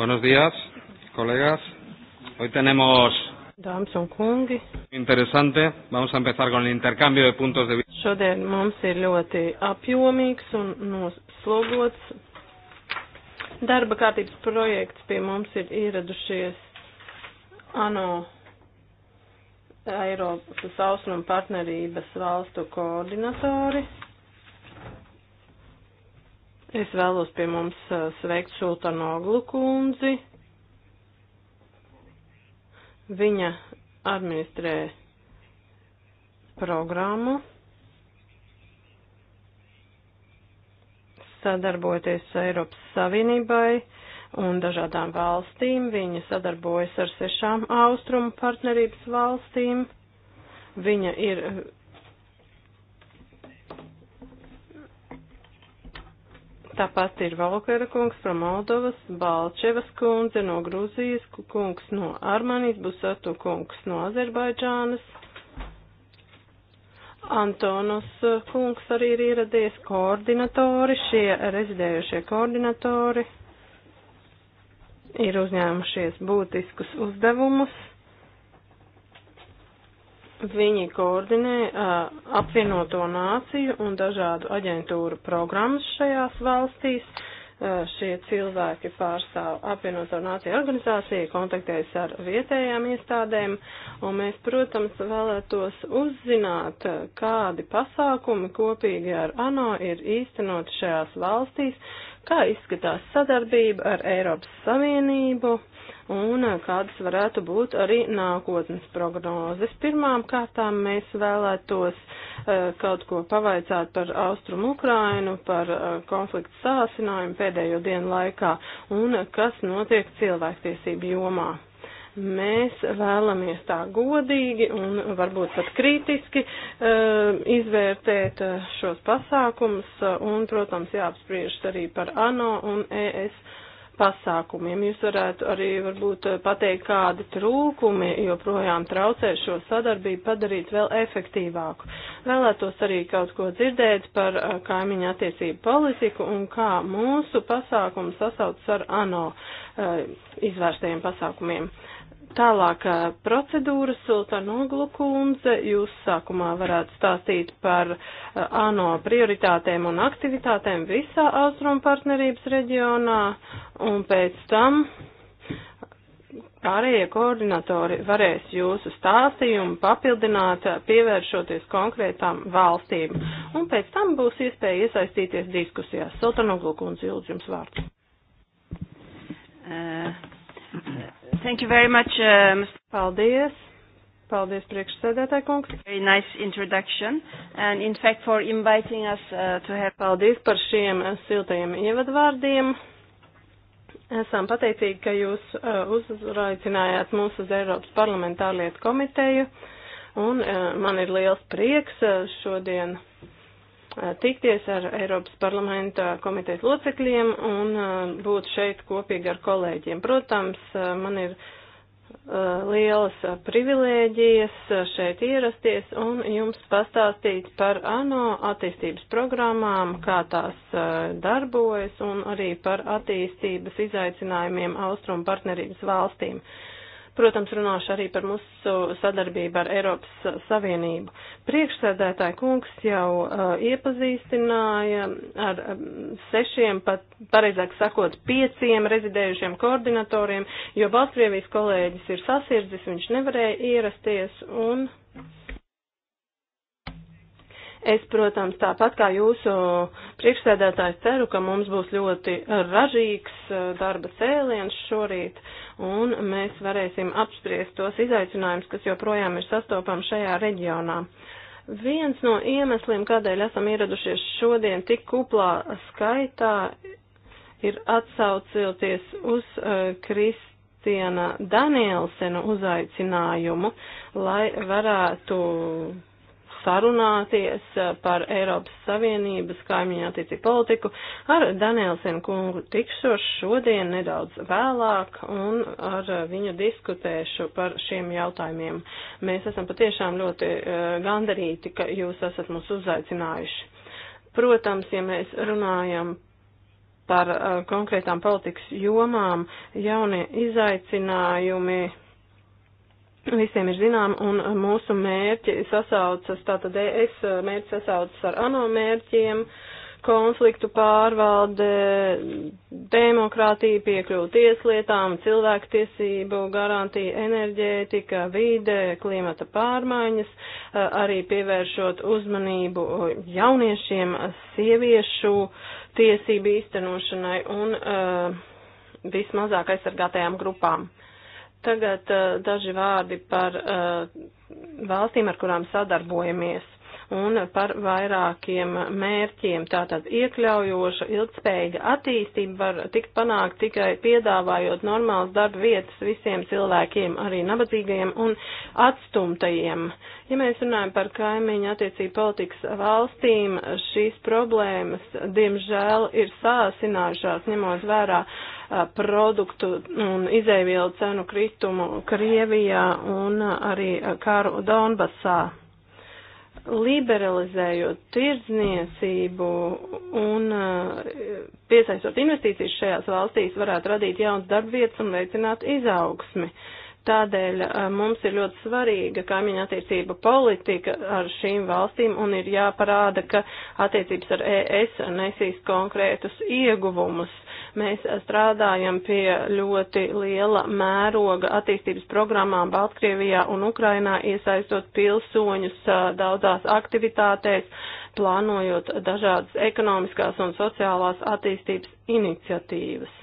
Buenos días, colegas. Hoy tenemos Dāmas un kungi, interesante. Vamos a empezar con el intercambio de puntos de vista. Šodien mums ir ļoti apjomīgs un noslogots darba kārtības projekts. Pie mums ir ieradušies ANO Eiropas austrumu partnerības valstu koordinatori. Es vēlos pie mums sveikt Šultanoglu kundzi. Viņa administrē programmu, sadarbojoties Eiropas Savienībai un dažādām valstīm. Viņa sadarbojas ar sešām austrumu partnerības valstīm. Viņa ir Tāpat ir Valokera kungs no Moldovas, Balčevas kundze no Grūzijas, kungs no Armānijas, Busatu kungs no Azerbaidžānas. Antonos eh, kungs arī ir ieradies koordinatori, šie rezidējušie koordinatori ir uzņēmušies būtiskus uzdevumus Viņi koordinē uh, apvienoto nāciju un dažādu aģentūru programmas šajās valstīs. Uh, šie cilvēki pārstāv apvienoto nāciju organizāciju, kontaktējas ar vietējām iestādēm, un mēs, protams, vēlētos uzzināt, kādi pasākumi kopīgi ar ANO ir īstenot šajās valstīs, kā izskatās sadarbība ar Eiropas Savienību, un eh, kādas varētu būt arī nākotnes prognozes. Pirmām kārtām mēs vēlētos eh, kaut ko pavaicāt par Austrumu Ukrainu, par eh, konfliktu sāsinājumu pēdējo dienu laikā un kas notiek cilvēktiesību jomā mēs vēlamies tā godīgi un varbūt pat kritiski uh, izvērtēt šos pasākumus un, protams, jāapspriežas arī par ANO un ES pasākumiem. Jūs varētu arī varbūt eh, pateikt, kādi trūkumi joprojām traucē šo sadarbību padarīt vēl efektīvāku. Vēlētos arī kaut ko dzirdēt par eh, kaimiņu attiecību politiku un kā mūsu pasākumu sasaucas ar ANO eh, izvērstajiem pasākumiem. Uh, Tālāk procedūra Sultanoglu kundze, jūs sākumā varētu stāstīt par ANO prioritātēm un aktivitātēm visā Austrum partnerības reģionā, un pēc tam pārējie koordinatori varēs jūsu stāstījumu papildināt, pievēršoties konkrētām valstīm, un pēc tam būs iespēja iesaistīties diskusijās. Sultanoglu kundze, lūdzu jums vārds. Uh. Thank you very much, uh, Mr. Paldies. Paldies, priekšsēdētāji kungs. Very nice introduction and in fact for inviting us uh, to have. Paldies par šiem siltajiem ievadvārdiem. Esam pateicīgi, ka jūs uh, uzraicinājāt mūs uz Eiropas parlamentārlietu komiteju un uh, man ir liels prieks uh, šodien uh, tikties ar Eiropas parlamenta komitejas locekļiem un uh, būt šeit kopīgi ar kolēģiem. Protams, uh, man ir uh, lielas privilēģijas šeit ierasties un jums pastāstīt par ANO attīstības programmām, kā tās darbojas un arī par attīstības izaicinājumiem Austrum partnerības valstīm. Uh, Protams, runāšu arī par mūsu sadarbību ar Eiropas Savienību. Priekšsēdētāja kungs jau uh, iepazīstināja ar um, sešiem, pat pareizāk sakot, pieciem rezidējušiem koordinatoriem, jo Baltkrievijas kolēģis ir sasirdzis, viņš nevarēja ierasties un. Mm. Es, protams, tāpat kā jūsu priekšsēdētājs ceru, ka mums būs ļoti ražīgs eh, darba cēliens šorīt, un mēs varēsim apspriest tos izaicinājumus, kas joprojām ir sastopami šajā reģionā. Viens no iemesliem, kādēļ esam ieradušies šodien tik kuplā skaitā, ir atsaucilties uz uh, Kristiana Danielsena uzaicinājumu, lai varētu sarunāties eh, par Eiropas Savienības kaimiņu attiecību politiku. Ar Danielsenu kungu tikšos šodien nedaudz vēlāk un ar viņu diskutēšu par šiem jautājumiem. Mēs esam patiešām ļoti eh, gandarīti, ka jūs esat mūs uzaicinājuši. Protams, ja mēs runājam par eh, konkrētām politikas jomām, jaunie izaicinājumi visiem ir zinām, un mūsu mērķi sasaucas, tātad es eh, mērķi sasaucas ar ANO mērķiem, konfliktu pārvalde, demokrātija piekļūt tieslietām, cilvēktiesību garantija, enerģētika, vīde, klimata pārmaiņas, eh, arī pievēršot uzmanību eh, jauniešiem, sieviešu tiesību īstenošanai un vismazāk aizsargātajām grupām. Uh, Tagad uh, daži vārdi par uh, valstīm, ar kurām sadarbojamies un par vairākiem mērķiem. Tātad iekļaujoša, ilgspējīga attīstība var tikt panākt tikai piedāvājot normālas darba vietas visiem cilvēkiem, arī nabadzīgajiem un atstumtajiem. Ja mēs runājam par kaimiņu attiecību politikas valstīm, šīs problēmas, diemžēl, ir sāsinājušās, ņemot vērā produktu un izēvielu cenu kritumu Krievijā un arī karu Donbassā liberalizējot tirdzniecību un eh, piesaistot investīcijas šajās valstīs, varētu radīt jaunas darbvietas un veicināt izaugsmi. Tādēļ eh, mums ir ļoti svarīga kaimiņa attiecība politika ar šīm valstīm un ir jāparāda, ka attiecības ar ES nesīs konkrētus ieguvumus. Mēs strādājam pie ļoti liela mēroga attīstības programmām Baltkrievijā un Ukrainā, iesaistot pilsoņus eh, daudzās aktivitātēs, plānojot dažādas ekonomiskās un sociālās attīstības iniciatīvas.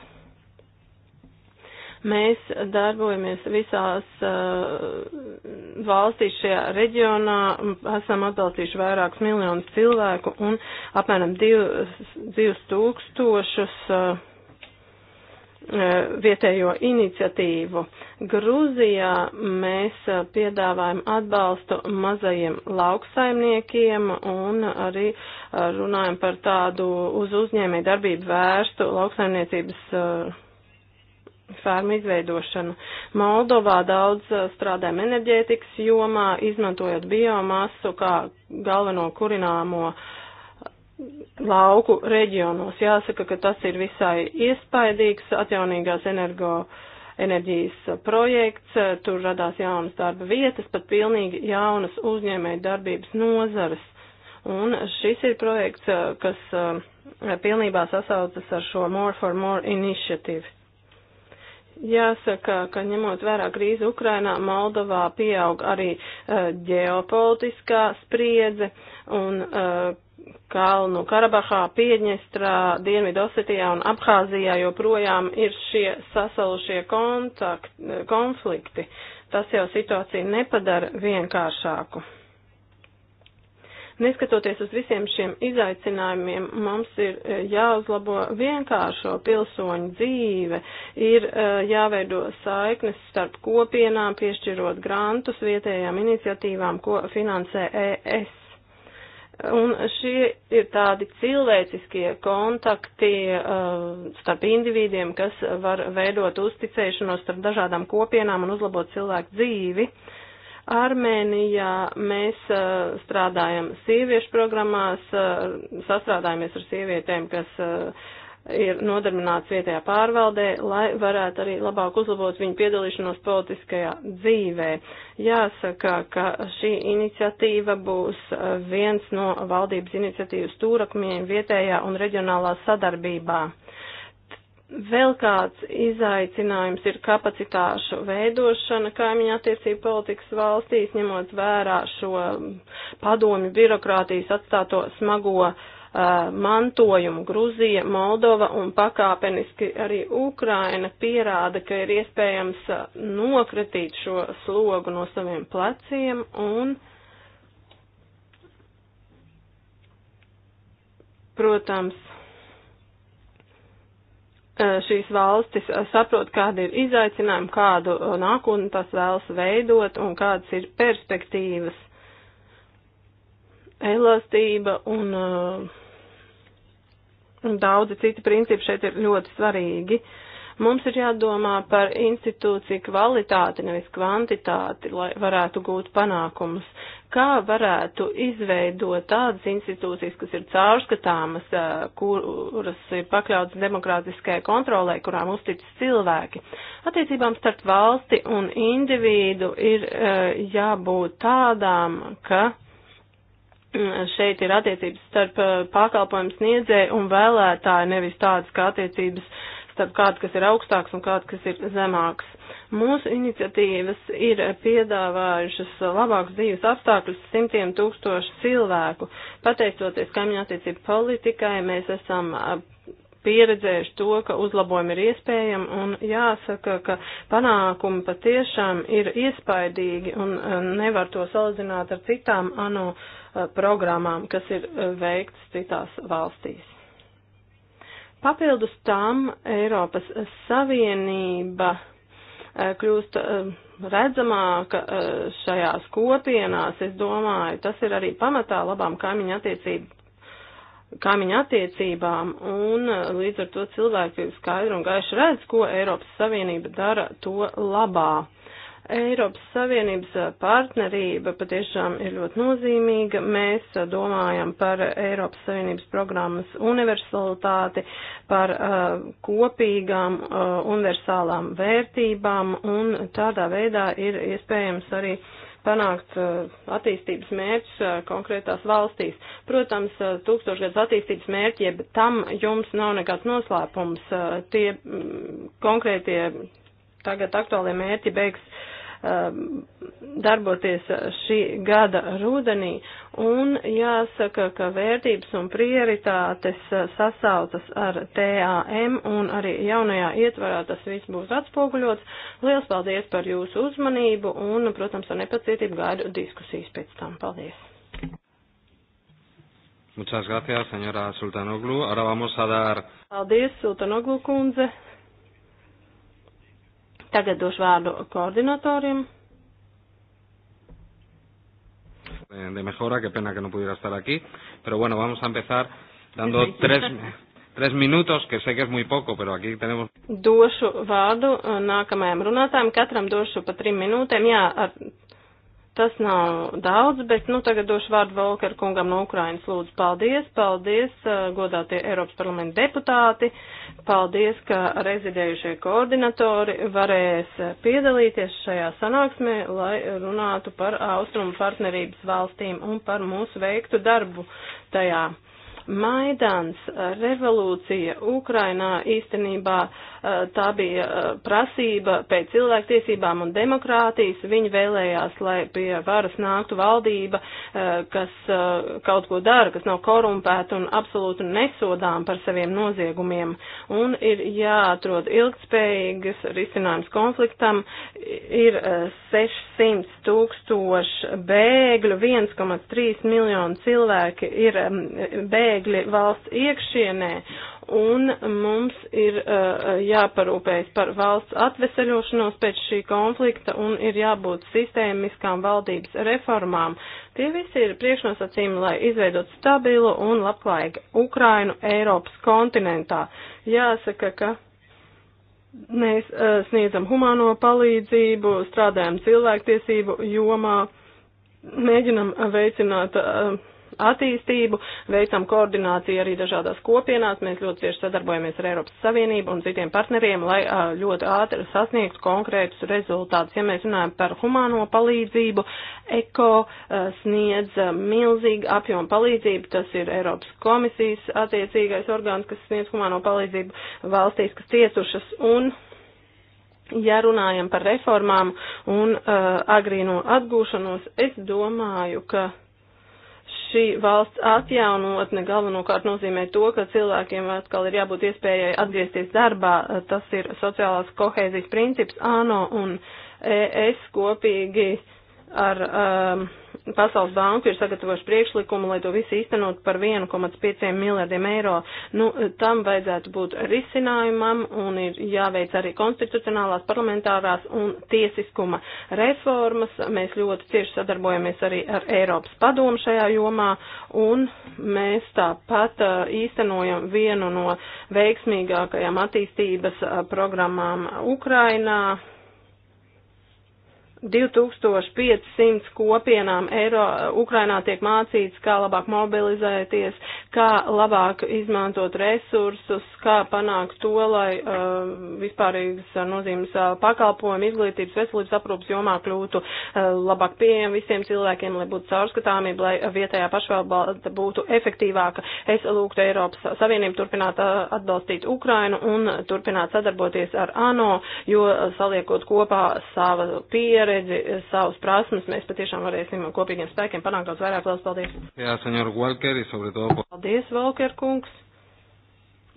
Mēs darbojamies visās uh, valstīs šajā reģionā, esam atbalstījuši vairākus miljonus cilvēku un apmēram div, divus tūkstošus uh, vietējo iniciatīvu. Grūzijā mēs piedāvājam atbalstu mazajiem lauksaimniekiem un arī runājam par tādu uz uzņēmē darbību vērstu lauksaimniecības uh, fermu izveidošanu. Moldovā daudz uh, strādājam enerģētikas jomā, izmantojot biomasu kā galveno kurināmo uh, lauku reģionos. Jāsaka, ka tas ir visai iespaidīgs atjaunīgās energo enerģijas uh, projekts, tur radās jaunas darba vietas, pat pilnīgi jaunas uzņēmēja darbības nozares. Un šis ir projekts, kas pilnībā sasaucas ar šo More for More iniciatīvu. Jāsaka, ka ņemot vērā krīzi Ukrainā, Moldovā pieaug arī uh, ģeopolitiskā spriedze un uh, Kalnu Karabahā, Piedņestrā, Dienvidosetijā un Abhāzijā joprojām ir šie sasalušie kontakti, konflikti. Tas jau situāciju nepadara vienkāršāku. Neskatoties uz visiem šiem izaicinājumiem, mums ir e, jāuzlabo vienkāršo pilsoņu dzīve, ir e, jāveido saiknes starp kopienām, piešķirot grantus vietējām iniciatīvām, ko finansē ES. Un šie ir tādi cilvēciskie kontakti uh, starp indivīdiem, kas var veidot uzticēšanos starp dažādām kopienām un uzlabot cilvēku dzīvi. Uh, Armēnijā mēs uh, strādājam sieviešu programmās, uh, sastrādājamies ar sievietēm, kas uh, ir nodarbināts vietējā pārvaldē, lai varētu arī labāk uzlabot viņu piedalīšanos politiskajā dzīvē. Jāsaka, ka šī iniciatīva būs uh, viens no valdības iniciatīvas stūrakmiem vietējā un reģionālā sadarbībā. Vēl kāds izaicinājums ir kapacitāšu veidošana kaimiņa attiecību politikas valstīs, ņemot vērā šo padomju birokrātijas atstāto smago uh, mantojumu Gruzija, Moldova un pakāpeniski arī Ukraina pierāda, ka ir iespējams nokritīt šo slogu no saviem pleciem un, protams, šīs valstis saprot, kāda ir izaicinājuma, kādu nākotni tas vēlas veidot un kādas ir perspektīvas, elastība un uh, daudzi citi principi šeit ir ļoti svarīgi. Mums ir jādomā par institūciju kvalitāti, nevis kvantitāti, lai varētu gūt panākumus kā varētu izveidot tādas institūcijas, kas ir caurskatāmas, kuras ir pakļautas demokrātiskajai kontrolē, kurām uzticas cilvēki. Attiecībām starp valsti un individu ir jābūt tādām, ka šeit ir attiecības starp pakalpojumu sniedzēju un vēlētāju, nevis tādas kā attiecības starp kāds, kas ir augstāks un kāds, kas ir zemāks. Mūsu iniciatīvas ir piedāvājušas labākus dzīves apstākļus simtiem tūkstošu cilvēku. Pateicoties kaimiņu attiecību politikai, mēs esam pieredzējuši to, ka uzlabojumi ir iespējami un jāsaka, ka panākumi patiešām ir iespaidīgi un nevar to salīdzināt ar citām ANO programmām, kas ir veikts citās valstīs. Papildus tam Eiropas Savienība Eh, kļūst eh, redzamāka eh, šajās kopienās, es domāju, tas ir arī pamatā labām kaimiņu attiecību kaimiņu attiecībām, un līdz ar to cilvēki skaidri un gaiši redz, ko Eiropas Savienība dara to labā. Eiropas Savienības partnerība patiešām ir ļoti nozīmīga. Mēs domājam par Eiropas Savienības programmas universalitāti, par uh, kopīgām uh, universālām vērtībām un tādā veidā ir iespējams arī panākt uh, attīstības mērķus uh, konkrētās valstīs. Protams, uh, tūkstošgads attīstības mērķi, jeb tam jums nav nekāds noslēpums. Tie mm, konkrētie tagad aktuālie mērķi beigs Um, darboties šī gada rudenī, un jāsaka, ka vērtības un prioritātes sasautas ar TAM un arī jaunajā ietvarā tas viss būs atspoguļots. Liels paldies par jūsu uzmanību un, protams, ar nepacietību gaidu diskusijas pēc tam. Paldies! Muchas gracias, señora Sultanoglu. Ahora vamos a dar. Paldies, Sultanoglu kundze. Tagad došu vārdu koordinatoriem. De mejora, qué pena que no pudiera estar aquí. Pero bueno, vamos a empezar dando tres, tres minutos, que sé que es muy poco, pero aquí tenemos. Došu vārdu uh, nākamajam runātājam, katram došu pa trim minūtēm. Jā, ar Tas nav daudz, bet nu tagad došu vārdu Volker kungam no Ukrainas. Lūdzu, paldies, paldies, godātie Eiropas parlamenta deputāti, paldies, ka rezidējušie koordinatori varēs piedalīties šajā sanāksmē, lai runātu par austrumu partnerības valstīm un par mūsu veiktu darbu tajā. Maidāns revolūcija Ukrainā īstenībā tā bija prasība pēc cilvēktiesībām un demokrātijas. Viņi vēlējās, lai pie varas nāktu valdība, kas kaut ko dara, kas nav korumpēta un absolūti nesodām par saviem noziegumiem. Un ir jāatrod ilgtspējīgas risinājums konfliktam. Ir 600 tūkstoši bēgļu, 1,3 miljonu cilvēki ir bēgļi bēgļi valsts iekšienē un mums ir uh, jāparūpējas par valsts atveseļošanos pēc šī konflikta un ir jābūt sistēmiskām valdības reformām. Tie visi ir priekšnosacījumi, lai izveidot stabilu un labklājīgu Ukrainu Eiropas kontinentā. Jāsaka, ka mēs uh, sniedzam humāno palīdzību, strādājam cilvēktiesību jomā, mēģinam veicināt uh, attīstību, veicam koordināciju arī dažādās kopienās, mēs ļoti cieši sadarbojamies ar Eiropas Savienību un citiem partneriem, lai ļoti ātri sasniegtu konkrētus rezultātus. Ja mēs runājam par humāno palīdzību, ECO sniedz milzīgu apjomu palīdzību, tas ir Eiropas komisijas attiecīgais orgāns, kas sniedz humāno palīdzību valstīs, kas cietušas un ja runājam par reformām un uh, agrīno atgūšanos, es domāju, ka šī valsts atjaunotne galvenokārt nozīmē to, ka cilvēkiem atkal ir jābūt iespējai atgriezties darbā. Tas ir sociālās kohēzijas princips ANO un ES kopīgi ar. Um, Pasaules banka ir sagatavojuši priekšlikumu, lai to visu īstenot par 1,5 miljardiem eiro. Nu, tam vajadzētu būt risinājumam un ir jāveic arī konstitucionālās, parlamentārās un tiesiskuma reformas. Mēs ļoti cieši sadarbojamies arī ar Eiropas padomu šajā jomā un mēs tāpat uh, īstenojam vienu no veiksmīgākajām attīstības uh, programmām Ukrainā 2500 kopienām Eiro, Ukrainā tiek mācīts, kā labāk mobilizēties, kā labāk izmantot resursus, kā panākt to, lai uh, vispārīgas nozīmes uh, pakalpojumi izglītības veselības aprūpas jomā kļūtu uh, labāk pieejami visiem cilvēkiem, lai būtu caurskatāmība, lai vietējā pašvalda būtu efektīvāka. Es lūgtu Eiropas Savienību turpināt uh, atbalstīt Ukrainu un turpināt sadarboties ar ANO, jo uh, saliekot kopā savu pieredzi, pieredzi, eh, savus prasmes, mēs patiešām varēsim kopīgiem spēkiem panākt daudz vairāk. Lielas paldies! Jā, senjor Walker, sobre todo. Paldies, Walker kungs!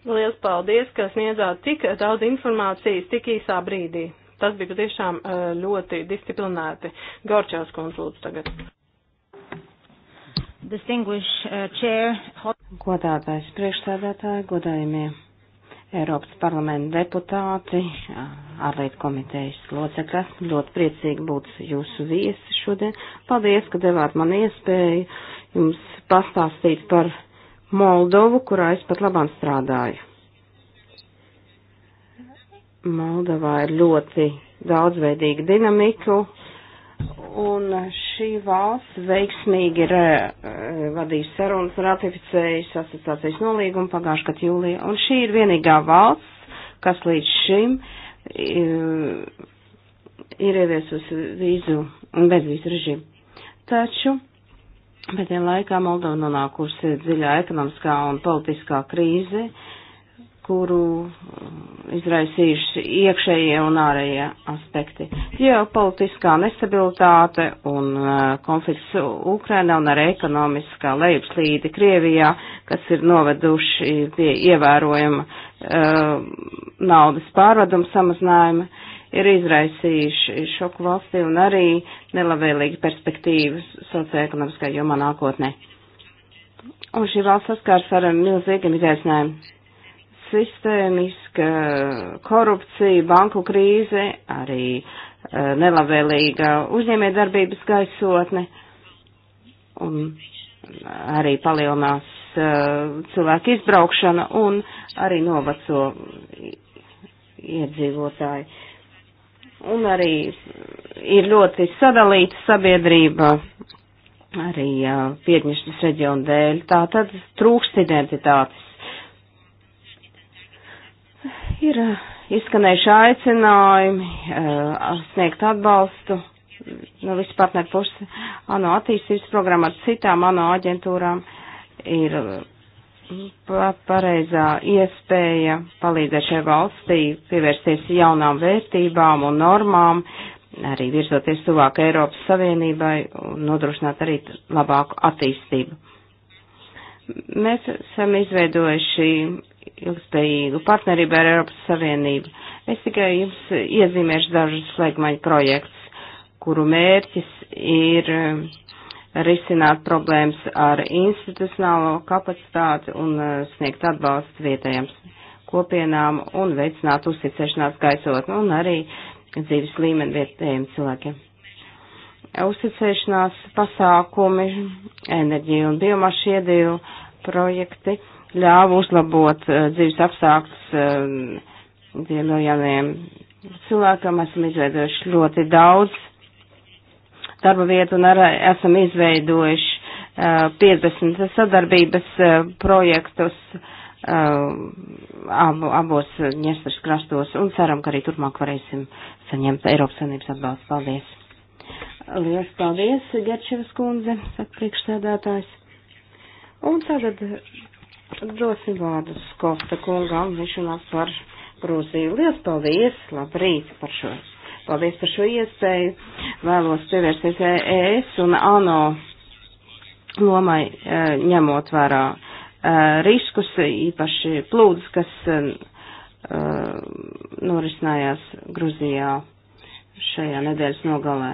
Lielas paldies, ka sniedzāt tik daudz informācijas tik īsā brīdī. Tas bija patiešām eh, ļoti disciplinēti. Gorčās kundz lūdzu tagad. Distinguished uh, chair. Godātais priekšsēdētāji, godājumie Eiropas parlamenta deputāti, ārlietu komitejas locekas. Ļoti priecīgi būt jūsu viesi šodien. Paldies, ka devāt man iespēju jums pastāstīt par Moldovu, kurā es pat labāk strādāju. Moldovā ir ļoti daudzveidīga dinamika, un šī valsts veiksmīgi ir e, vadījusi sarunas un ratificējusi asociācijas nolīgumu pagājušajā gadu jūlijā, un šī ir vienīgā valsts, kas līdz šim e, ir ieviesusi vīzu un bezvīzu režīmu. Taču pēdējā laikā Moldova nonākusi dziļā ekonomiskā un politiskā krīze, uh, kuru um, izraisījuši iekšējie un ārējie aspekti. Ģeopolitiskā nestabilitāte un uh, konflikts Ukrainā un arī ekonomiskā lejupslīde Krievijā, kas ir noveduši pie ievērojama uh, naudas pārvaduma samazinājuma, ir izraisījuši šoku valstī un arī nelabvēlīgi perspektīvas socioekonomiskā jomā nākotnē. Un šī valsts saskars ar milzīgiem izaicinājumiem sistēmiska korupcija, banku krīze, arī e, nelabvēlīga uzņēmējdarbības gaisotne un arī palielinās e, cilvēku izbraukšana un arī novaco iedzīvotāji. Un arī ir ļoti sadalīta sabiedrība arī uh, e, pietņešas reģiona dēļ. Tā tad trūkst identitātes. Ir eh, izskanējuši aicinājumi uh, sniegt atbalstu no visu partneru puses ANO attīstības programmu ar citām ANO aģentūrām. Ir eh, pareizā iespēja palīdzēt šai valstī pievērsties jaunām vērtībām un normām, arī virzoties tuvāk Eiropas Savienībai un nodrošināt arī labāku attīstību. Mēs esam izveidojuši ilgspējīgu partnerību ar Eiropas Savienību. Es tikai jums iezīmēšu dažus slēgmaņu projekts, kuru mērķis ir eh, risināt problēmas ar institucionālo kapacitāti un eh, sniegt atbalstu vietējām kopienām un veicināt uzticēšanās gaisotni un arī dzīves līmeni vietējiem cilvēkiem uzticēšanās pasākumi, enerģija un biomašu iedīvu projekti ļāva uzlabot uh, dzīves apstākļus uh, eh, diviem miljoniem cilvēkam. Esam izveidojuši ļoti daudz darba vietu un arī esam izveidojuši uh, eh, 50 sadarbības uh, projektus uh, ab, abos Ņestras krastos un ceram, ka arī turpmāk varēsim saņemt Eiropas Savienības atbalstu. Paldies! Lielas paldies, Gerčevs kundze, priekšsēdētājs. Un tagad dosim vārdu Skofta kungam, viņš runās par Grūziju. Lielas paldies, labrīt par šo. Paldies par šo iespēju. Vēlos pievērsties ES un ANO lomai e, ņemot vērā e, riskus, īpaši plūdus, kas e, norisinājās Gruzijā šajā nedēļas nogalē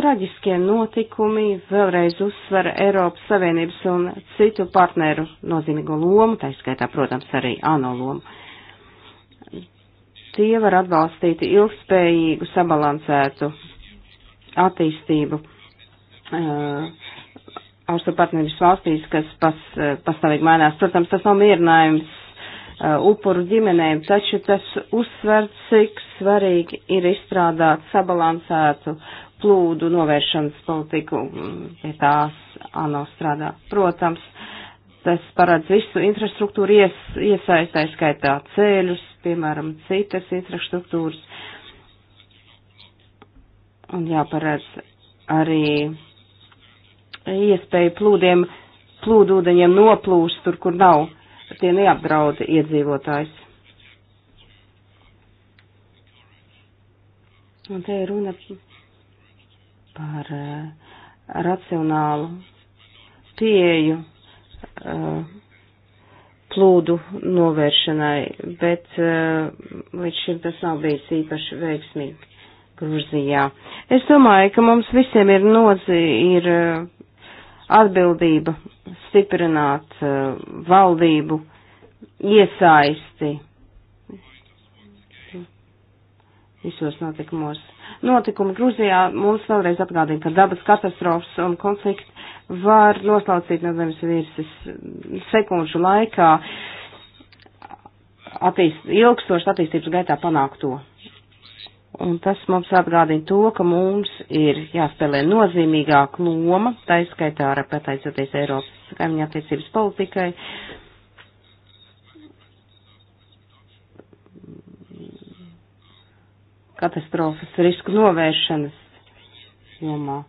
traģiskie notikumi vēlreiz uzsver Eiropas Savienības un citu partneru nozīmīgo lomu, tā skaitā, protams, arī ANO lomu. Tie var atbalstīt ilgspējīgu, sabalansētu attīstību uh, austu partnerības valstīs, kas pas, uh, pastāvīgi mainās. Protams, tas nav mierinājums uh, upuru ģimenēm, taču tas uzsver, cik svarīgi ir izstrādāt sabalansētu plūdu novēršanas politiku, pie tās ANO strādā. Protams, tas parāds visu infrastruktūru ies, iesaistē, skaitā ceļus, piemēram, citas infrastruktūras. Un jāparāds arī iespēju plūdiem, plūdūdeņiem noplūst tur, kur nav. Tie neapdrauda iedzīvotājs. Un te ir runa par eh, racionālu pieju eh, plūdu novēršanai, bet eh, līdz šim tas nav bijis īpaši veiksmīgi Gruzijā. Es domāju, ka mums visiem ir nozi, ir atbildība stiprināt valdību iesaisti visos notikumos. Notikumi Grūzijā mums vēlreiz atgādina, ka dabas katastrofas un konflikti var noslaucīt no zemes virsmas sekundžu laikā attīst, ilgstoši attīstības gaitā panākto. Un tas mums atgādina to, ka mums ir jāspēlē nozīmīgāka loma, taiskaitā ar pateicoties Eiropas kaimiņa attiecības politikai, katastrofas risku novēršanas jomā.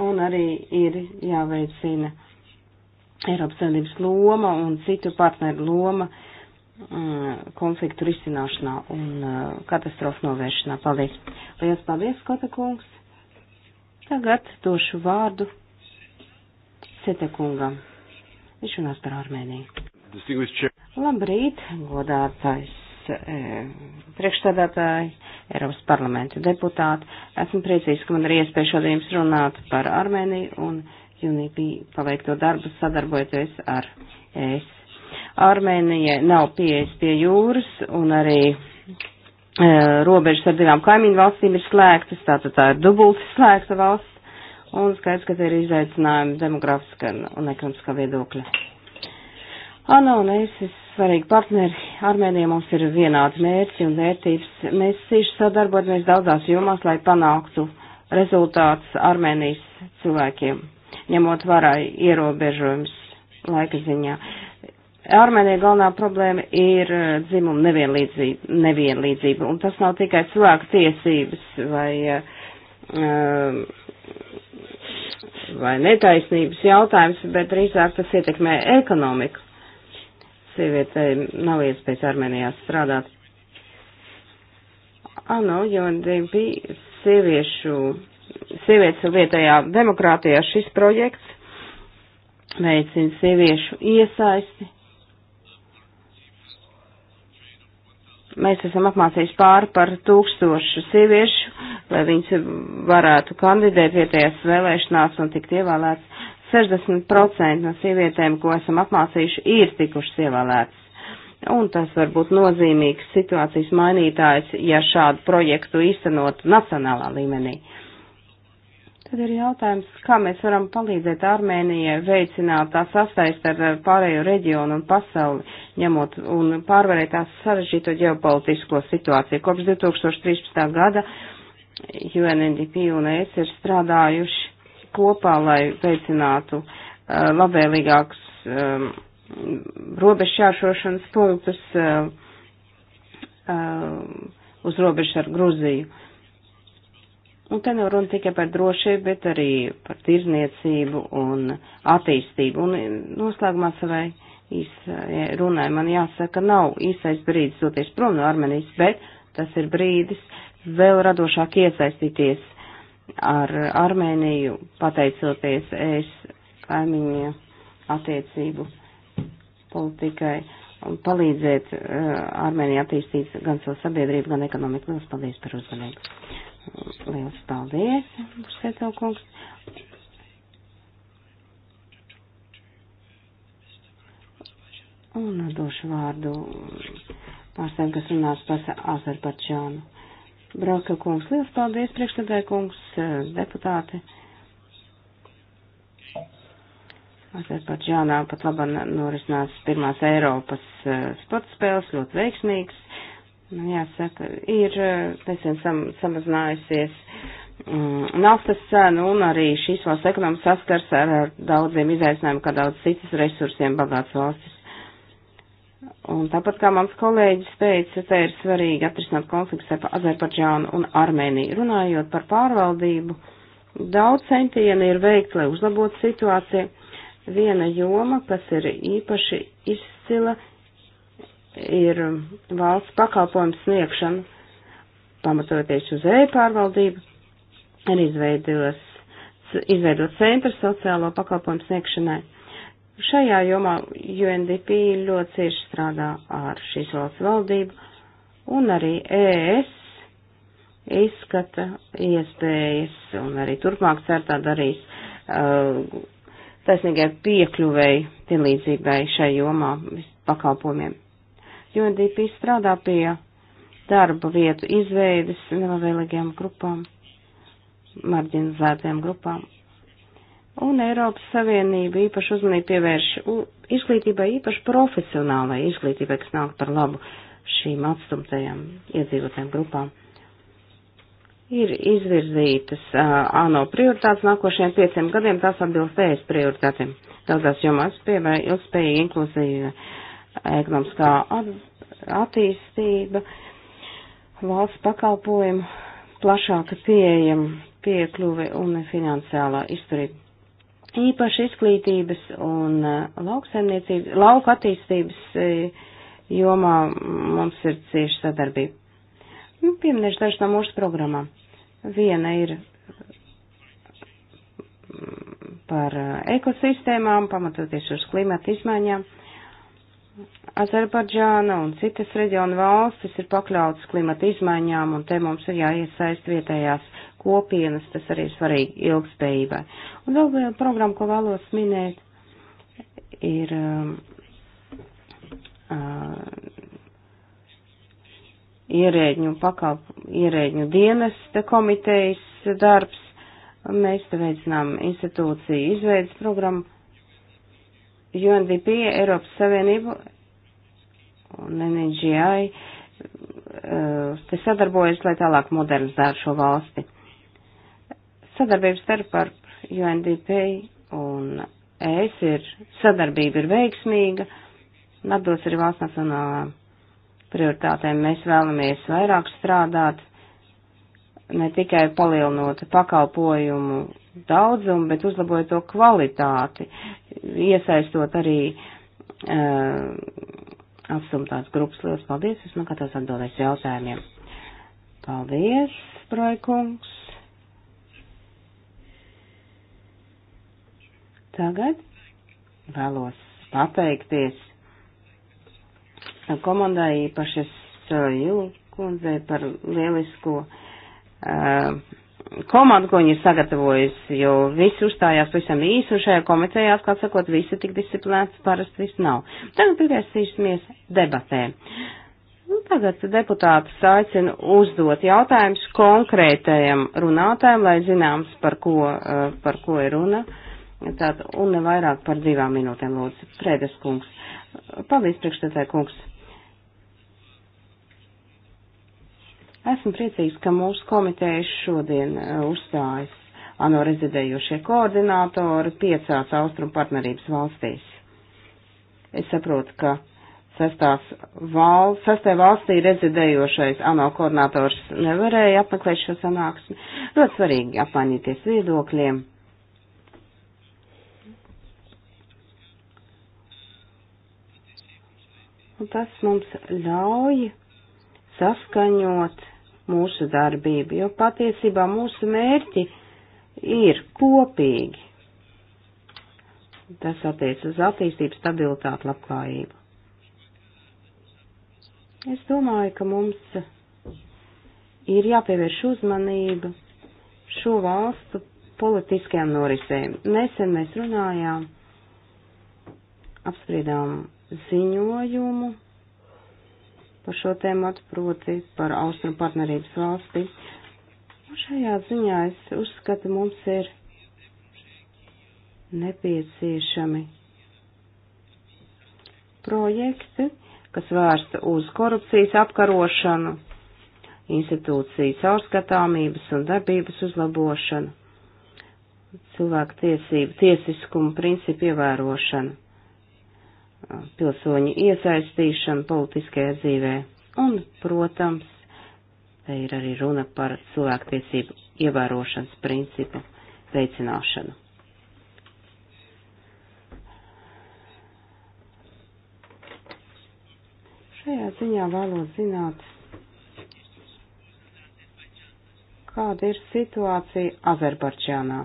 Un arī ir jāveicina Eiropas Savienības loma un citu partneru loma mm, konfliktu risināšanā un mm, katastrofu novēršanā. Paldies! Lielas paldies, Skota kungs! Tagad došu vārdu Sete kungam. Viņš runās par Armēniju. Labrīt, godātais E, priekšstādātāji, Eiropas parlamenta deputāti. Esmu priecīgs, ka man ir iespēja šodien jums runāt par Armēniju un UNIPI paveikto darbu sadarbojoties ar ES. Armēnija nav pieejas pie jūras un arī e, robežas ar divām kaimiņu valstīm ir slēgtas, tātad tā ir dubulti slēgta valsts un skaidrs, ka te ir izaicinājumi demografiska un ekonomiskā viedokļa. Ano, un es, es svarīgi partneri. Armēnija mums ir vienādi mērķi un vērtības. Mēs cīši sadarbojamies daudzās jomās, lai panāktu rezultāts Armēnijas cilvēkiem, ņemot vērā ierobežojumus laika ziņā. Armēnija galvenā problēma ir dzimuma nevienlīdzība, nevienlīdzība, un tas nav tikai cilvēku tiesības vai, um, vai netaisnības jautājums, bet drīzāk tas ietekmē ekonomiku sievietei nav iespējas Armēnijā strādāt. Ano, jo bija sieviešu, sievietes vietējā demokrātijā šis projekts veicina sieviešu iesaisti. Mēs esam apmācījuši pāri par tūkstošu sieviešu, lai viņas varētu kandidēt vietējās vēlēšanās un tikt ievēlētas. 60% no sievietēm, ko esam apmācījuši, ir tikušas ievēlētas. Un tas var būt nozīmīgs situācijas mainītājs, ja šādu projektu īstenotu nacionālā līmenī. Tad ir jautājums, kā mēs varam palīdzēt Armēnijai veicināt tā sasaist ar pārējo reģionu un pasauli, ņemot un pārvarēt tās sarežģīto ģeopolitisko situāciju. Kopš 2013. gada UNNDP un ES ir strādājuši kopā, lai veicinātu uh, labvēlīgākus um, robežšķēršošanas punktus uh, uh, uz robežu ar Gruziju. Un te nav runa tikai par drošību, bet arī par tirzniecību un attīstību. Un noslēgumā savai īsai runai man jāsaka, nav īsais brīdis doties prom no Armenijas, bet tas ir brīdis vēl radošāk iesaistīties ar Armēniju, pateicoties es kaimiņa attiecību politikai un palīdzēt uh, Armēnijai attīstīt gan savu sabiedrību, gan ekonomiku. Lielas paldies par uzmanību. Lielas paldies, Bursēto kungs. Un došu vārdu pārstāvju, kas runās par Azerbaidžānu. Brauka kungs, liels paldies, priekšstādē kungs, eh, deputāti. Azerbaidžānā pat labam norisinās pirmās Eiropas eh, sporta spēles, ļoti veiksmīgs. Nu, jāsaka, ir eh, nesen sam, samazinājusies um, naftas cena un arī šīs valsts ekonomika saskars ar, ar daudziem izaicinājumiem, kā daudz citas resursiem bagātas valstis. Un tāpat kā mans kolēģis teica, te ir svarīgi atrisināt konflikts ar Azerbaidžānu un Armēniju. Runājot par pārvaldību, daudz centieni ir veikts, lai uzlabotu situāciju. Viena joma, kas ir īpaši izcila, ir valsts pakalpojums sniegšana, pamatoties uz e-pārvaldību, ir izveidot centru sociālo pakalpojumu sniegšanai Šajā jomā UNDP ļoti cieši strādā ar šīs valsts valdību un arī ES izskata iespējas un arī turpmāk certā darīs uh, taisnīgai piekļuvēji vienlīdzībai šai jomā pakalpojumiem. UNDP strādā pie darba vietu izveides nelabvēlīgajām grupām, marginalizētajām grupām Un Eiropas Savienība īpaši uzmanību pievērš izglītībai, īpaši profesionālai izglītībai, kas nāk par labu šīm atstumtajām iedzīvotājām grupām. Ir izvirzītas uh, ANO prioritātes nākošajiem pieciem gadiem, tās atbilst ES prioritātiem. Daudzās jomās, piemēram, ilgspējīga inklusīva ekonomiskā at attīstība, valsts pakalpojumu, plašāka pieejama piekļuve un finansiālā izturība īpaši izglītības un uh, lauksaimniecības, lauka attīstības uh, jomā mums ir cieši sadarbība. Nu, pieminēšu dažas no mūsu programmām. Viena ir mm, par uh, ekosistēmām, pamatoties uz klimata izmaiņām. Azerbaidžāna un citas reģiona valstis ir pakļautas klimata izmaiņām, un te mums ir jāiesaist vietējās kopienas, tas arī ir svarīgi ilgspējībai. Un vēl viena programma, ko vēlos minēt, ir um, uh, ierēģņu pakalp, ierēģņu dienesta komitejas darbs. Mēs te veicinām institūciju izveidas programmu UNDP, Eiropas Savienību un NGI. Uh, te sadarbojas, lai tālāk modernizētu šo valsti. Sadarbības starp ar UNDP un ES ir sadarbība ir veiksmīga, un atbilst arī valsts nacionālā prioritātēm. Mēs vēlamies vairāk strādāt, ne tikai palielinot pakalpojumu daudzumu, bet uzlabojot to kvalitāti, iesaistot arī uh, e, atstumtās grupas. Lielas paldies! Esmu gatavs atbildēt jautājumiem. Paldies, Brojkungs! Tagad vēlos pateikties komandai īpaši uh, Soju kundzei par lielisko uh, komandu, ko viņi ir sagatavojusi, jo visi uzstājās pavisam īsi, un šajā komitejā, kā sakot, visi tik disciplinēts parasti viss nav. Tagad pievērsīsimies debatē. Nu, tagad deputātus aicinu uzdot jautājumus konkrētajam runātājam, lai zināms, par ko, uh, par ko ir runa. Uh, Tātad, un ne vairāk par divām minūtēm, lūdzu. Prēdes kungs. Paldies, priekšstādē kungs. Esmu priecīgs, ka mūsu komiteja šodien eh, uzstājas ANO rezidējošie koordinātori piecās austrum partnerības valstīs. Es saprotu, ka sastās val, sastē valstī rezidējošais ANO koordinators nevarēja apmeklēt šo sanāksmi. Ļoti svarīgi apmainīties viedokļiem Un tas mums ļauj saskaņot mūsu darbību, jo patiesībā mūsu mērķi ir kopīgi. Tas attiec uz attīstību, stabilitāti, labklājību. Es domāju, ka mums ir jāpievērš uzmanība šo valstu politiskajām norisēm. Nesen mēs runājām, apspriedām ziņojumu par šo tēmatu, proti par Austrum partnerības valsti. Un šajā ziņā es uzskatu, mums ir nepieciešami projekti, kas vērsta uz korupcijas apkarošanu, institūciju caurskatāmības un darbības uzlabošanu, cilvēku tiesību, tiesiskumu principu ievērošanu pilsoņu iesaistīšanu politiskajā dzīvē. Un, protams, te ir arī runa par cilvēktiesību ievērošanas principu veicināšanu. Šajā ziņā vēlos zināt, kāda ir situācija Azerbaidžānā.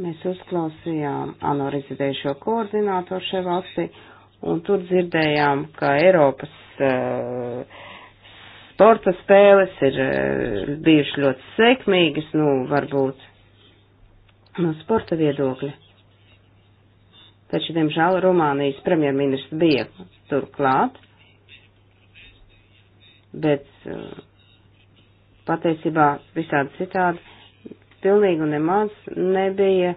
Mēs uzklausījām ANO rezidējušo koordinātoru šai valstī, un tur dzirdējām, ka Eiropas uh, sporta spēles ir uh, bijušas ļoti sekmīgas, nu, varbūt no sporta viedokļa. Taču, diemžēl, Rumānijas premjerministrs bija turklāt, bet uh, patiesībā visādi citādi pilnīgi nemaz nebija,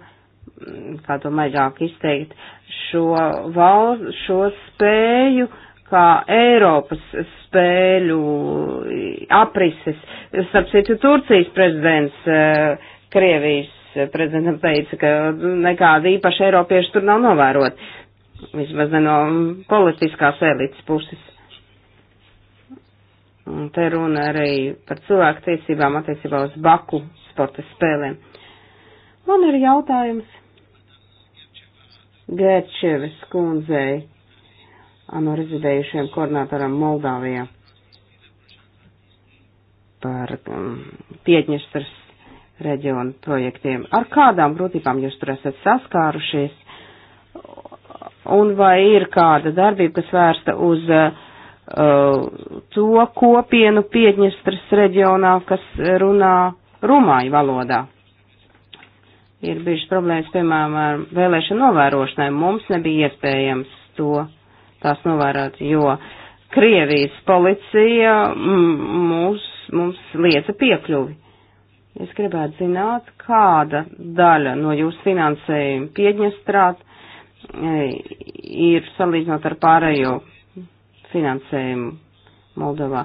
mm, kā to maigāk izteikt, šo, valst, šo spēju, kā Eiropas spēļu aprises. Starp citu, Turcijas prezidents e, Krievijas prezidentam teica, ka nekāda īpaša Eiropieša tur nav novērot. Vismaz ne no politiskās elites puses. Un te runa arī par cilvēku tiesībām attiecībā uz Baku sporta spēlēm. Man ir jautājums Gērčeves kundzei, ANO rezidējušajam koordinatoram Moldāvijā par um, Piedņestras reģionu projektiem. Ar kādām grūtībām jūs tur esat saskārušies? Un vai ir kāda darbība, kas vērsta uz uh, to kopienu Piedņestras reģionā, kas runā rumāņu valodā. Ir bijušas problēmas, piemēram, ar vēlēšanu novērošanai. Mums nebija iespējams to tās novērot, jo Krievijas policija mūs, mums liedza piekļuvi. Es gribētu zināt, kāda daļa no jūsu finansējuma Piedņestrāt e, ir salīdzinot ar pārējo finansējumu Moldovā.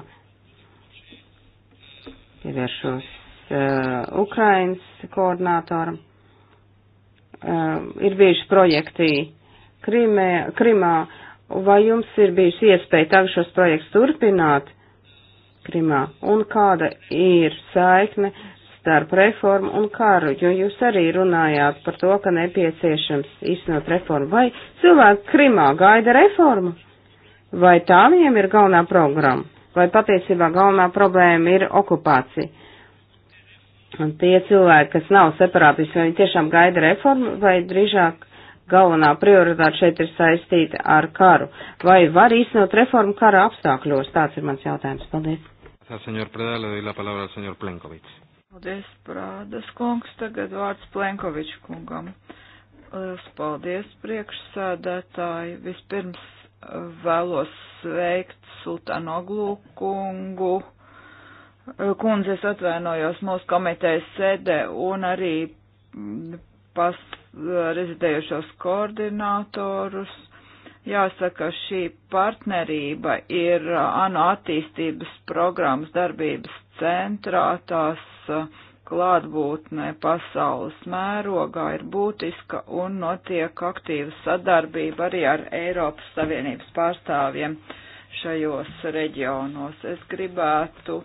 Pievēršos uh, Ukrainas koordinātoram. Uh, ir bijuši projekti Krimē, Krimā. Vai jums ir bijusi iespēja tagad šos projektus turpināt Krimā? Un kāda ir saikne starp reformu un karu? Jo jūs arī runājāt par to, ka nepieciešams īstenot reformu. Vai cilvēki Krimā gaida reformu? Vai tā viņiem ir galvenā programma? Vai patiesībā galvenā problēma ir okupācija? Un tie cilvēki, kas nav separātisti, vai viņi tiešām gaida reformu, vai drīzāk galvenā prioritāte šeit ir saistīta ar karu? Vai var īstenot reformu kara apstākļos? Tāds ir mans jautājums. Paldies. Paldies, Prādas kungs. Tagad vārds Plenkoviču kungam. Lielas paldies, priekšsēdētāji. Vispirms vēlos sveikt Sultānoglu kungu kundze, es atvainojos mūsu komitejas sēdē un arī mm, pas rezidējušos koordinātorus. Jāsaka, šī partnerība ir ANO attīstības programmas darbības centrā, tās klātbūtnē pasaules mērogā ir būtiska un notiek aktīva sadarbība arī ar Eiropas Savienības pārstāvjiem šajos reģionos. Es gribētu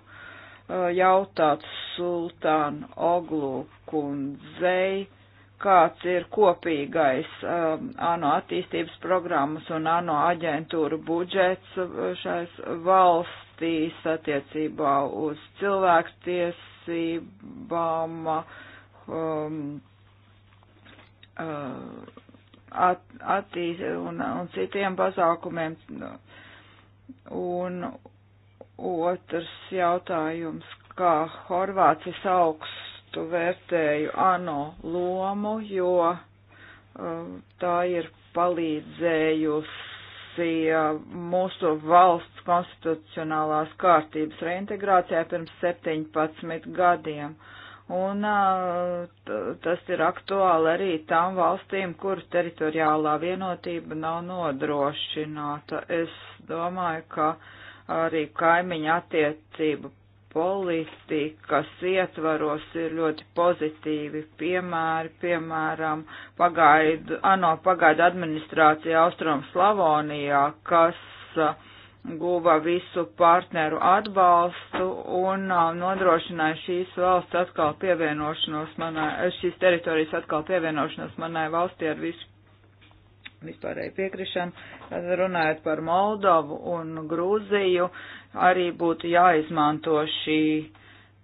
jautāt Sultānu Oglu kundzei, kāds ir kopīgais um, ANO attīstības programmas un ANO aģentūra budžets uh, šais valstīs attiecībā uz cilvēktiesībām, um, uh, at, attīs un, un citiem pasākumiem. Un, Otrs jautājums, kā Horvācijas augstu vērtēju ANO lomu, jo uh, tā ir palīdzējusi uh, mūsu valsts konstitucionālās kārtības reintegrācijā pirms 17 gadiem. Un uh, tas ir aktuāli arī tām valstīm, kur teritoriālā vienotība nav nodrošināta. Es domāju, ka uh, arī kaimiņa attiecību politikas ietvaros ir ļoti pozitīvi piemēri, piemēram, pagaidu, ANO pagaidu administrācija Austrum Slavonijā, kas uh, guva visu partneru atbalstu un uh, nodrošināja šīs valsts atkal pievienošanos manai, šīs teritorijas atkal pievienošanos manai valstī ar visu vispārēju piekrišanu. Runājot par Moldovu un Grūziju, arī būtu jāizmanto šī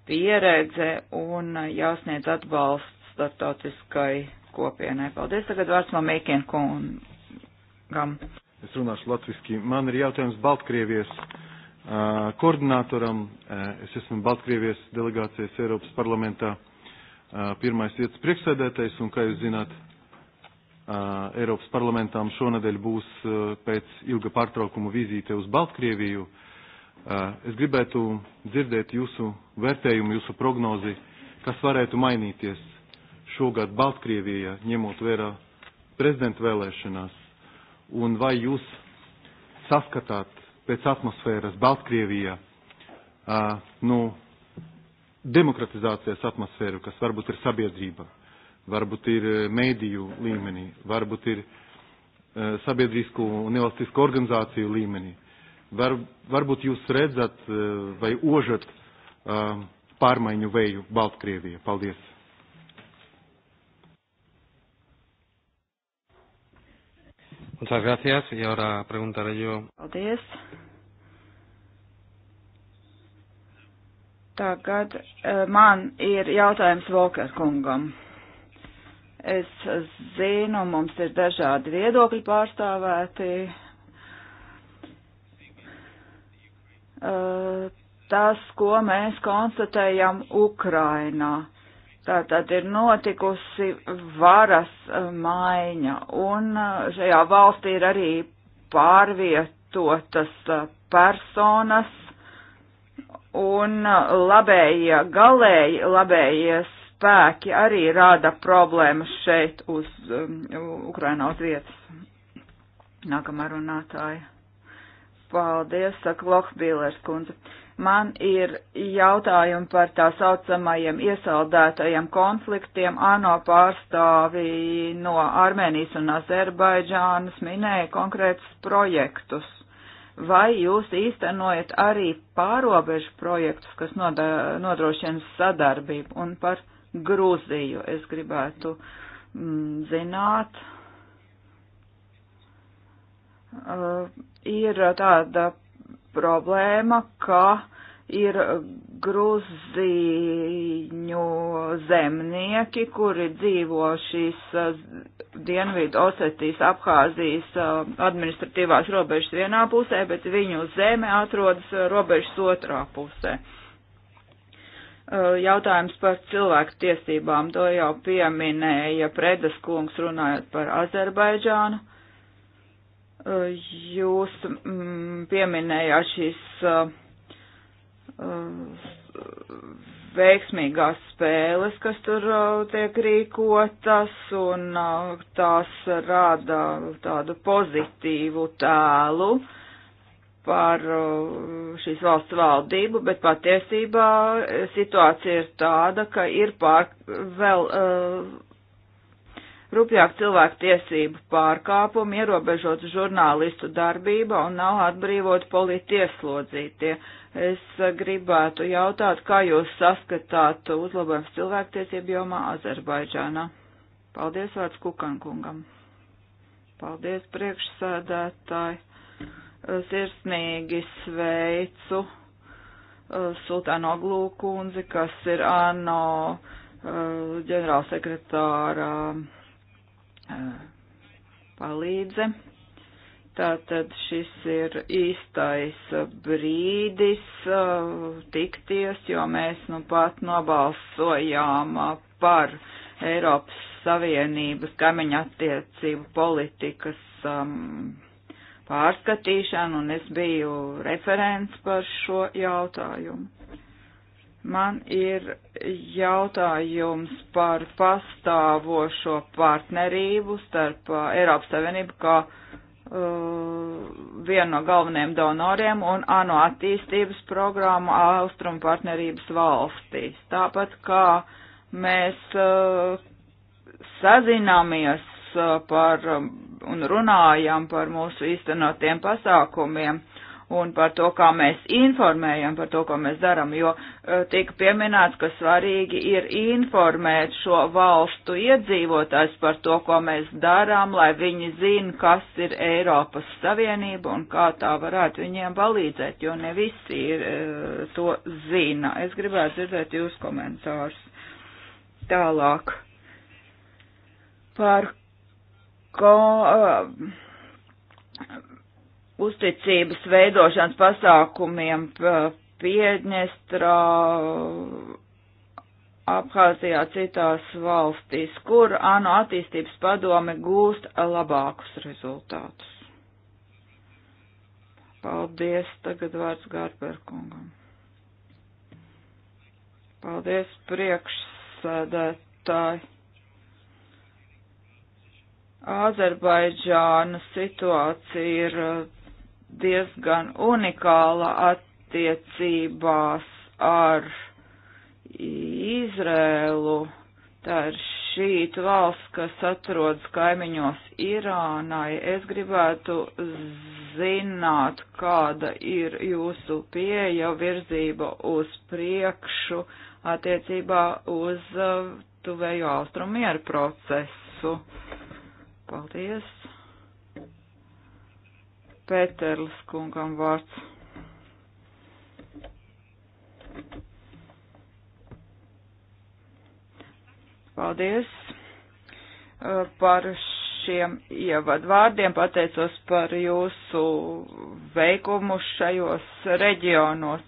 pieredze un jāsniedz atbalsts startautiskai kopienai. Paldies, tagad vārds no Mīkien kungam. Es runāšu latviski. Man ir jautājums Baltkrievijas uh, koordinātoram. Uh, es esmu Baltkrievijas delegācijas Eiropas parlamentā uh, pirmais vietas priekšsēdētais un, kā jūs zināt, Eiropas parlamentām šonadēļ būs pēc ilga pārtraukuma vizīte uz Baltkrieviju. Es gribētu dzirdēt jūsu vērtējumu, jūsu prognozi, kas varētu mainīties šogad Baltkrievijā, ņemot vērā prezidenta vēlēšanās, un vai jūs saskatāt pēc atmosfēras Baltkrievijā, nu, demokratizācijas atmosfēru, kas varbūt ir sabiedrība varbūt ir eh, mēdīju līmenī, varbūt ir eh, sabiedrisku un nevalstisku organizāciju līmenī. Var, varbūt jūs redzat eh, vai ožat pārmaiņu vēju Baltkrievijā. Paldies! Muchas gracias y ahora preguntaré yo. Paldies. Tagad man ir jautājums Volker kungam. Es zinu, mums ir dažādi viedokļi pārstāvēti. Eh, tas, ko mēs konstatējam Ukrainā, tā tad ir notikusi varas maiņa, un eh, šajā valstī ir arī pārvietotas eh, personas, un labējie galēji, labējies spēki arī rada problēmas šeit uz um, Ukrainā uz vietas. Nākamā runātāja. Paldies, saka Lohbīlers kundze. Man ir jautājumi par tā saucamajiem iesaldētajiem konfliktiem. ANO pārstāvī no Armēnijas un Azerbaidžānas minēja konkrētus projektus. Vai jūs īstenojat arī pārobežu projektus, kas nodrošina sadarbību un par Grūziju. Es gribētu mm, zināt, uh, ir tāda problēma, ka ir grūziņu zemnieki, kuri dzīvo šīs eh, Dienvidu Osetijas Abhāzijas eh, administratīvās robežas vienā pusē, bet viņu zeme atrodas robežas otrā pusē. Uh, Eh, jautājums par cilvēku tiesībām. To jau pieminēja Predas kungs runājot par Azerbaidžānu. Eh, jūs mm, pieminējāt šīs eh, veiksmīgās spēles, kas tur tiek rīkotas, un tās rada tādu pozitīvu tēlu. Uh, par uh, šīs valsts valdību, bet patiesībā uh, situācija ir tāda, ka ir pār, vēl uh, rupjāk cilvēku tiesību pārkāpumi, ierobežot žurnālistu darbība un nav atbrīvot politieslodzītie. Es uh, gribētu jautāt, kā jūs saskatāt uzlabojums cilvēktiesību jomā Azerbaidžānā? Paldies vārds Kukankungam. Paldies priekšsēdētāji sirsnīgi sveicu eh, Sultāno Glūkundzi, kas ir ANO eh, ģenerālsekretāra eh, palīdze. Tātad šis ir īstais brīdis tikties, jo mēs nu pat nobalsojām par Eiropas Savienības kaimiņa attiecību politikas um, pārskatīšanu, un es biju referents par šo jautājumu. Man ir jautājums par pastāvošo partnerību starp uh, Eiropas Savienību kā uh, vienu no galvenajiem donoriem un ANO attīstības programmu Austrum partnerības valstīs. Tāpat kā mēs uh, sazināmies uh, par um, un runājam par mūsu īstenotiem pasākumiem un par to, kā mēs informējam par to, ko mēs daram, jo e, tika pieminēts, ka svarīgi ir informēt šo valstu iedzīvotājs par to, ko mēs darām, lai viņi zina, kas ir Eiropas Savienība un kā tā varētu viņiem palīdzēt, jo ne visi ir, e, to zina. Es gribētu dzirdēt jūs komentārus. Tālāk par ko, uh, uzticības veidošanas pasākumiem Piedņestrā, Abhāzijā, citās valstīs, kur ANO attīstības padome gūst labākus rezultātus. Paldies, tagad vārds Gārberkungam. Paldies, priekšsēdētāji. Azerbaidžāna situācija ir eh, diezgan unikāla attiecībās ar Izrēlu. Tā ir šīta valsts, kas atrodas kaimiņos Irānai. Es gribētu zināt, kāda ir jūsu pieeja virzība uz priekšu attiecībā uz eh, tuvējo austrumu mieru procesu. Paldies. Pēterlis kungam vārds. Paldies uh, par šiem ievadvārdiem, pateicos par jūsu veikumu šajos reģionos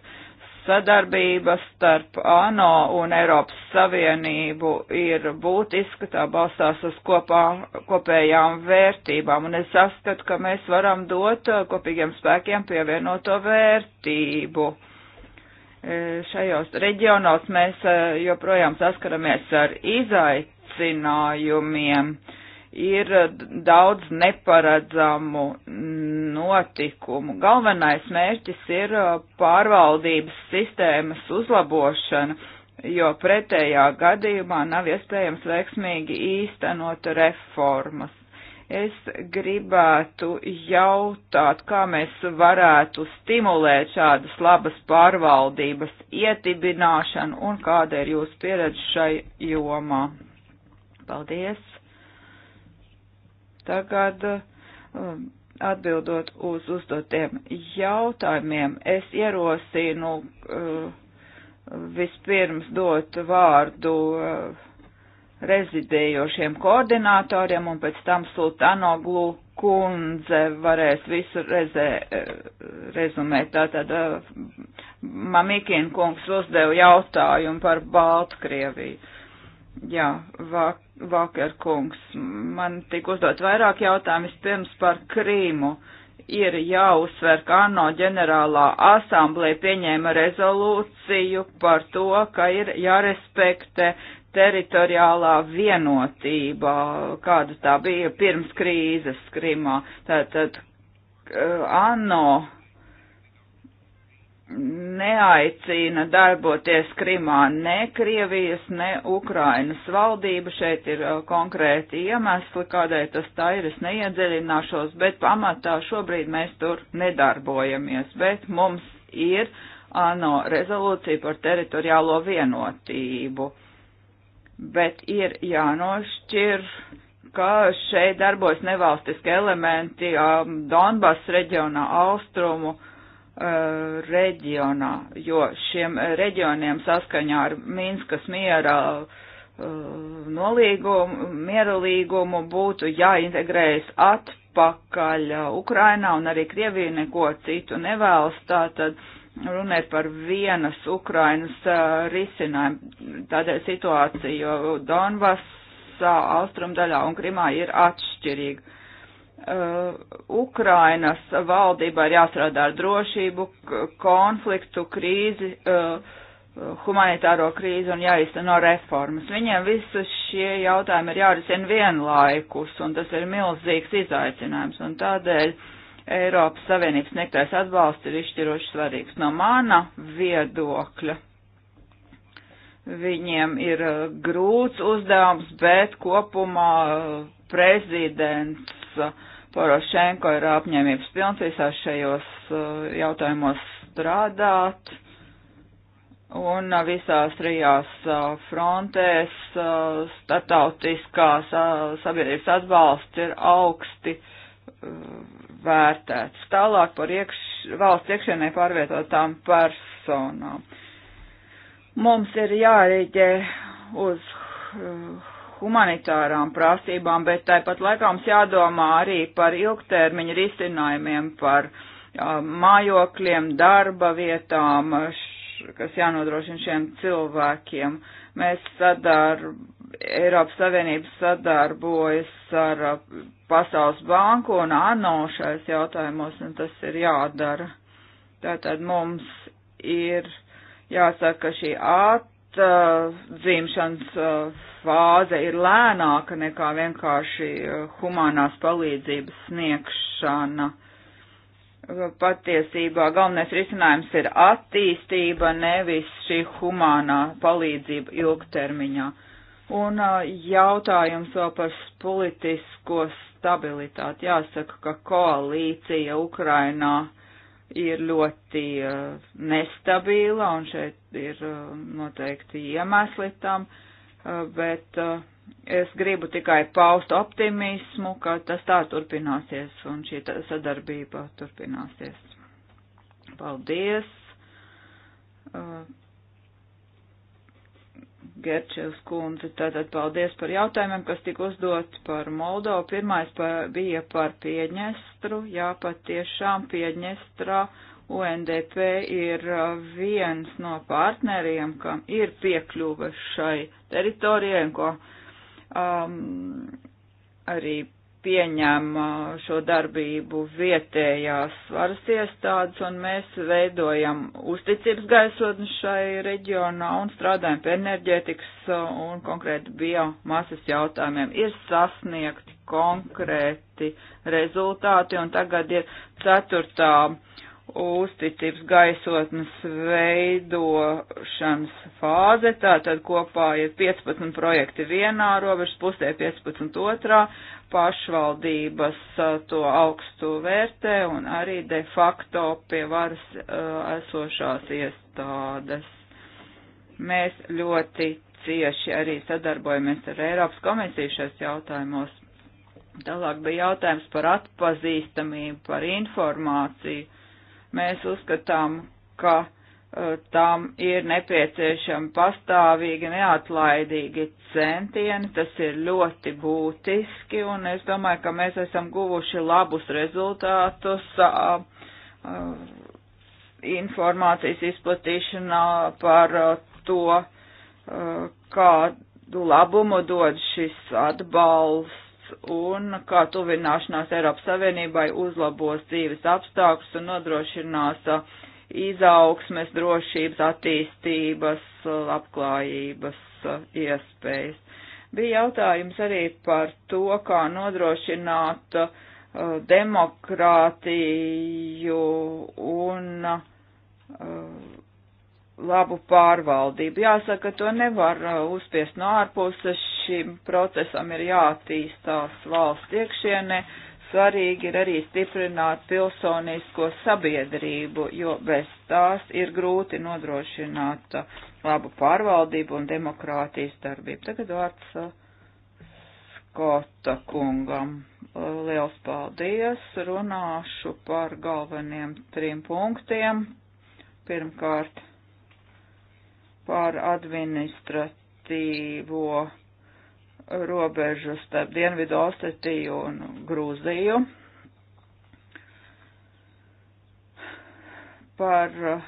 sadarbība starp ANO un Eiropas Savienību ir būtiska, tā balstās uz kopā, kopējām vērtībām, un es saskatu, ka mēs varam dot uh, kopīgiem spēkiem pievienoto vērtību. E, šajos reģionos mēs uh, joprojām saskaramies ar izaicinājumiem ir eh, daudz neparedzamu notikumu. Galvenais mērķis ir eh, pārvaldības sistēmas uzlabošana, jo pretējā gadījumā nav iespējams veiksmīgi īstenot reformas. Es gribētu jautāt, kā mēs varētu stimulēt šādas labas pārvaldības ietibināšanu un kāda ir jūsu pieredze šai jomā. Paldies! Tagad um, atbildot uz uzdotiem jautājumiem, es ierosinu uh, vispirms dot vārdu uh, rezidējošiem koordinatoriem un pēc tam Sultanoglu kundze varēs visu reze, uh, rezumēt. Tātad Mamikina kungs uzdeva jautājumu par Baltkrieviju. Jā, vak, vakar kungs, man tika uzdot vairāk jautājumu vispirms par Krīmu. Ir jāuzsver, ka ANO ģenerālā asamblē pieņēma rezolūciju par to, ka ir jārespekte teritoriālā vienotība, kāda tā bija pirms krīzes Krimā. Tātad ANO neaicina darboties Krimā ne Krievijas, ne Ukrainas valdība. Šeit ir uh, konkrēti iemesli, kādēļ tas tā ir, es neiedziļināšos, bet pamatā šobrīd mēs tur nedarbojamies, bet mums ir ANO rezolūcija par teritoriālo vienotību. Bet ir jānošķir ka šeit darbojas nevalstiski elementi um, Donbass reģionā austrumu uh, Uh, reģionā, jo šiem reģioniem saskaņā ar Minskas miera uh, nolīgumu, miera līgumu būtu jāintegrējas atpakaļ Ukrainā un arī Krievija neko citu nevēlas, tātad runēt par vienas Ukrainas uh, risinājumu. Tādēļ situācija Donbassā, Austrumdaļā un Krimā ir atšķirīga Uh, Ukrainas valdībā ir jāstrādā ar drošību, konfliktu, krīzi, uh, humanitāro krīzi un jāizteno reformas. Viņiem visi šie jautājumi ir jārisina vienlaikus, un tas ir milzīgs izaicinājums, un tādēļ Eiropas Savienības sniegtais atbalsts ir izšķiroši svarīgs. No mana viedokļa viņiem ir uh, grūts uzdevums, bet kopumā uh, prezidents uh, Porošenko ir apņēmības pilns visās šajos uh, jautājumos strādāt. Un uh, visās trijās frontēs startautiskās sabiedrības atbalsts ir augsti vērtēts. Tālāk par iekš, valsts iekšienē pārvietotām personām. Mums ir jārīģē uz humanitārām prasībām, bet tāpat laikā mums jādomā arī par ilgtermiņa risinājumiem, par uh, mājokļiem, darba vietām, š, kas jānodrošina šiem cilvēkiem. Mēs sadarb, Eiropas Savienības sadarbojas ar Pasaules banku un ANO šais jautājumos, un tas ir jādara. Tātad mums ir jāsaka šī ātrāk uh, dzimšanas uh, fāze ir lēnāka nekā vienkārši uh, humanās palīdzības sniegšana. Patiesībā galvenais risinājums ir attīstība, nevis šī humānā palīdzība ilgtermiņā. Un uh, jautājums vēl par politisko stabilitāti. Jāsaka, ka koalīcija Ukrainā uh, ir ļoti uh, nestabila, un šeit ir uh, noteikti iemesli tam, uh, bet uh, es gribu tikai paust optimismu, ka tas tā turpināsies, un šī sadarbība turpināsies. Paldies! Uh, Gerčevs kundze. Tātad paldies par jautājumiem, kas tika uzdot par Moldovu. Pirmais par, bija par Piedņestru. Jā, pat tiešām Piedņestrā UNDP ir uh, viens no partneriem, kam ir piekļuva šai teritorijai, ko um, arī pieņem uh, šo darbību vietējās varas iestādes, un mēs veidojam uzticības gaisotni šai reģionā un strādājam pie enerģētikas uh, un konkrēti biomasas jautājumiem. Ir sasniegti konkrēti rezultāti, un tagad ir ceturtā uzticības gaisotnes veidošanas fāze, tātad kopā ir 15 projekti vienā robežas pusē, 15 otrā pašvaldības to augstu vērtē un arī de facto pie varas esošās iestādes. Mēs ļoti cieši arī sadarbojamies ar Eiropas komisiju šajos jautājumos. Tālāk bija jautājums par atpazīstamību, par informāciju. Mēs uzskatām, ka uh, Tām ir nepieciešami pastāvīgi, neatlaidīgi centieni, tas ir ļoti būtiski, un es domāju, ka mēs esam guvuši labus rezultātus informācijas izplatīšanā par to, kādu labumu dod šis atbalsts un kā tuvināšanās Eiropas Savienībai uzlabos dzīves apstākļus un nodrošinās uh, izaugsmes, drošības, attīstības, labklājības iespējas. Bija jautājums arī par to, kā nodrošināt uh, demokrātiju un uh, labu pārvaldību. Jāsaka, to nevar uh, uzspiest no ārpuses, šim procesam ir jātīstās valsts iekšienē Svarīgi ir arī stiprināt pilsonisko sabiedrību, jo bez tās ir grūti nodrošināt uh, labu pārvaldību un demokrātijas darbību. Tagad vārds uh, Skota kungam. Uh, liels paldies! Runāšu par galveniem trim punktiem. Pirmkārt, par administratīvo robežu starp Dienvidu Osetiju un Grūziju. Par uh,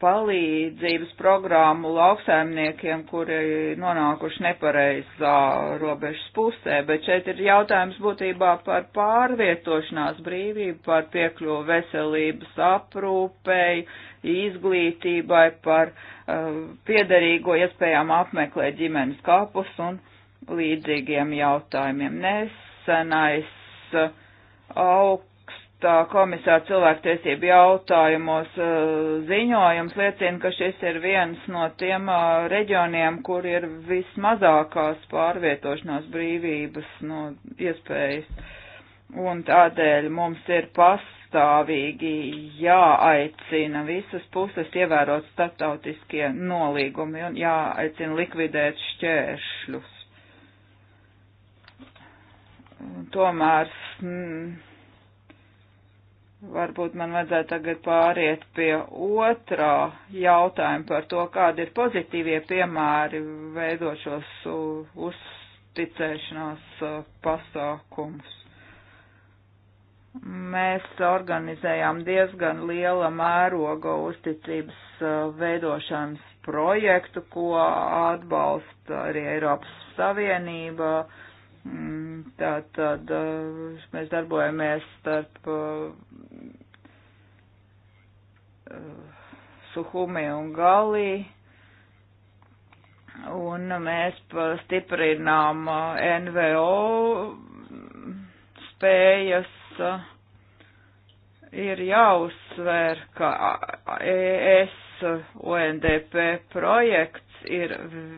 palīdzības programmu lauksaimniekiem, kuri nonākuši nepareizā robežas pusē, bet šeit ir jautājums būtībā par pārvietošanās brīvību, par piekļuvu veselības aprūpei, izglītībai, par uh, piederīgo iespējām apmeklēt ģimenes kapus un līdzīgiem jautājumiem. Nesenais uh, aug tā komisāra cilvēktiesību jautājumos uh, ziņojums liecina, ka šis ir viens no tiem uh, reģioniem, kur ir vismazākās pārvietošanās brīvības no iespējas. Un tādēļ mums ir pastāvīgi jāaicina visas puses ievērot starptautiskie nolīgumi un jāaicina likvidēt šķēršļus. Tomēr. Mm, varbūt man vajadzētu tagad pāriet pie otrā jautājuma par to, kādi ir pozitīvie piemēri veidošos uh, uzticēšanās uh, pasākums. Mēs organizējām diezgan liela mēroga uzticības uh, veidošanas projektu, ko atbalsta arī Eiropas Savienība. Uh, Mm, tā tad eh, mēs darbojamies starp uh, Suhumi un Galī, un mēs stiprinām eh, NVO spējas. Ir jāuzsver, ka ES e UNDP projekts ir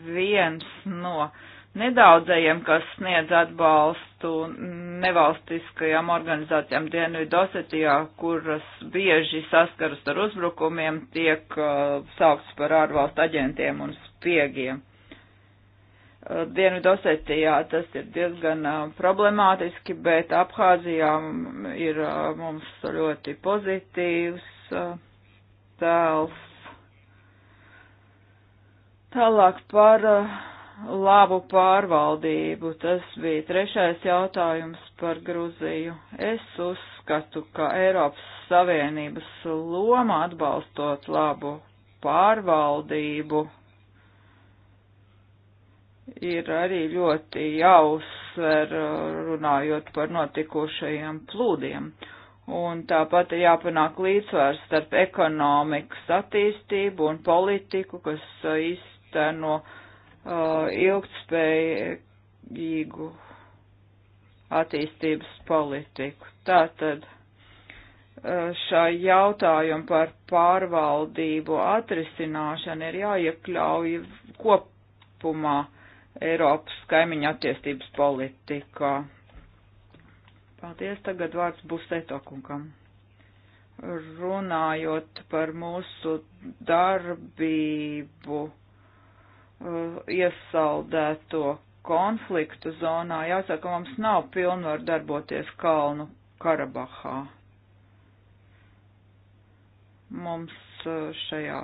viens no uh, nedaudzajiem, kas sniedz atbalstu nevalstiskajām organizācijām Dienvidu Osetijā, kuras bieži saskaras ar uzbrukumiem, tiek uh, saukts par ārvalstu aģentiem un spiegiem. Uh, Dienvidu Osetijā tas ir diezgan uh, problemātiski, bet Abhāzijā ir uh, mums ļoti pozitīvs uh, tēls. Tālāk par uh, labu pārvaldību. Tas bija trešais jautājums par Gruziju. Es uzskatu, ka Eiropas Savienības loma atbalstot labu pārvaldību ir arī ļoti jāuzsver runājot par notikušajiem plūdiem. Un tāpat jāpanāk līdzsvars starp ekonomikas attīstību un politiku, kas īsteno no Uh, ilgtspējīgu attīstības politiku. Tātad uh, šā jautājuma par pārvaldību atrisināšanu ir jāiekļauj kopumā Eiropas kaimiņa attīstības politikā. Paldies, tagad vārds būs Setokungam. Runājot par mūsu darbību Uh, iesaldēto konfliktu zonā. Jāsaka, mums nav pilnvaru darboties Kalnu Karabahā. Mums uh, šajā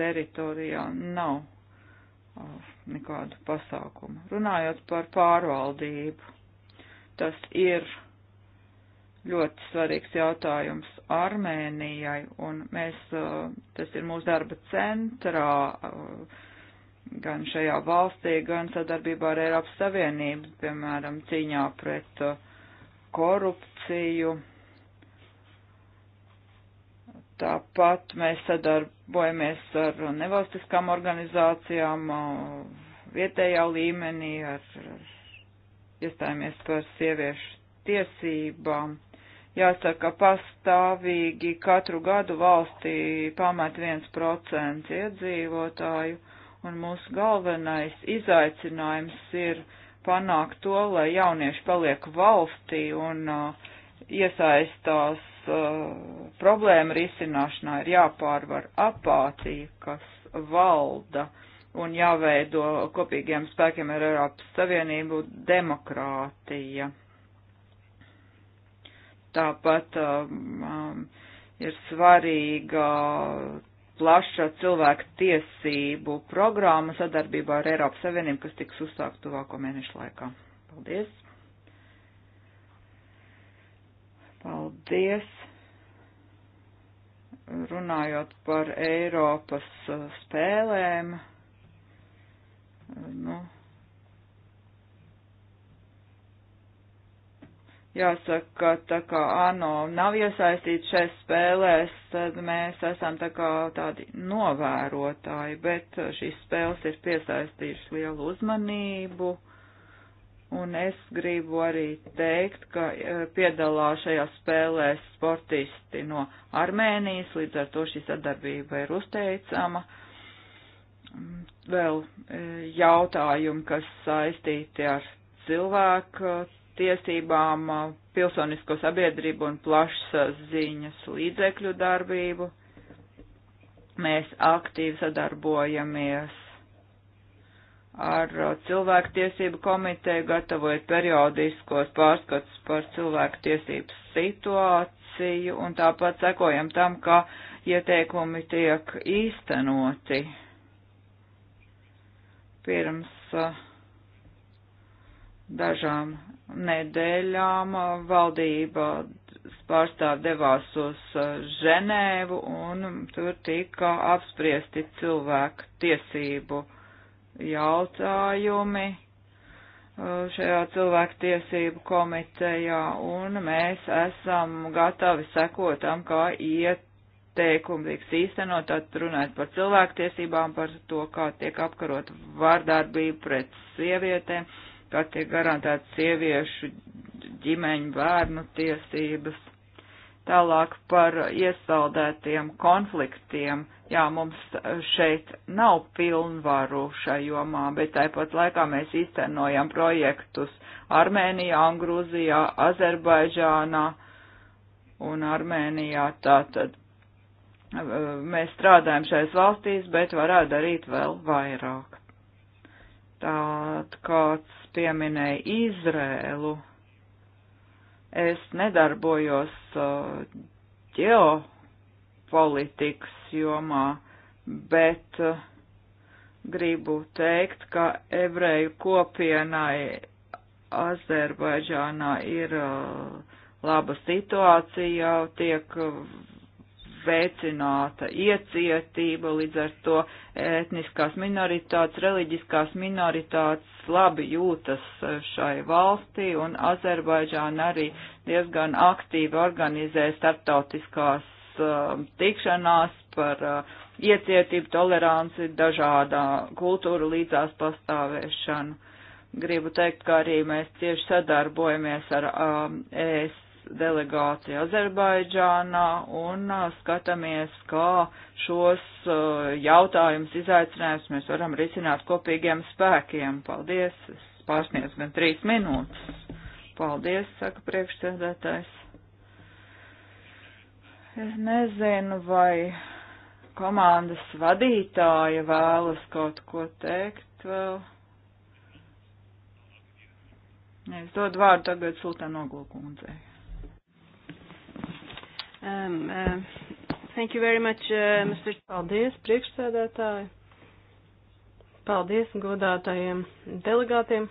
teritorijā nav uh, nekādu pasākumu. Runājot par pārvaldību, tas ir ļoti svarīgs jautājums Armēnijai, un mēs, tas ir mūsu darba centrā, uh, gan šajā valstī, gan sadarbībā ar Eiropas Savienību, piemēram, cīņā pret uh, korupciju. Tāpat mēs sadarbojamies ar nevalstiskām organizācijām uh, vietējā līmenī, ar, ar iestājamies par sieviešu tiesībām. Jāsaka, pastāvīgi katru gadu valstī pamat 1% iedzīvotāju Un mūsu galvenais izaicinājums ir panākt to, lai jaunieši paliek valstī un uh, iesaistās uh, problēma risināšanā, ir jāpārvar apātija, kas valda un jāveido kopīgiem spēkiem ar Eiropas Savienību demokrātija. Tāpat um, um ir svarīga plaša cilvēku tiesību programma sadarbībā ar Eiropas Savienību, kas tiks uzsākt tuvāko mēnešu laikā. Paldies! Paldies! Runājot par Eiropas uh, spēlēm, uh, nu, Jāsaka, ka tā kā ANO nav iesaistīts šajās spēlēs, tad mēs esam tā kā tādi novērotāji, bet šīs spēles ir piesaistījušas lielu uzmanību. Un es gribu arī teikt, ka e, piedalās šajā spēlē sportisti no Armēnijas, līdz ar to šī sadarbība ir uzteicama. Mm, vēl e, jautājumi, kas saistīti ar cilvēku tiesībām, pilsonisko sabiedrību un plašsaziņas uh, līdzekļu darbību. Mēs aktīvi sadarbojamies ar uh, cilvēktiesību komiteju, gatavojot periodiskos pārskats par cilvēktiesības situāciju un tāpat sekojam tam, kā ieteikumi tiek īstenoti. Pirms uh, dažām nedēļām valdība pārstāv devās uz eh, Ženēvu un tur tika apspriesti cilvēku tiesību jautājumi eh, šajā cilvēku tiesību komitejā un mēs esam gatavi sekot tam, kā ieteikumi tiks īstenot, tad runājot par cilvēku tiesībām, par to, kā tiek apkarot vārdarbību pret sievietēm kā tiek garantēts sieviešu ģimeņu bērnu tiesības. Tālāk par iesaldētiem konfliktiem. Jā, mums šeit nav pilnvaru šai jomā, bet tāpat laikā mēs īstenojam projektus Armēnijā, Grūzijā, Azerbaidžānā un Armēnijā. Tātad eh, mēs strādājam šais valstīs, bet varētu darīt vēl vairāk. Tātad kāds pieminēja Izrēlu. Es nedarbojos uh, ģeopolitikas jomā, bet uh, gribu teikt, ka ebreju kopienai Azerbaidžānā ir uh, laba situācija, tiek veicināta iecietība, līdz ar to etniskās minoritātes, reliģiskās minoritātes labi jūtas šai valstī, un Azerbaidžāna arī diezgan aktīvi organizē starptautiskās uh, tikšanās par uh, iecietību, toleranci, dažādā kultūra līdzās pastāvēšanu gribu teikt, ka arī mēs cieši sadarbojamies ar um, ES delegācija Azerbaidžānā un skatāmies, kā šos jautājumus, izaicinājumus mēs varam risināt kopīgiem spēkiem. Paldies, es pārsniedzu gan trīs minūtes. Paldies, saka priekšsēdētājs. Es nezinu, vai komandas vadītāja vēlas kaut ko teikt vēl. Es dodu vārdu tagad Sultāna Oglūkundzei. Um, uh, thank you very much, uh, Mr. Paldies, priekšsēdētāji. Paldies godātajiem delegātiem.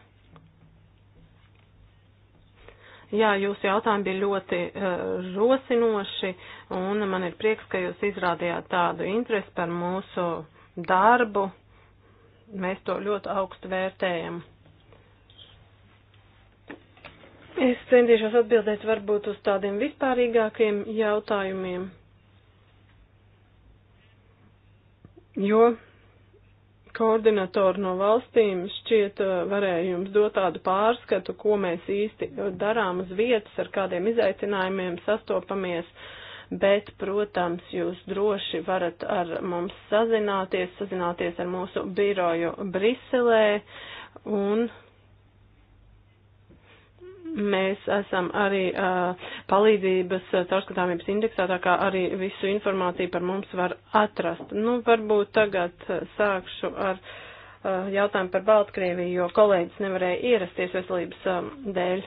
Jā, jūsu jautājumi bija ļoti uh, rosinoši, un man ir prieks, ka jūs izrādījāt tādu interesi par mūsu darbu. Mēs to ļoti augstu vērtējam. Es centīšos atbildēt varbūt uz tādiem vispārīgākiem jautājumiem. Jo koordinatori no valstīm šķiet eh, varēja jums dot tādu pārskatu, ko mēs īsti darām uz vietas, ar kādiem izaicinājumiem sastopamies, bet, protams, jūs droši varat ar mums sazināties, sazināties ar mūsu biroju Briselē un Mēs esam arī uh, palīdzības uh, caurskatāmības indeksā, tā kā arī visu informāciju par mums var atrast. Nu, varbūt tagad uh, sākšu ar uh, jautājumu par Baltkrieviju, jo kolēģis nevarēja ierasties veselības um, dēļ.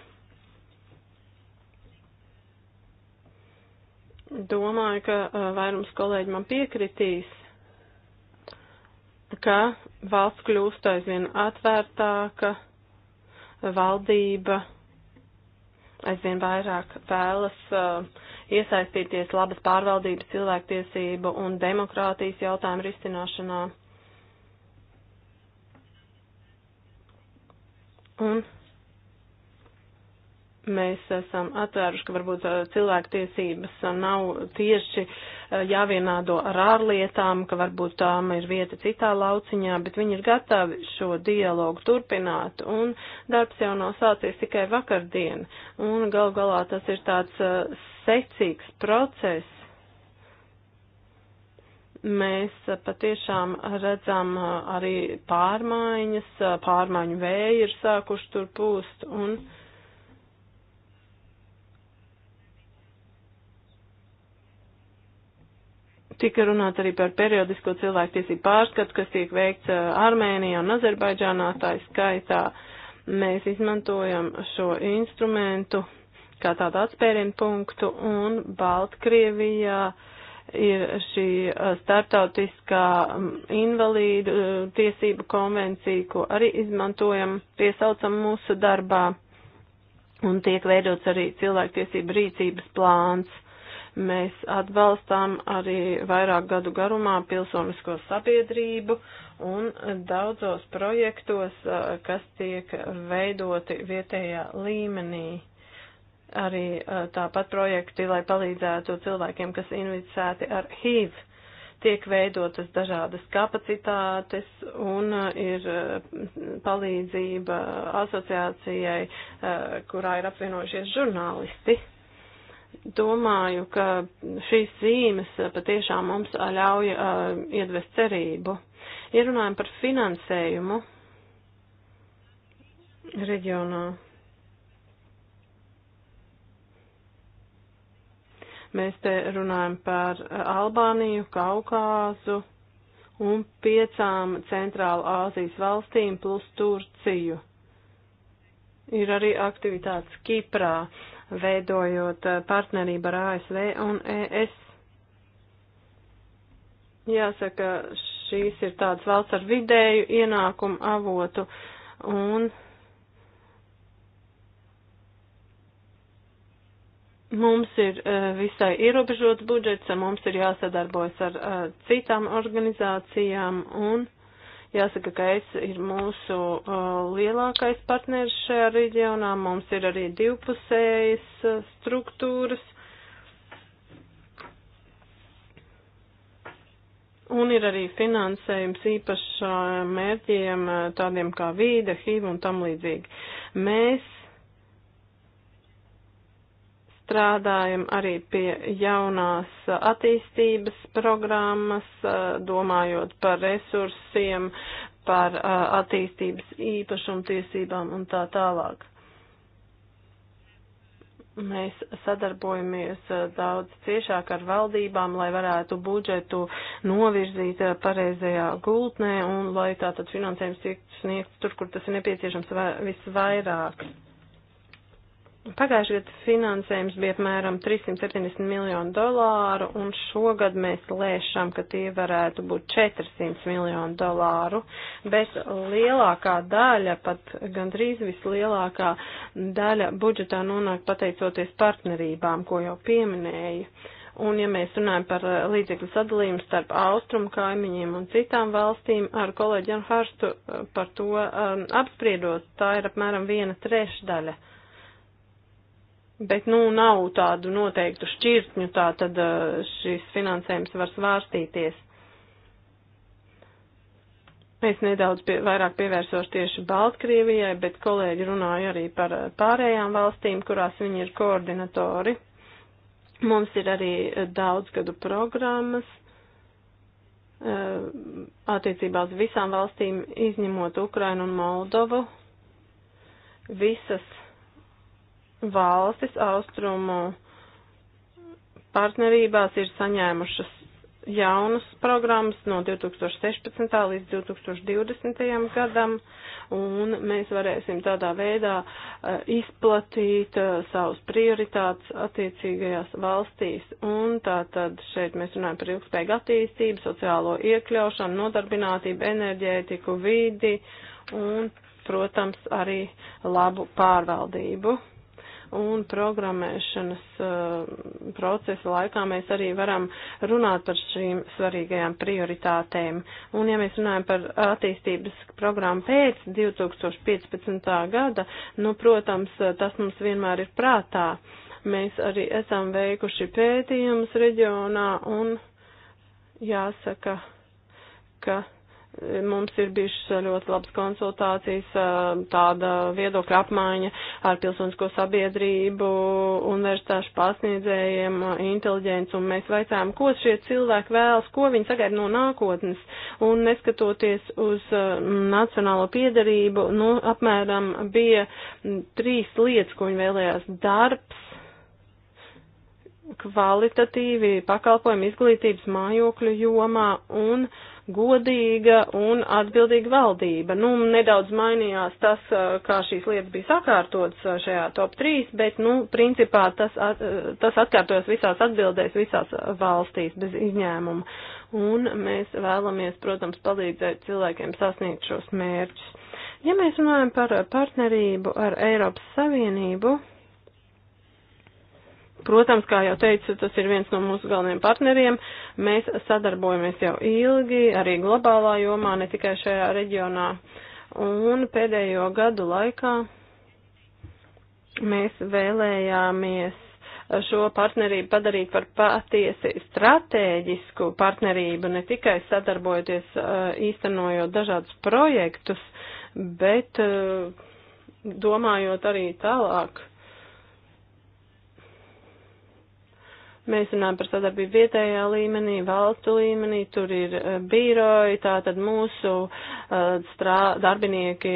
Domāju, ka uh, vairums kolēģi man piekritīs, ka valsts kļūst aizvien atvērtāka, valdība aizvien vairāk vēlas uh, iesaistīties labas pārvaldības, cilvēktiesību un demokrātijas jautājumu risināšanā. Un mēs esam atvēruši, ka varbūt cilvēktiesības nav tieši jāvienādo ar ārlietām, ka varbūt tām ir vieta citā lauciņā, bet viņi ir gatavi šo dialogu turpināt, un darbs jau nav sācies tikai vakardien, un gal galā tas ir tāds secīgs process. Mēs patiešām redzam arī pārmaiņas, pārmaiņu vēji ir sākuši tur pūst, un. Mm Tika runāt arī par periodisko cilvēktiesību pārskatu, kas tiek veikts Armēnijā un Azerbaidžānā tā skaitā. Mēs izmantojam šo instrumentu kā tādu atspērienu punktu un Baltkrievijā ir šī startautiskā invalīdu tiesību konvencija, ko arī izmantojam, piesaucam mūsu darbā un tiek veidots arī cilvēktiesību rīcības plāns. Mēs atbalstām arī vairāk gadu garumā pilsonisko sabiedrību un daudzos projektos, kas tiek veidoti vietējā līmenī. Arī tāpat projekti, lai palīdzētu cilvēkiem, kas inficēti ar HIV tiek veidotas dažādas kapacitātes un ir palīdzība asociācijai, kurā ir apvienojušies žurnālisti. Domāju, ka šīs zīmes patiešām mums ļauj uh, iedvest cerību. Ja runājam par finansējumu reģionā, mēs te runājam par Albāniju, Kaukāzu un piecām centrālu Āzijas valstīm plus Turciju. Ir arī aktivitātes Kiprā veidojot eh, partnerību ar ASV un ES. Jāsaka, šīs ir tādas valsts ar vidēju ienākumu avotu un mums ir eh, visai ierobežots budžets, mums ir jāsadarbojas ar eh, citām organizācijām un Jāsaka, ka es ir mūsu uh, lielākais partners šajā reģionā. Mums ir arī divpusējas uh, struktūras. Un ir arī finansējums īpašiem mērķiem, uh, tādiem kā vīde, HIV un tam līdzīgi. Mēs strādājam arī pie jaunās attīstības programmas, domājot par resursiem, par attīstības īpašumtiesībām un tā tālāk. Mēs sadarbojamies daudz ciešāk ar valdībām, lai varētu budžetu novirzīt pareizajā gultnē un lai tātad finansējums tiek sniegts tur, kur tas ir nepieciešams visvairāk. Pagājušajā gadā finansējums bija apmēram 370 miljonu dolāru, un šogad mēs lēšam, ka tie varētu būt 400 miljonu dolāru, bet lielākā daļa, pat gandrīz vislielākā daļa budžetā nonāk pateicoties partnerībām, ko jau pieminēju. Un ja mēs runājam par līdzekļu sadalījumu starp austrumu kaimiņiem un citām valstīm, ar kolēģi Harstu eh, par to um, apspriedot, tā ir apmēram viena trešdaļa. Bet, nu, nav tādu noteiktu šķirtņu, tā tad eh, šis finansējums var svārstīties. Es nedaudz pie, vairāk pievērsos tieši Baltkrievijai, bet kolēģi runāja arī par eh, pārējām valstīm, kurās viņi ir koordinatori. Mums ir arī eh, daudz gadu programmas attiecībā uz visām valstīm, izņemot Ukrainu un Moldovu. Visas valstis austrumu partnerībās ir saņēmušas jaunas programmas no 2016. līdz 2020. gadam, un mēs varēsim tādā veidā e, izplatīt e, savus prioritātes attiecīgajās valstīs. Un tātad šeit mēs runājam par ilgspējīgu attīstību, sociālo iekļaušanu, nodarbinātību, enerģētiku, vidi un, protams, arī labu pārvaldību un programmēšanas uh, procesa laikā mēs arī varam runāt par šīm svarīgajām prioritātēm. Un ja mēs runājam par attīstības programmu pēc 2015. gada, nu, protams, uh, tas mums vienmēr ir prātā. Mēs arī esam veikuši pētījumus reģionā un jāsaka, ka Mums ir bijušas ļoti labas konsultācijas, tāda viedokļa apmaiņa ar pilsonisko sabiedrību, universitāšu pasniedzējiem, inteliģents, un mēs vaicājām, ko šie cilvēki vēlas, ko viņi sagaida no nākotnes, un neskatoties uz nacionālo piedarību, nu, apmēram bija trīs lietas, ko viņi vēlējās - darbs, kvalitatīvi pakalpojumi izglītības mājokļu jomā un uh, godīga un atbildīga valdība. Nu, nedaudz mainījās tas, kā šīs lietas bija sakārtotas šajā top 3, bet, nu, principā tas, at, tas atkārtojas visās atbildēs, visās valstīs bez izņēmuma. Un mēs vēlamies, protams, palīdzēt cilvēkiem sasniegt šos mērķus. Ja mēs runājam par partnerību ar Eiropas Savienību, Protams, kā jau teicu, tas ir viens no mūsu galvenajiem partneriem. Mēs sadarbojamies jau ilgi, arī globālā jomā, ne tikai šajā reģionā. Un pēdējo gadu laikā mēs vēlējāmies šo partnerību padarīt par patiesi stratēģisku partnerību, ne tikai sadarbojoties, īstenojot dažādus projektus, bet domājot arī tālāk Mēs runājam par sadarbību vietējā līmenī, valstu līmenī, tur ir eh, bīroji, tātad mūsu eh, strā, darbinieki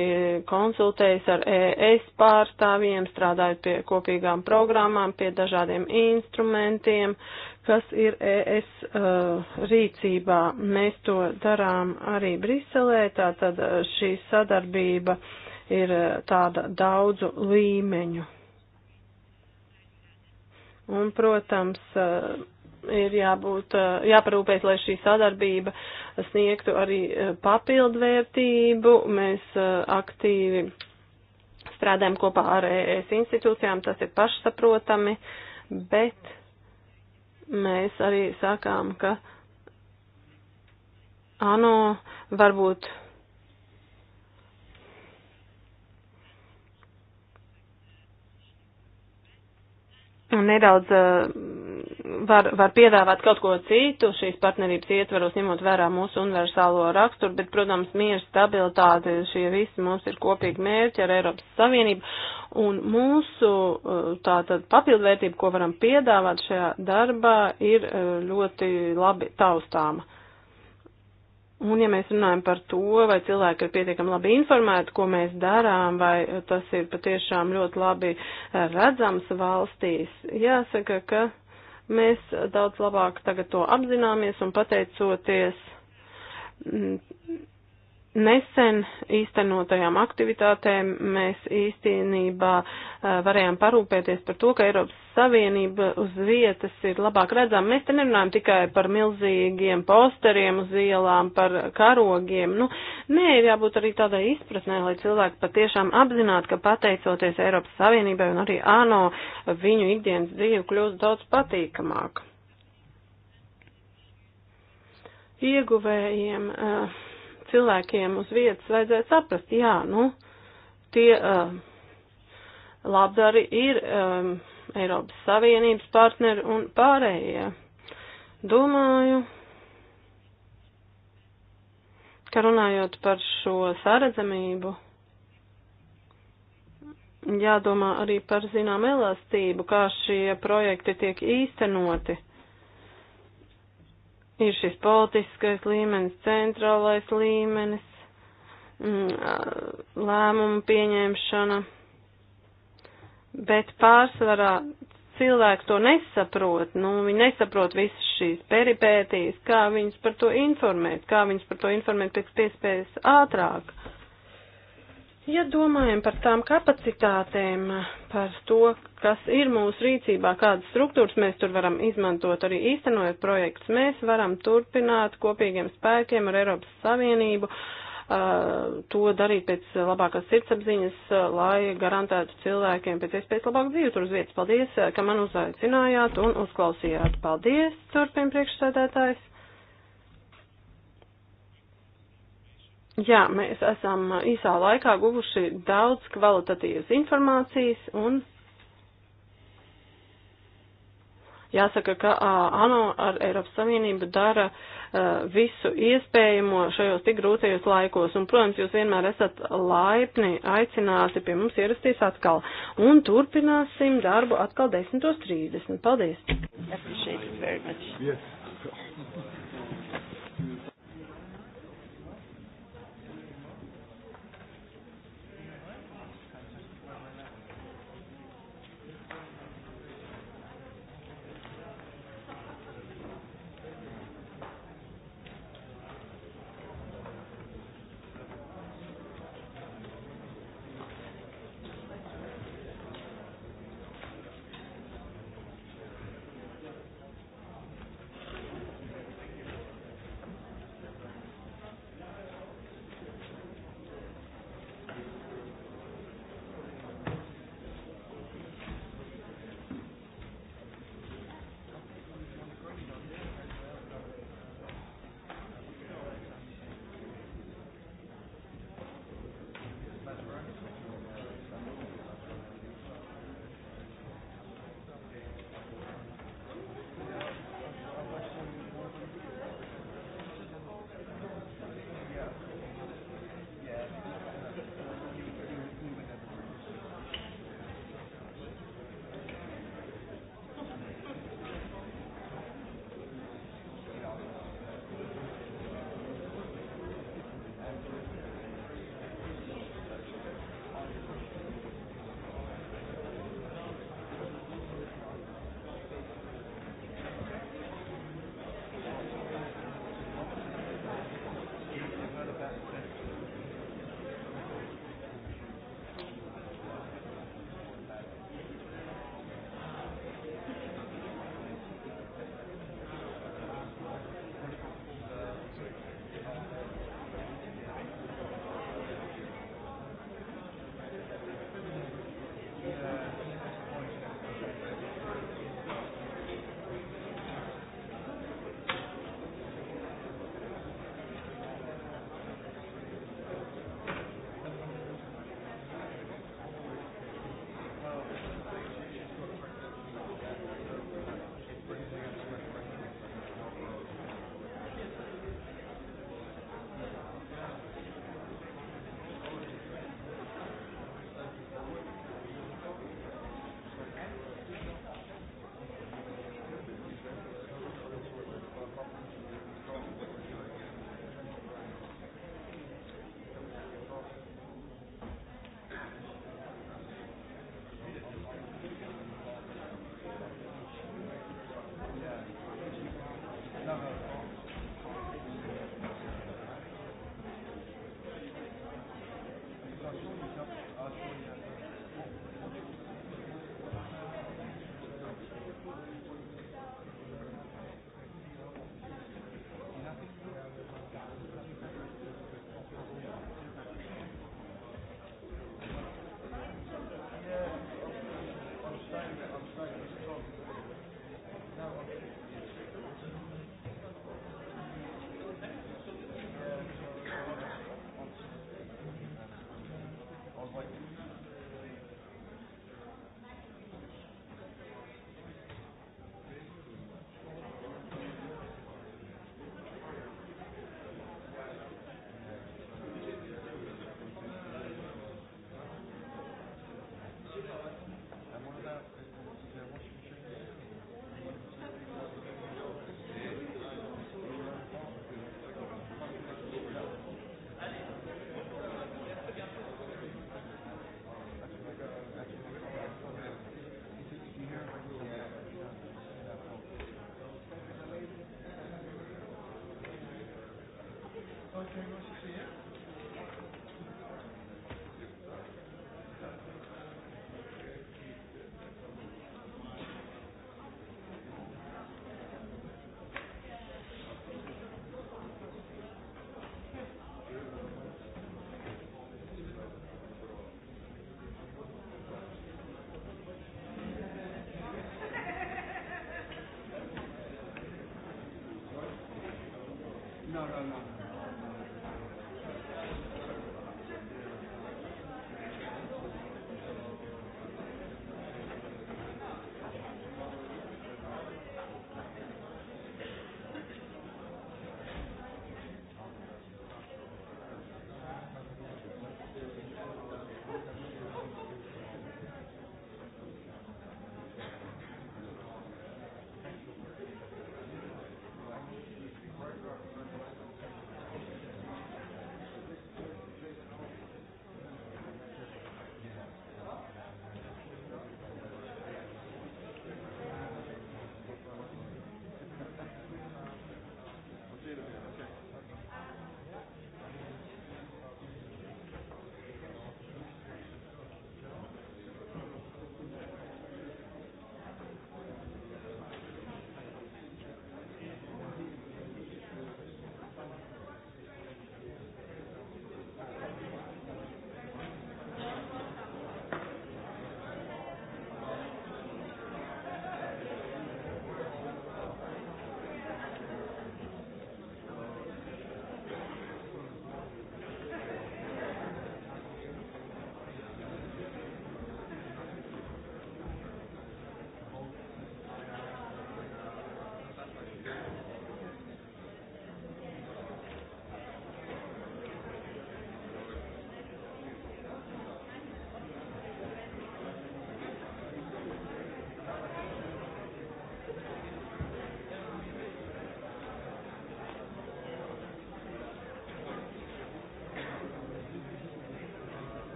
konsultējas ar ES pārstāvjiem, strādājot pie kopīgām programmām, pie dažādiem instrumentiem, kas ir ES uh, eh, rīcībā. Mēs to darām arī Briselē, tātad šī sadarbība ir tāda daudzu līmeņu. Un, protams, eh, ir jābūt, eh, jāparūpēs, lai šī sadarbība sniegtu arī eh, papildvērtību. Mēs aktīvi strādājam kopā ar ES institūcijām, tas ir pašsaprotami, bet mēs arī sakām, ka ANO varbūt nedaudz eh, var, var piedāvāt kaut ko citu šīs partnerības ietvaros, ņemot vērā mūsu universālo raksturu, bet, protams, mieru stabilitāte, šie visi mums ir kopīgi mērķi ar Eiropas Savienību, un mūsu eh, tātad papildvērtība, ko varam piedāvāt šajā darbā, ir eh, ļoti labi taustāma. Un, ja mēs runājam par to, vai cilvēki ir pietiekami labi informēti, ko mēs darām, vai tas ir patiešām ļoti labi eh, redzams valstīs, jāsaka, ka mēs daudz labāk tagad to apzināmies un pateicoties mm, Nesen īstenotajām aktivitātēm mēs īstenībā varējām parūpēties par to, ka Eiropas Savienība uz vietas ir labāk redzama. Mēs te nerunājam tikai par milzīgiem posteriem uz ielām, par karogiem. Nu, nē, ir jābūt arī tādai izpratnē, lai cilvēki patiešām apzinātu, ka pateicoties Eiropas Savienībai un arī ANO, viņu ikdienas dzīve kļūst daudz patīkamāka. Ieguvējiem. Uh, cilvēkiem uz vietas vajadzēja saprast, jā, nu, tie uh, labdari ir um, Eiropas Savienības partneri un pārējie. Domāju, ka runājot par šo saredzamību, jādomā arī par zinām elastību, kā šie projekti tiek īstenoti. Ir šis politiskais līmenis, centrālais līmenis, mm, lēmumu pieņemšana, bet pārsvarā cilvēki to nesaprot, nu, viņi nesaprot visas šīs peripētīs, kā viņus par to informēt, kā viņus par to informēt pēc iespējas ātrāk. Ja domājam par tām kapacitātēm, par to, kas ir mūsu rīcībā, kādas struktūras mēs tur varam izmantot, arī īstenojot projektus, mēs varam turpināt kopīgiem spēkiem ar Eiropas Savienību to darīt pēc labākās sirdsapziņas, lai garantētu cilvēkiem pēc iespējas labāku dzīvi tur uz vietas. Paldies, ka man uzaicinājāt un uzklausījāt. Paldies, turpina priekšsēdētājs. Jā, mēs esam īsā laikā guvuši daudz kvalitatīvas informācijas un jāsaka, ka uh, ANO ar Eiropas Savienību dara uh, visu iespējamo šajos tik grūtajos laikos. Un, protams, jūs vienmēr esat laipni aicināti pie mums ierasties atkal. Un turpināsim darbu atkal 10.30. Paldies! Appreciate it very much. Yes. no, no, no.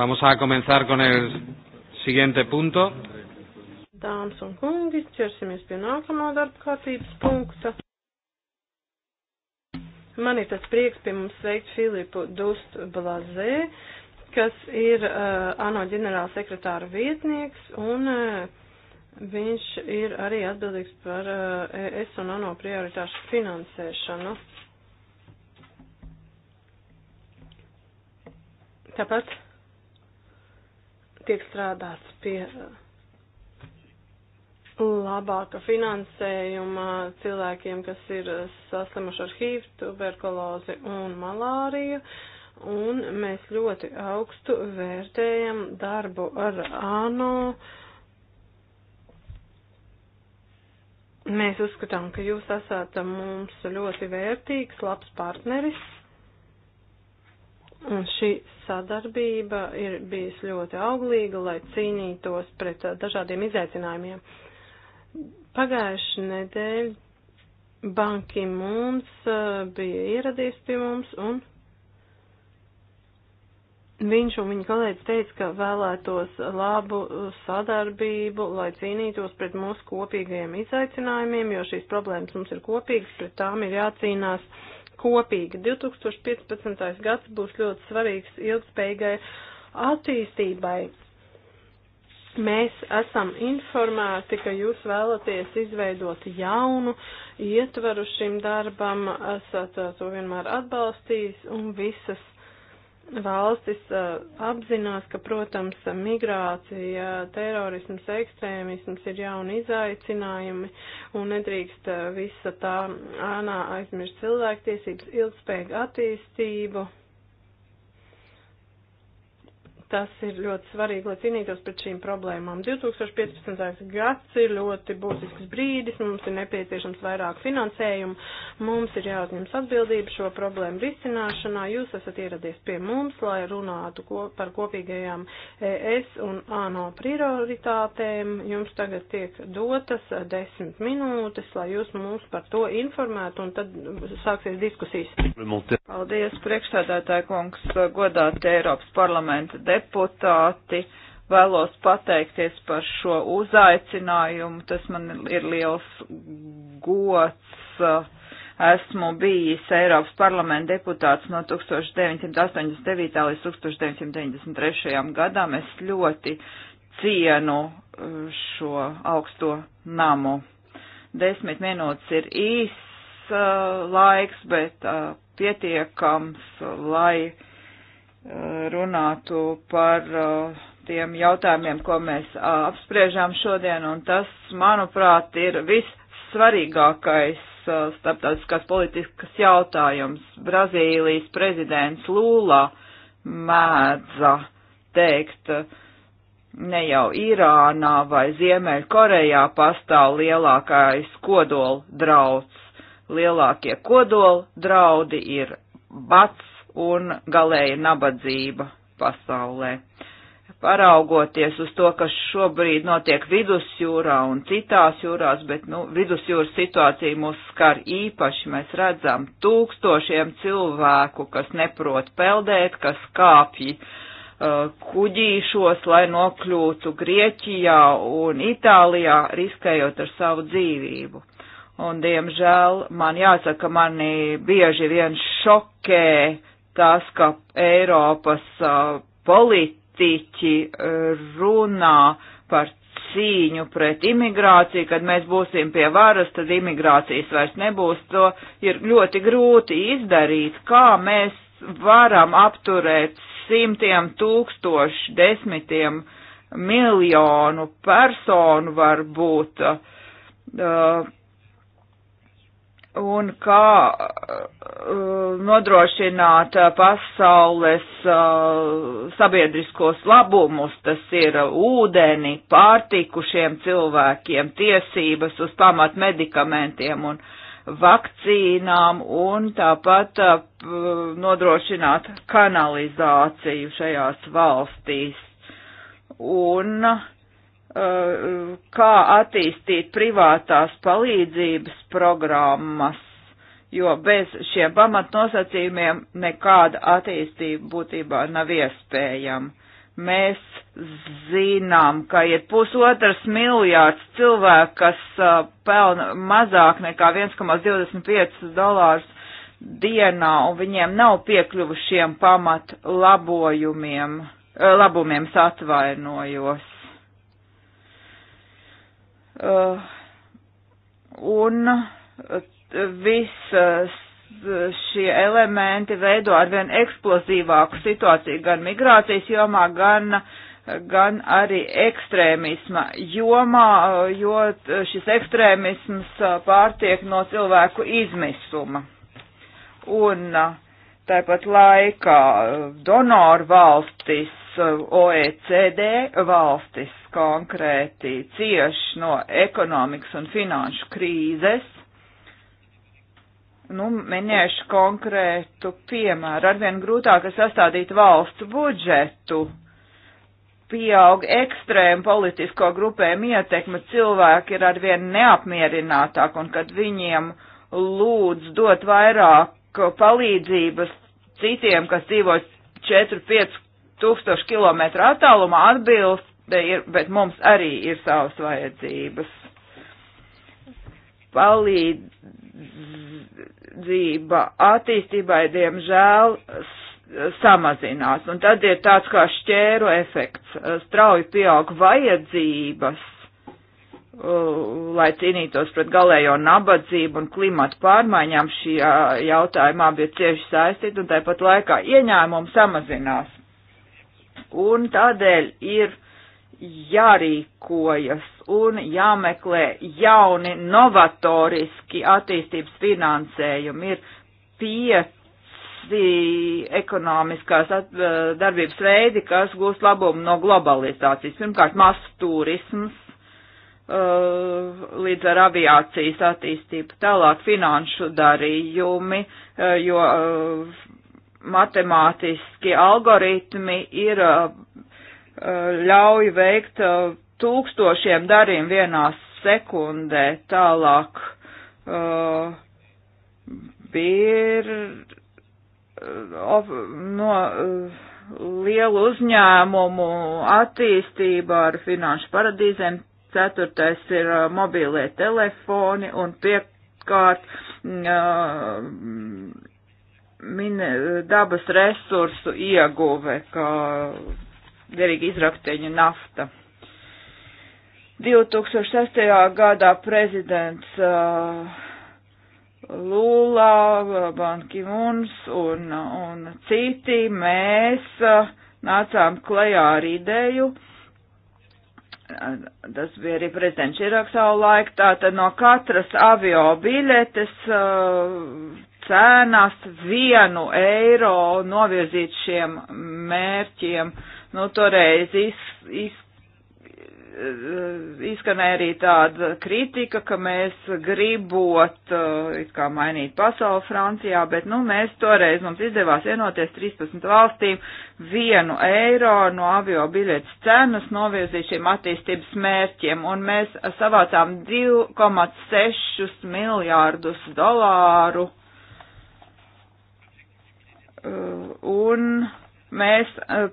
Vamos a comenzar con el siguiente punto. Dāmas un kungi, ķersimies pie nākamā darba kārtības punkta. Man ir tas prieks pie mums sveikt Filipu Dust Blazē, kas ir uh, ANO ģenerāla sekretāra vietnieks un uh, viņš ir arī atbildīgs par uh, ES un ANO prioritāšu finansēšanu. Uh, tiek strādāts pie uh, labāka finansējuma cilvēkiem, kas ir uh, saslimuši ar HIV, tuberkulozi un malāriju. Un mēs ļoti augstu vērtējam darbu ar ANO. Mēs uzskatām, ka jūs esat mums ļoti vērtīgs, labs partneris. Un šī sadarbība ir bijusi ļoti auglīga, lai cīnītos pret uh, dažādiem izaicinājumiem. Pagājuši nedēļ banki mums uh, bija ieradies pie mums un viņš un viņa kolēģis teica, ka vēlētos labu sadarbību, lai cīnītos pret mūsu kopīgajiem izaicinājumiem, jo šīs problēmas mums ir kopīgas, pret tām ir jācīnās kopīga. 2015. gads būs ļoti svarīgs ilgspējīgai attīstībai. Mēs esam informēti, ka jūs vēlaties izveidot jaunu ietvaru šim darbam, esat to vienmēr atbalstījis un visas valstis uh, apzinās, ka, protams, migrācija, terorisms, ekstrēmisms ir jauni izaicinājumi un nedrīkst uh, visa tā ānā aizmirst cilvēktiesības, ilgspējīgu attīstību. Tas ir ļoti svarīgi, lai cīnītos pret šīm problēmām. 2015. gads ir ļoti būtisks brīdis, mums ir nepieciešams vairāk finansējumu, mums ir jāuzņems atbildība šo problēmu risināšanā. Jūs esat ieradies pie mums, lai runātu ko, par kopīgajām ES un ANO prioritātēm. Jums tagad tiek dotas desmit minūtes, lai jūs mūs par to informētu, un tad sāksies diskusijas. Paldies, priekšstādātāja kungs, godāt Eiropas parlamenta deputāti deputāti. Vēlos pateikties par šo uzaicinājumu. Tas man ir liels gods. Esmu bijis Eiropas parlamenta deputāts no 1989. līdz 1993. gadam. Es ļoti cienu uh, šo augsto namu. Desmit minūtes ir īs uh, laiks, bet uh, pietiekams, lai runātu par uh, tiem jautājumiem, ko mēs uh, apspriežām šodien, un tas, manuprāt, ir vissvarīgākais uh, starptautiskās politikas jautājums. Brazīlijas prezidents Lūla mēdza teikt, ne jau Irānā vai Ziemeļkorejā pastāv lielākais kodola drauds. Lielākie kodola draudi ir bats un galēja nabadzība pasaulē. Paraugoties uz to, kas šobrīd notiek vidusjūrā un citās jūrās, bet nu, vidusjūras situācija mūs skar īpaši, mēs redzam tūkstošiem cilvēku, kas neprot peldēt, kas kāpji uh, kuģīšos, lai nokļūtu Grieķijā un Itālijā, riskējot ar savu dzīvību. Un, diemžēl, man jāsaka, mani bieži vien šokē tas, ka Eiropas politiķi runā par cīņu pret imigrāciju, kad mēs būsim pie varas, tad imigrācijas vairs nebūs. To ir ļoti grūti izdarīt, kā mēs varam apturēt simtiem tūkstošu, desmitiem miljonu personu varbūt. Uh, un kā uh, nodrošināt uh, pasaules uh, sabiedriskos labumus, tas ir ūdeni, pārtiku šiem cilvēkiem, tiesības uz pamat medikamentiem un vakcīnām un tāpat uh, nodrošināt kanalizāciju šajās valstīs. Un uh, kā attīstīt privātās palīdzības programmas, jo bez šiem pamatnosacījumiem nekāda attīstība būtībā nav iespējama. Mēs zinām, ka ir pusotras miljārds cilvēku, kas pelna mazāk nekā 1,25 dolārus dienā, un viņiem nav piekļuvu šiem pamat labojumiem, labumiem, atvainojos Uh, un uh, viss uh, šie elementi veido arvien eksplozīvāku situāciju gan migrācijas jomā, gan uh, gan arī ekstrēmisma jomā, jo šis ekstrēmisms pārtiek no cilvēku izmisuma. Un tāpat laikā donoru valstis OECD valstis konkrēti cieši no ekonomikas un finanšu krīzes. Nu, minēšu konkrētu piemēru. Arvien grūtāk ir sastādīt valstu budžetu. Pieaug ekstrēmu politisko grupējumu ietekme, cilvēki ir arvien neapmierinātāk, un kad viņiem lūdz dot vairāk palīdzības citiem, kas dzīvo 4-5 tūkstošu kilometru attālumā atbilst, ir, bet mums arī ir savas vajadzības. Palīdzība attīstībai, diemžēl, samazinās. Un tad ir tāds kā šķēru efekts. Strauji pieaug vajadzības, lai cīnītos pret galējo nabadzību un klimatu pārmaiņām. Šī jautājuma abi ir cieši saistīti un tāpat laikā ieņēmumi samazinās un tādēļ ir jārīkojas un jāmeklē jauni novatoriski attīstības finansējumi. Ir pieci ekonomiskās eh, darbības veidi, kas gūst labumu no globalizācijas. Pirmkārt, masu turisms eh, līdz ar aviācijas attīstību, tālāk finanšu darījumi, eh, jo matemātiski algoritmi ir uh, uh, ļauj veikt uh, tūkstošiem darījumu vienā sekundē tālāk. Uh, ir uh, no uh, lielu uzņēmumu attīstība ar finanšu paradīzēm, ceturtais ir mobīlie telefoni un piekārt mm, min, dabas resursu ieguve, kā derīgi izrakteņu nafta. 2006. gadā prezidents uh, Lula, Bankimuns un, un citi mēs uh, nācām klajā ar ideju, tas bija arī prezidents Irāk savu laiku, tātad no katras avio biļetes uh, cenas vienu eiro novirzīt šiem mērķiem. Nu, toreiz iz, iz, eh, izskanēja arī tāda kritika, ka mēs gribot eh, it kā mainīt pasauli Francijā, bet, nu, mēs toreiz mums izdevās vienoties 13 valstīm vienu eiro no avio biļetes cenas novirzīt šiem attīstības mērķiem, un mēs savācām 2,6 miljārdus dolāru Uh, un mēs uh,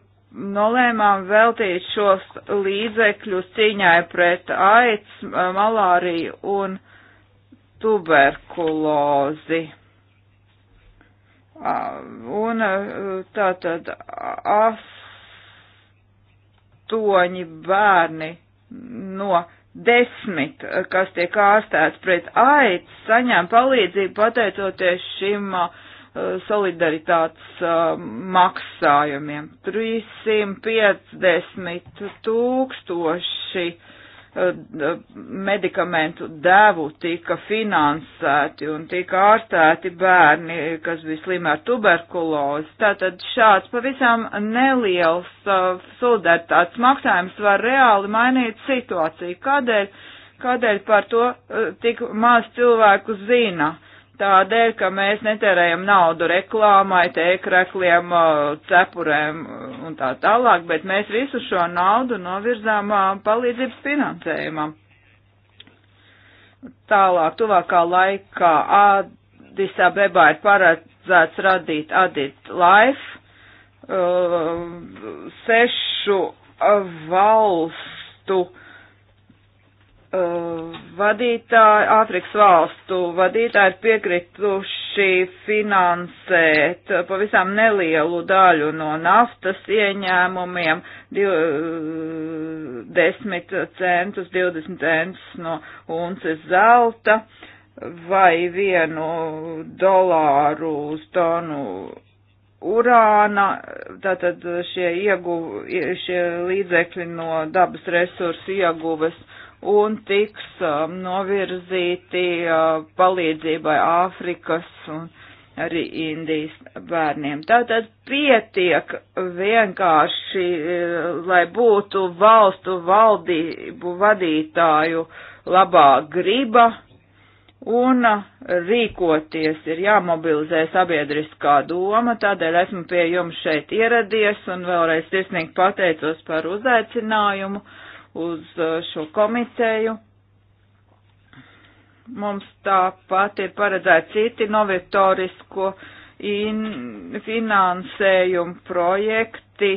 nolēmām veltīt šos līdzekļus cīņai pret aids, uh, malāriju un tuberkulozi. Un tātad astoņi bērni no desmit, kas tiek ārstēts pret aids, saņem palīdzību pateicoties šim uh, solidaritātes uh, maksājumiem. 350 tūkstoši uh, uh, medikamentu devu tika finansēti un tika ārstēti bērni, kas bija slimi ar tuberkulozi. Tātad šāds pavisam neliels uh, solidaritātes maksājums var reāli mainīt situāciju. Kādēļ, kādēļ par to uh, tik maz cilvēku zina? Uh, tādēļ, ka mēs netērējam naudu reklāmai, tēkrakliem, cepurēm un tā tālāk, bet mēs visu šo naudu novirzām palīdzības finansējumam. Tālāk, tuvākā laikā Adisa Bebā ir paredzēts radīt Adit Life uh, sešu valstu Eh, vadītāji, Āfrikas valstu vadītāji ir piekrituši finansēt pavisam nelielu daļu no naftas ieņēmumiem, 10 eh, centus, 20 centus no unces zelta vai vienu dolāru uz tonu urāna, tātad šie, ieguv, šie līdzekļi no dabas resursu ieguves un tiks um, novirzīti uh, palīdzībai Āfrikas un arī Indijas bērniem. Tātad pietiek vienkārši, uh, lai būtu valstu valdību vadītāju labā griba un uh, rīkoties ir jāmobilizē sabiedriskā doma, tādēļ esmu pie jums šeit ieradies un vēlreiz tiesnīgi pateicos par uzaicinājumu uz uh, šo komiteju. Mums tāpat ir paredzēti citi novatorisko finansējumu projekti.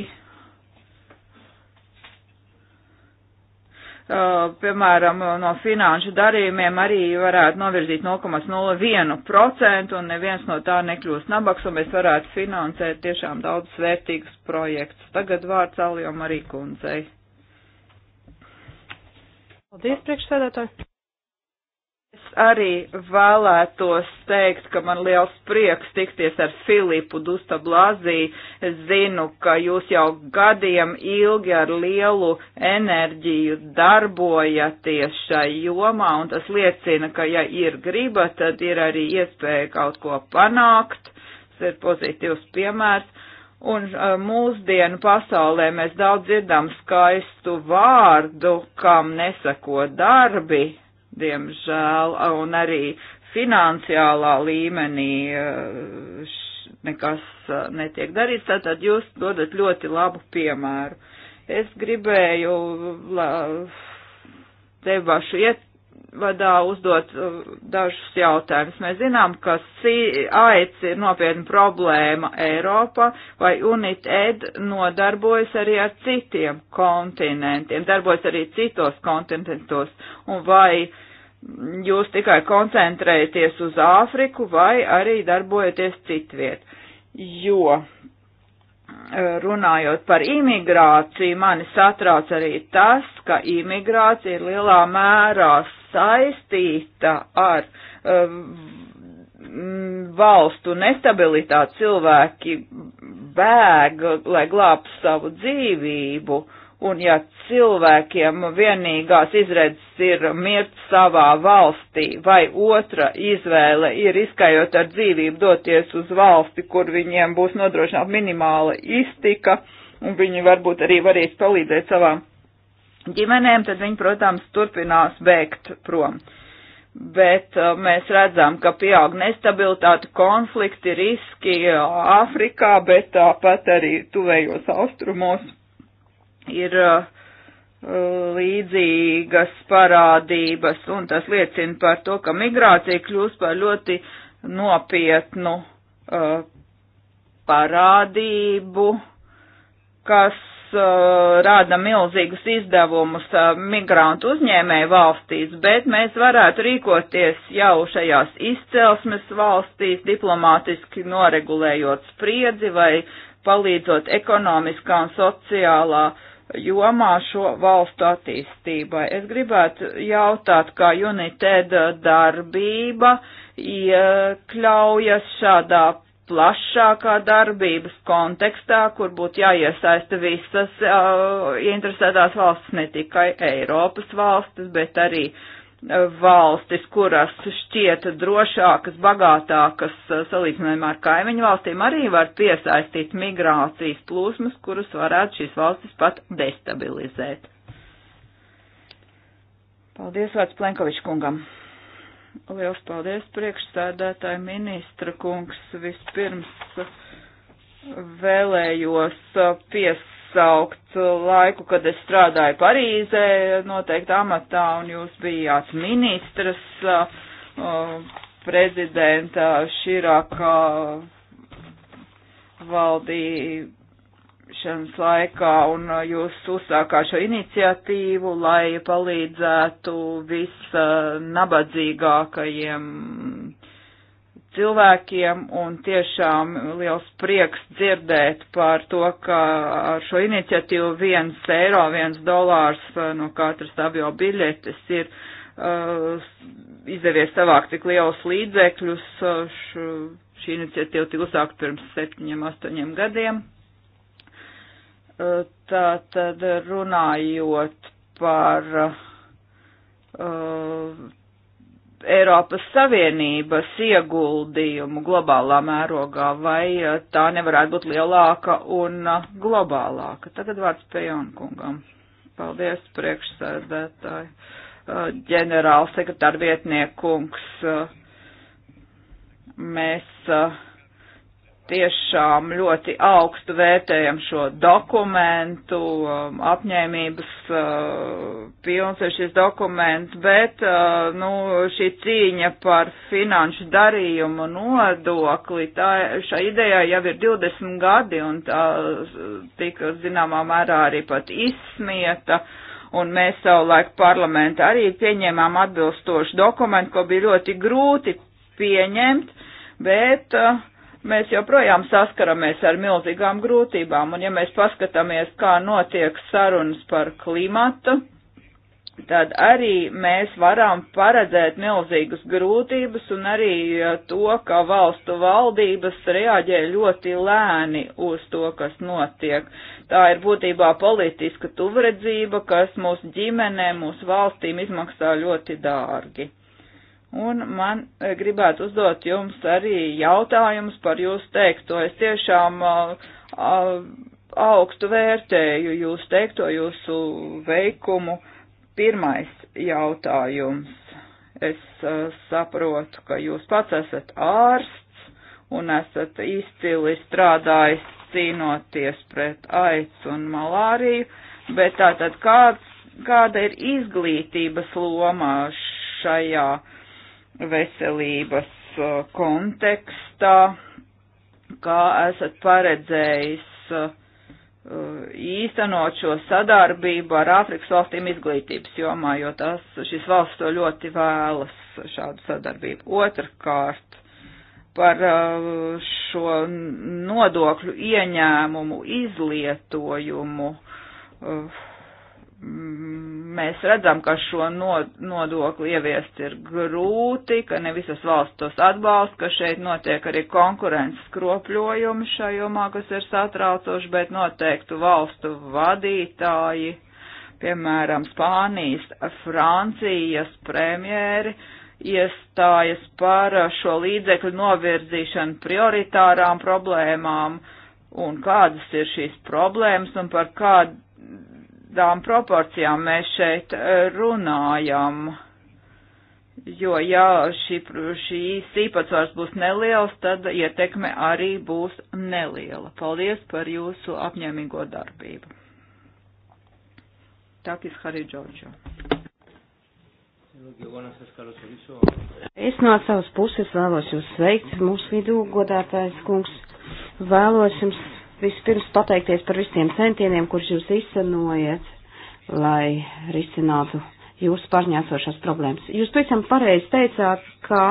Uh, piemēram, no finanšu darījumiem arī varētu novirzīt 0,01% un neviens no tā nekļūst nabaks, un mēs varētu finansēt tiešām daudz svētīgus projektus. Tagad vārds Alijam arī kundzei. Paldies, priekšsēdētāji! Es arī vēlētos teikt, ka man liels prieks tikties ar Filipu Dusta Blazī. Es zinu, ka jūs jau gadiem ilgi ar lielu enerģiju darbojaties šai jomā, un tas liecina, ka ja ir griba, tad ir arī iespēja kaut ko panākt. Tas ir pozitīvs piemērs. Un uh, mūsdienu pasaulē mēs daudz dzirdam skaistu vārdu, kam nesako darbi, diemžēl, un arī finansiālā līmenī uh, nekas uh, netiek darīts, tātad jūs dodat ļoti labu piemēru. Es gribēju la, debašu iet vadā uzdot uh, dažus jautājumus. Mēs zinām, ka AIDS ir nopietna problēma Eiropā, vai UNITED nodarbojas arī ar citiem kontinentiem, darbojas arī citos kontinentos, un vai jūs tikai koncentrējaties uz Āfriku, vai arī darbojaties citviet. Jo eh, runājot par imigrāciju, mani satrauc arī tas, ka imigrācija ir lielā mērā saistīta ar um, mm, valstu nestabilitāti, cilvēki bēg, lai glābtu savu dzīvību, un ja cilvēkiem vienīgās izredzes ir mirt savā valstī, vai otra izvēle ir izkājot ar dzīvību doties uz valsti, kur viņiem būs nodrošināta minimāla iztika, un viņi varbūt arī varēs palīdzēt savām ģimenēm, tad viņi, protams, turpinās bēgt prom. Bet uh, mēs redzam, ka pieaug nestabilitāte, konflikti, riski uh, Āfrikā, bet tāpat arī tuvējos austrumos ir uh, uh, līdzīgas parādības, un tas liecina par to, ka migrācija kļūst par ļoti nopietnu uh, parādību, kas Uh, rada milzīgus izdevumus uh, migrantu uzņēmēju valstīs, bet mēs varētu rīkoties jau šajās izcelsmes valstīs, diplomātiski noregulējot spriedzi vai palīdzot ekonomiskā un sociālā jomā šo valstu attīstībai. Es gribētu jautāt, kā UNITED darbība iekļaujas šādā plašākā darbības kontekstā, kur būtu jāiesaista visas uh, interesētās valstis, ne tikai Eiropas valstis, bet arī uh, valstis, kuras šķiet drošākas, bagātākas uh, salīdzinājumā ar kaimiņu valstīm, arī var piesaistīt migrācijas plūsmas, kuras varētu šīs valstis pat destabilizēt. Paldies, Vārts Plenkovičs kungam! Liels paldies priekšsēdētāji ministra kungs. Vispirms vēlējos piesaukt laiku, kad es strādāju Parīzē noteikti amatā un jūs bijāt ministras uh, prezidenta Širākā valdība ievēlēšanas laikā, un uh, jūs uzsākāt šo iniciatīvu, lai palīdzētu visnabadzīgākajiem cilvēkiem, un tiešām liels prieks dzirdēt par to, ka ar šo iniciatīvu viens eiro, viens dolārs uh, no katras avio biļetes ir uh, izdevies savākt tik lielus līdzekļus. Uh, š, šī iniciatīva tika uzsākta pirms septiņiem, astoņiem gadiem. Tā tad runājot par uh, Eiropas Savienības ieguldījumu globālā mērogā, vai uh, tā nevarētu būt lielāka un uh, globālāka. Tagad vārds Pejonkungam. Paldies, priekšsēdētāji. Uh, Ģenerālsekretāra vietniekungs, mēs tiešām ļoti augstu vērtējam šo dokumentu, um, apņēmības uh, pilns ir šis dokuments, bet uh, nu, šī cīņa par finanšu darījumu nodokli, tā, šā ideja jau ir 20 gadi un tā tika zināmā mērā arī pat izsmieta un mēs savulaik parlamentā arī pieņēmām atbilstošu dokumentu, ko bija ļoti grūti pieņemt, bet uh, mēs joprojām saskaramies ar milzīgām grūtībām, un ja mēs paskatāmies, kā notiek sarunas par klimatu, tad arī mēs varam paredzēt milzīgas grūtības un arī eh, to, ka valstu valdības reaģē ļoti lēni uz to, kas notiek. Tā ir būtībā politiska tuvredzība, kas mūsu ģimenēm, mūsu valstīm izmaksā ļoti dārgi. Un man e, gribētu uzdot jums arī jautājumus par jūsu teikto. Es tiešām uh, uh, augstu vērtēju jūsu teikto, jūsu veikumu. Pirmais jautājums. Es uh, saprotu, ka jūs pats esat ārsts un esat izcili strādājis cīnoties pret aids un malāriju, bet tātad kāds, kāda ir izglītības loma šajā? veselības kontekstā, kā esat paredzējis īstenot šo sadarbību ar Āfrikas valstīm izglītības jomā, jo tas, šis valsts to ļoti vēlas, šādu sadarbību. Otrkārt, par šo nodokļu ieņēmumu izlietojumu. Uh, Mm, mēs redzam, ka šo nodokli ieviest ir grūti, ka ne visas valsts tos atbalsta, ka šeit notiek arī konkurences skropļojumi šajomā, kas ir satraucoši, bet noteiktu valstu vadītāji, piemēram, Spānijas, Francijas premjeri, iestājas par šo līdzekļu novirzīšanu prioritārām problēmām un kādas ir šīs problēmas un par kādu kādām proporcijām mēs šeit e, runājam. Jo, ja šī, šīs īpatsvars būs neliels, tad ietekme arī būs neliela. Paldies par jūsu apņēmīgo darbību. Takis Haridžodžo. Es no savas puses vēlos jūs sveikt mūsu vidū, godātais kungs. Vēlos jums vispirms pateikties par visiem centieniem, kurus jūs izcenojat, lai risinātu jūsu pārņēsošās problēmas. Jūs pavisam pareizi teicāt, ka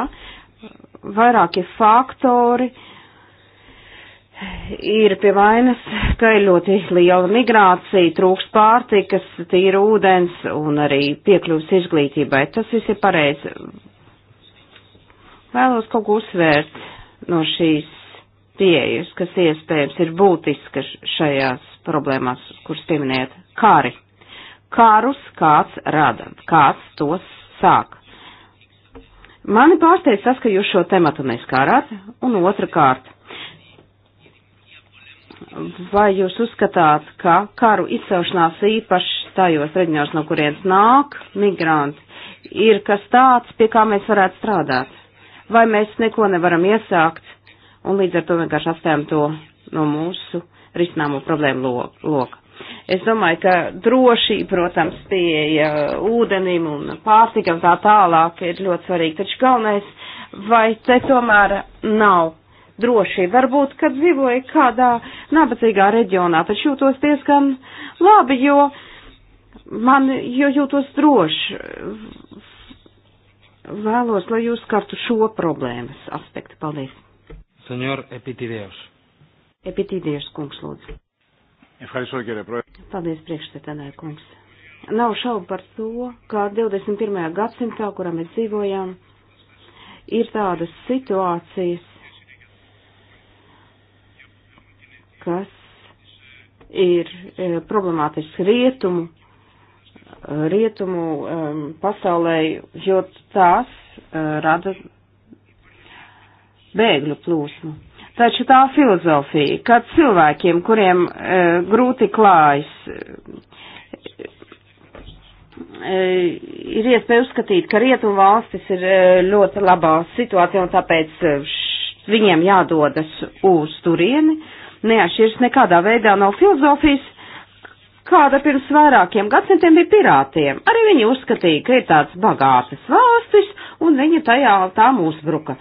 vairākie faktori ir pie vainas, ka ir ļoti liela migrācija, trūks pārtikas, tīra ūdens un arī piekļuvs izglītībai. Tas viss ir pareizi. Vēlos kaut ko uzsvērt no šīs pieejas, kas iespējams ir būtiska šajās problēmās, kuras pieminējat, kari. Kārus kāds rada, kāds tos sāk. Mani pārsteidz tas, ka jūs šo tematu neskārāt, un otrkārt, vai jūs uzskatāt, ka karu izcelšanās īpaši tajos reģionos, no kurienes nāk migranti, ir kas tāds, pie kā mēs varētu strādāt? Vai mēs neko nevaram iesākt un līdz ar to vienkārši atstājam to no mūsu risināmo problēmu loka. Es domāju, ka drošība, protams, pieeja ūdenim un pārtikam tā tālāk ir ļoti svarīga, taču galvenais, vai te tomēr nav drošība. Varbūt, kad dzīvoju kādā nabadzīgā reģionā, taču jūtos diezgan labi, jo man jo jūtos droši. Vēlos, lai jūs kartu šo problēmas aspektu. Paldies! Senjor Epitidējus. Epitidējus kungs, lūdzu. Paldies, priekšstādātāja kungs. Nav šaubu par to, ka 21. gadsimtā, kurā mēs dzīvojam, ir tādas situācijas, kas ir e, problemātisks rietumu, rietumu um, pasaulē, jo tās uh, rada bēgļu plūsmu. Taču tā filozofija, ka cilvēkiem, kuriem e, grūti klājas, e, ir iespēja uzskatīt, ka rietumu valstis ir e, ļoti labā situācijā un tāpēc e, š, viņiem jādodas uz turieni, neašķirs nekādā veidā no filozofijas, kāda pirms vairākiem gadsimtiem bija pirātiem. Arī viņi uzskatīja, ka ir tāds bagātas valstis, un viņi tajā tām uzbruka.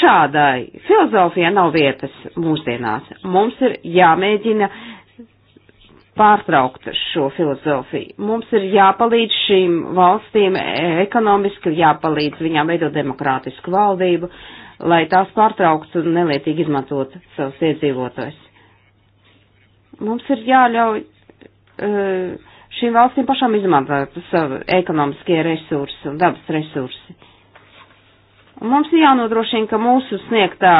Šādai filozofijai nav vietas mūsdienās. Mums ir jāmēģina pārtraukt šo filozofiju. Mums ir jāpalīdz šīm valstīm ekonomiski, jāpalīdz viņām veidot demokrātisku valdību, lai tās pārtrauktu un nelietīgi izmantot savus iedzīvotājus. Mums ir jāļauj e, šīm valstīm pašām izmantot savu ekonomiskie resursi un dabas resursi. Un mums ir jānodrošina, ka mūsu sniegtā,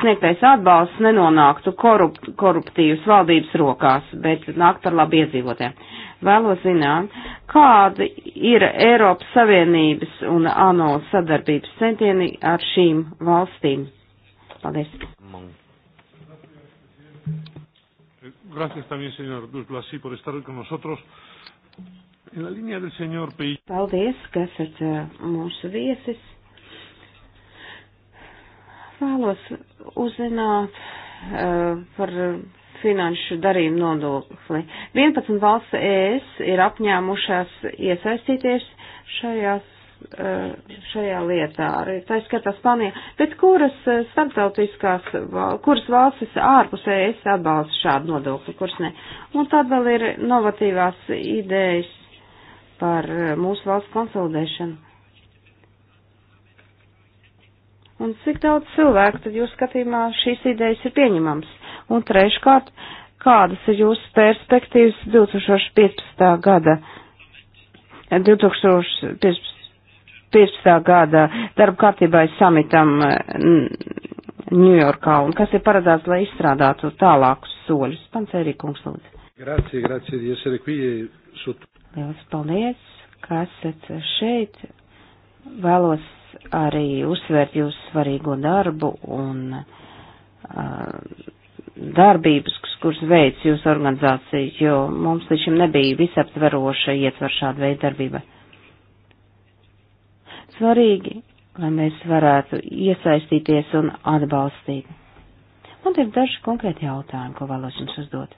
sniegtais atbalsts nenonāktu korup, koruptīvas valdības rokās, bet nāk par labu iedzīvotiem. Vēlos zināt, kāda ir Eiropas Savienības un ANO sadarbības centieni ar šīm valstīm. Paldies. Gracias también, señor Dusblasi, por estar hoy con nosotros. En la línea del señor Pellicer. Paldies, kas esat uh, mūsu viesis. Vēlos uzzināt uh, par finanšu darījumu nodokli. 11 valsts ES ir apņēmušās iesaistīties šajās, uh, šajā lietā, arī tā skatā Spanija, bet kuras eh, starptautiskās, kuras valstis ārpus ES atbalsta šādu nodokli, kuras ne. Un tad vēl ir novatīvās idejas par mūsu valsts konsolidēšanu. Un cik daudz cilvēku tad jūs skatījumā šīs idejas ir pieņemams? Un treškārt, kādas ir jūsu perspektīvas 2015. gada, 2015. Eh, gada darba kārtībai samitam Ņujorkā eh, un kas ir paredzēts, lai izstrādātu tālākus soļus? Pancērī kungs, lūdzu. Grazie, grazie, Dievs ir qui. E Lielas paldies, ka esat šeit. Vēlos arī uzsvērt jūsu svarīgo darbu un uh, darbības, kuras veids jūsu organizācija, jo mums līdz šim nebija visaptveroša ietver šāda veida darbība. Svarīgi, lai mēs varētu iesaistīties un atbalstīt. Man ir daži konkrēti jautājumi, ko vēlos jums uzdot.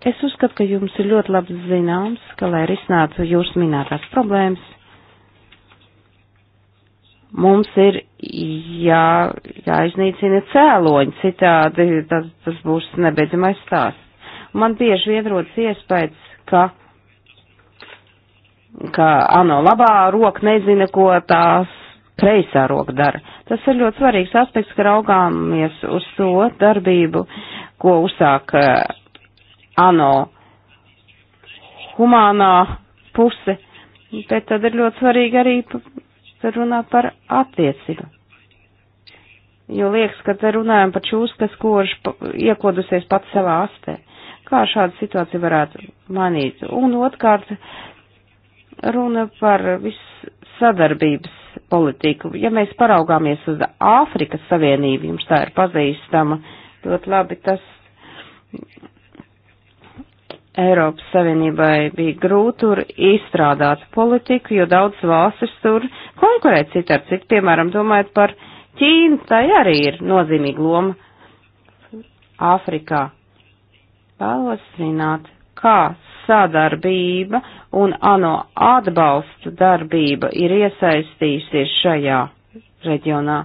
Es uzskatu, ka jums ir ļoti labi zināms, ka, lai risinātu jūsu minētās problēmas, mums ir jā, jāiznīcina cēloņi, citādi tas, tas būs nebeidzamais stāsts. Man bieži vien rodas iespējas, ka, ka ano labā roka nezina, ko tās kreisā roka dara. Tas ir ļoti svarīgs aspekts, ka raugāmies uz to darbību, ko uzsāk ANO humānā puse, bet tad ir ļoti svarīgi arī runāt par attiecību. Jo liekas, ka te runājam par čūsku, kas kož iekodusies pats savā astē. Kā šāda situācija varētu mainīt? Un otrkārt, runa par visu sadarbības politiku. Ja mēs paraugāmies uz Āfrikas Savienību, jums tā ir pazīstama ļoti labi, tas Eiropas Savienībai bija grūti tur izstrādāt politiku, jo daudz valstis tur konkurē citu ar citu, piemēram, domājot par Ķīnu, tai arī ir nozīmīga loma Āfrikā. Vēlos zināt, kā sadarbība un ANO atbalsta darbība ir iesaistījusies šajā reģionā,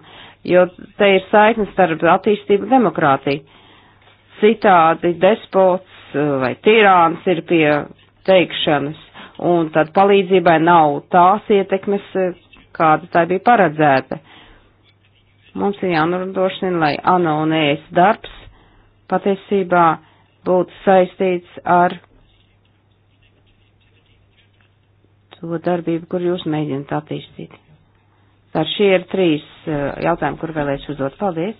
jo te ir saiknes starp attīstību demokrātiju. Citādi despots vai tirāns ir pie teikšanas, un tad palīdzībai nav tās ietekmes, eh, kāda tā bija paredzēta. Mums ir jānodrošina, lai ANO un ES darbs patiesībā būtu saistīts ar to darbību, kur jūs mēģināt attīstīt. Tā šie ir trīs eh, jautājumi, kur vēlēšu uzdot. Paldies,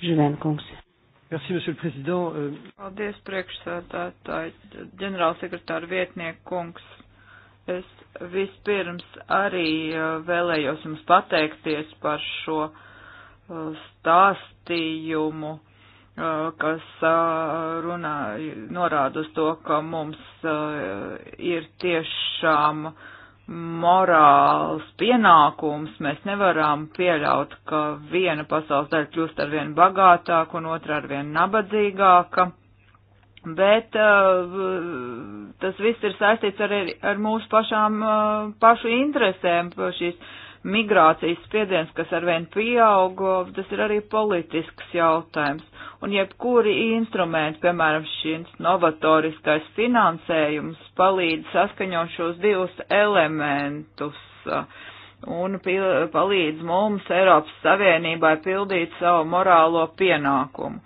Žuvenkungs. Merci, monsieur le président. Euh, Paldies, priekšsēdētāji, ģenerālsekretāra vietnieku kungs. Es vispirms arī uh, vēlējos jums pateikties par šo uh, stāstījumu, uh, kas runā, norāda uz to, ka mums ir tiešām uh, morāls pienākums. Mēs nevaram pieļaut, ka viena pasaules daļa kļūst ar vien bagātāku un otra ar vien nabadzīgāka. Bet uh, tas viss ir saistīts ar, ar mūsu pašām uh, pašu interesēm, šīs migrācijas spiediens, kas arvien pieaugo, tas ir arī politisks jautājums. Un jebkuri instrumenti, piemēram, šis novatoriskais finansējums, palīdz saskaņot šos divus elementus uh, un palīdz mums, Eiropas Savienībai, pildīt savu morālo pienākumu.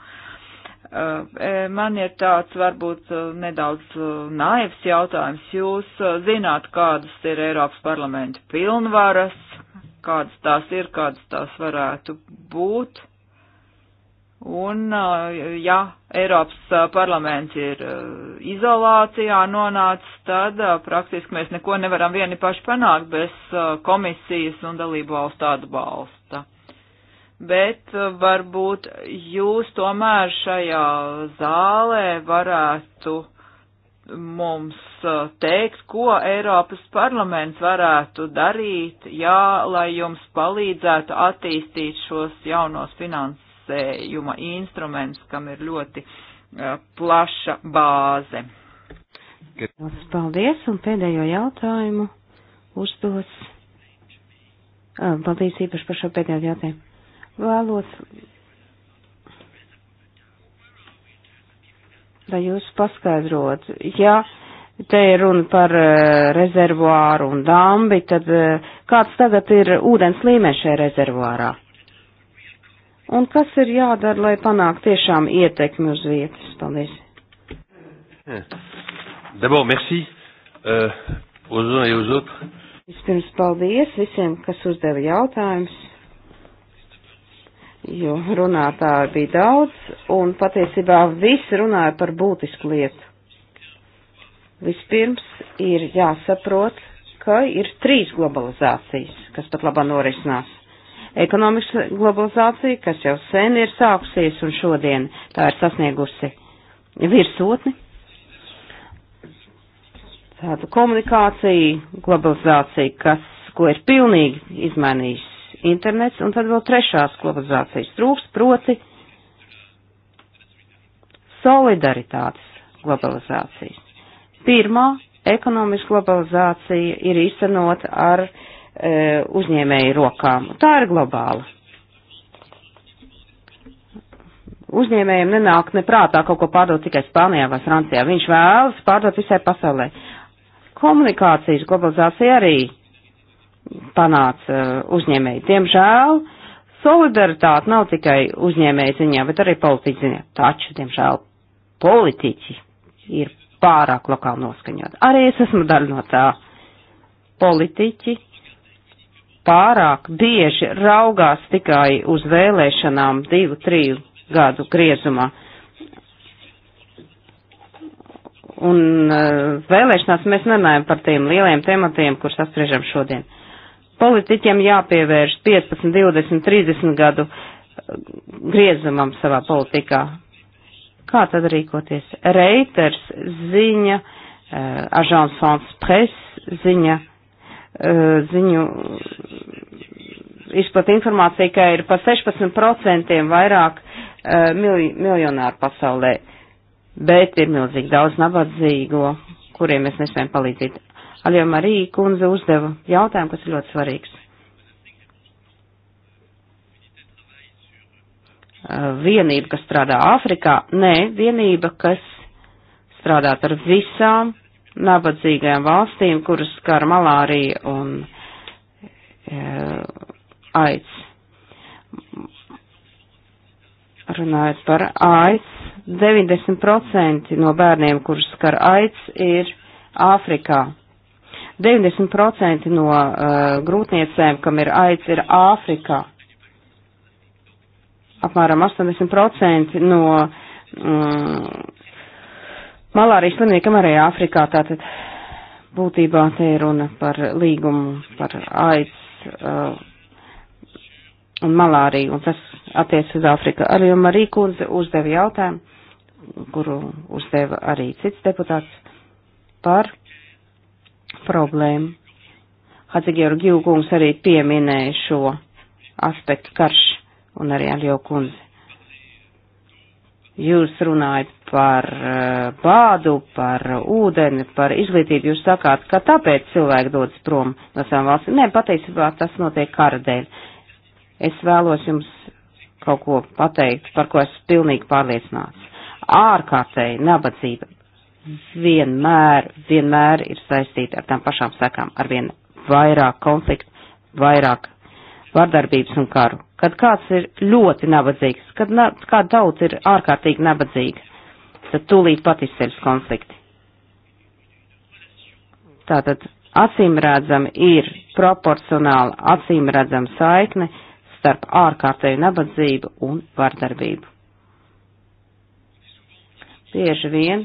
Uh, e, man ir tāds varbūt uh, nedaudz naivs jautājums. Jūs zināt, kādas ir Eiropas parlamenta pilnvaras, kādas tās ir, kādas tās varētu būt. Un, eh, ja Eiropas eh, parlaments ir eh, izolācijā nonācis, tad praktiski mēs neko nevaram vieni paši panākt bez komisijas un dalību valstu atbalsta. Bet varbūt jūs tomēr šajā zālē varētu uh, mums eh, teikt, ko Eiropas parlaments varētu darīt, jā, lai jums palīdzētu attīstīt šos jaunos finansējuma instrumentus, kam ir ļoti uh, plaša bāze. Paldies, un pēdējo jautājumu uzdos. Eh, paldies īpaši par šo pēdējo jautājumu. Vēlos lai jūs paskaidrotu, ja te ir runa par eh, rezervuāru un dambi, tad eh, kāds tagad ir ūdens līmenis šajā rezervuārā? Un kas ir jādara, lai panāktu tiešām ietekmi uz vietas? Paldies. Eh. D'abord, merci euh, aux uns et aux autres. Vispirms paldies visiem, kas uzdeva jautājumus jo runātāji bija daudz, un patiesībā visi runāja par būtisku lietu. Vispirms ir jāsaprot, ka ir trīs globalizācijas, kas pat labā norisinās. Ekonomikas globalizācija, kas jau sen ir sākusies un šodien tā ir sasniegusi virsotni. Tāda komunikācija, globalizācija, kas, ko ir pilnīgi izmainījis internets, un tad vēl trešās globalizācijas trūks, proti solidaritātes globalizācijas. Pirmā ekonomiska globalizācija ir īstenota ar e, uzņēmēju rokām. Tā ir globāla. Uzņēmējiem nenāk neprātā kaut ko pārdot tikai Spānijā vai Francijā. Viņš vēlas pārdot visai pasaulē. Komunikācijas globalizācija arī panāca uh, uzņēmēji. Diemžēl solidaritāte nav tikai uzņēmēji ziņā, bet arī politiķi ziņā. Taču, diemžēl, politiķi ir pārāk lokāli noskaņot. Arī es esmu daļa no tā. Politiķi pārāk bieži raugās tikai uz vēlēšanām divu, triju gadu griezumā. Un uh, vēlēšanās mēs nerunājam par tiem lieliem tematiem, kurus apspriežam šodien. Uh, politiķiem jāpievērš 15, 20, 30 gadu eh, griezumam savā politikā. Kā tad rīkoties? Reiters ziņa, uh, Agence France Presse ziņa, uh, ziņu izplat informācija, ka ir pa 16% vairāk uh, miljonāru pasaulē, bet ir milzīgi daudz nabadzīgo, kuriem mēs nespējam palīdzēt. Aļo Marija kundze uzdeva jautājumu, kas ir ļoti svarīgs. Uh, vienība, kas strādā Āfrikā, nē, vienība, kas strādā ar visām nabadzīgajām valstīm, kuras skar malārija un e, aids. Runājot par aids, 90% no bērniem, kurus skar aids, ir Āfrikā. 90% no uh, grūtniecēm, kam ir aids, ir Āfrikā. Apmēram 80% no mm, malārijas slimniekam arī Āfrikā. Tātad būtībā te ir runa par līgumu, par aids uh, un malāriju, un tas attiec uz Āfriku. Arī Marija kundze uzdeva jautājumu, kuru uzdeva arī cits deputāts par problēmu. Hadzigeorgiju kungs arī pieminēja šo aspektu karš un arī Aljo kundze. Jūs runājat par eh, bādu, par ūdeni, par izglītību. Jūs sakāt, ka tāpēc cilvēki dodas prom no savām valstīm. Nē, patiesībā tas notiek kara dēļ. Es vēlos jums kaut ko pateikt, par ko esmu pilnīgi pārliecināts. Ārkārtēji nabadzība vienmēr, vienmēr ir saistīti ar tām pašām sekām, ar vien vairāk konfliktu, vairāk vardarbības un karu. Kad kāds ir ļoti nabadzīgs, kad na, kā daudz ir ārkārtīgi nabadzīgi, tad tūlīt pat izceļas konflikti. Tātad acīm redzam ir proporcionāli acīm redzam saikne starp ārkārtēju nabadzību un vardarbību. Bieži vien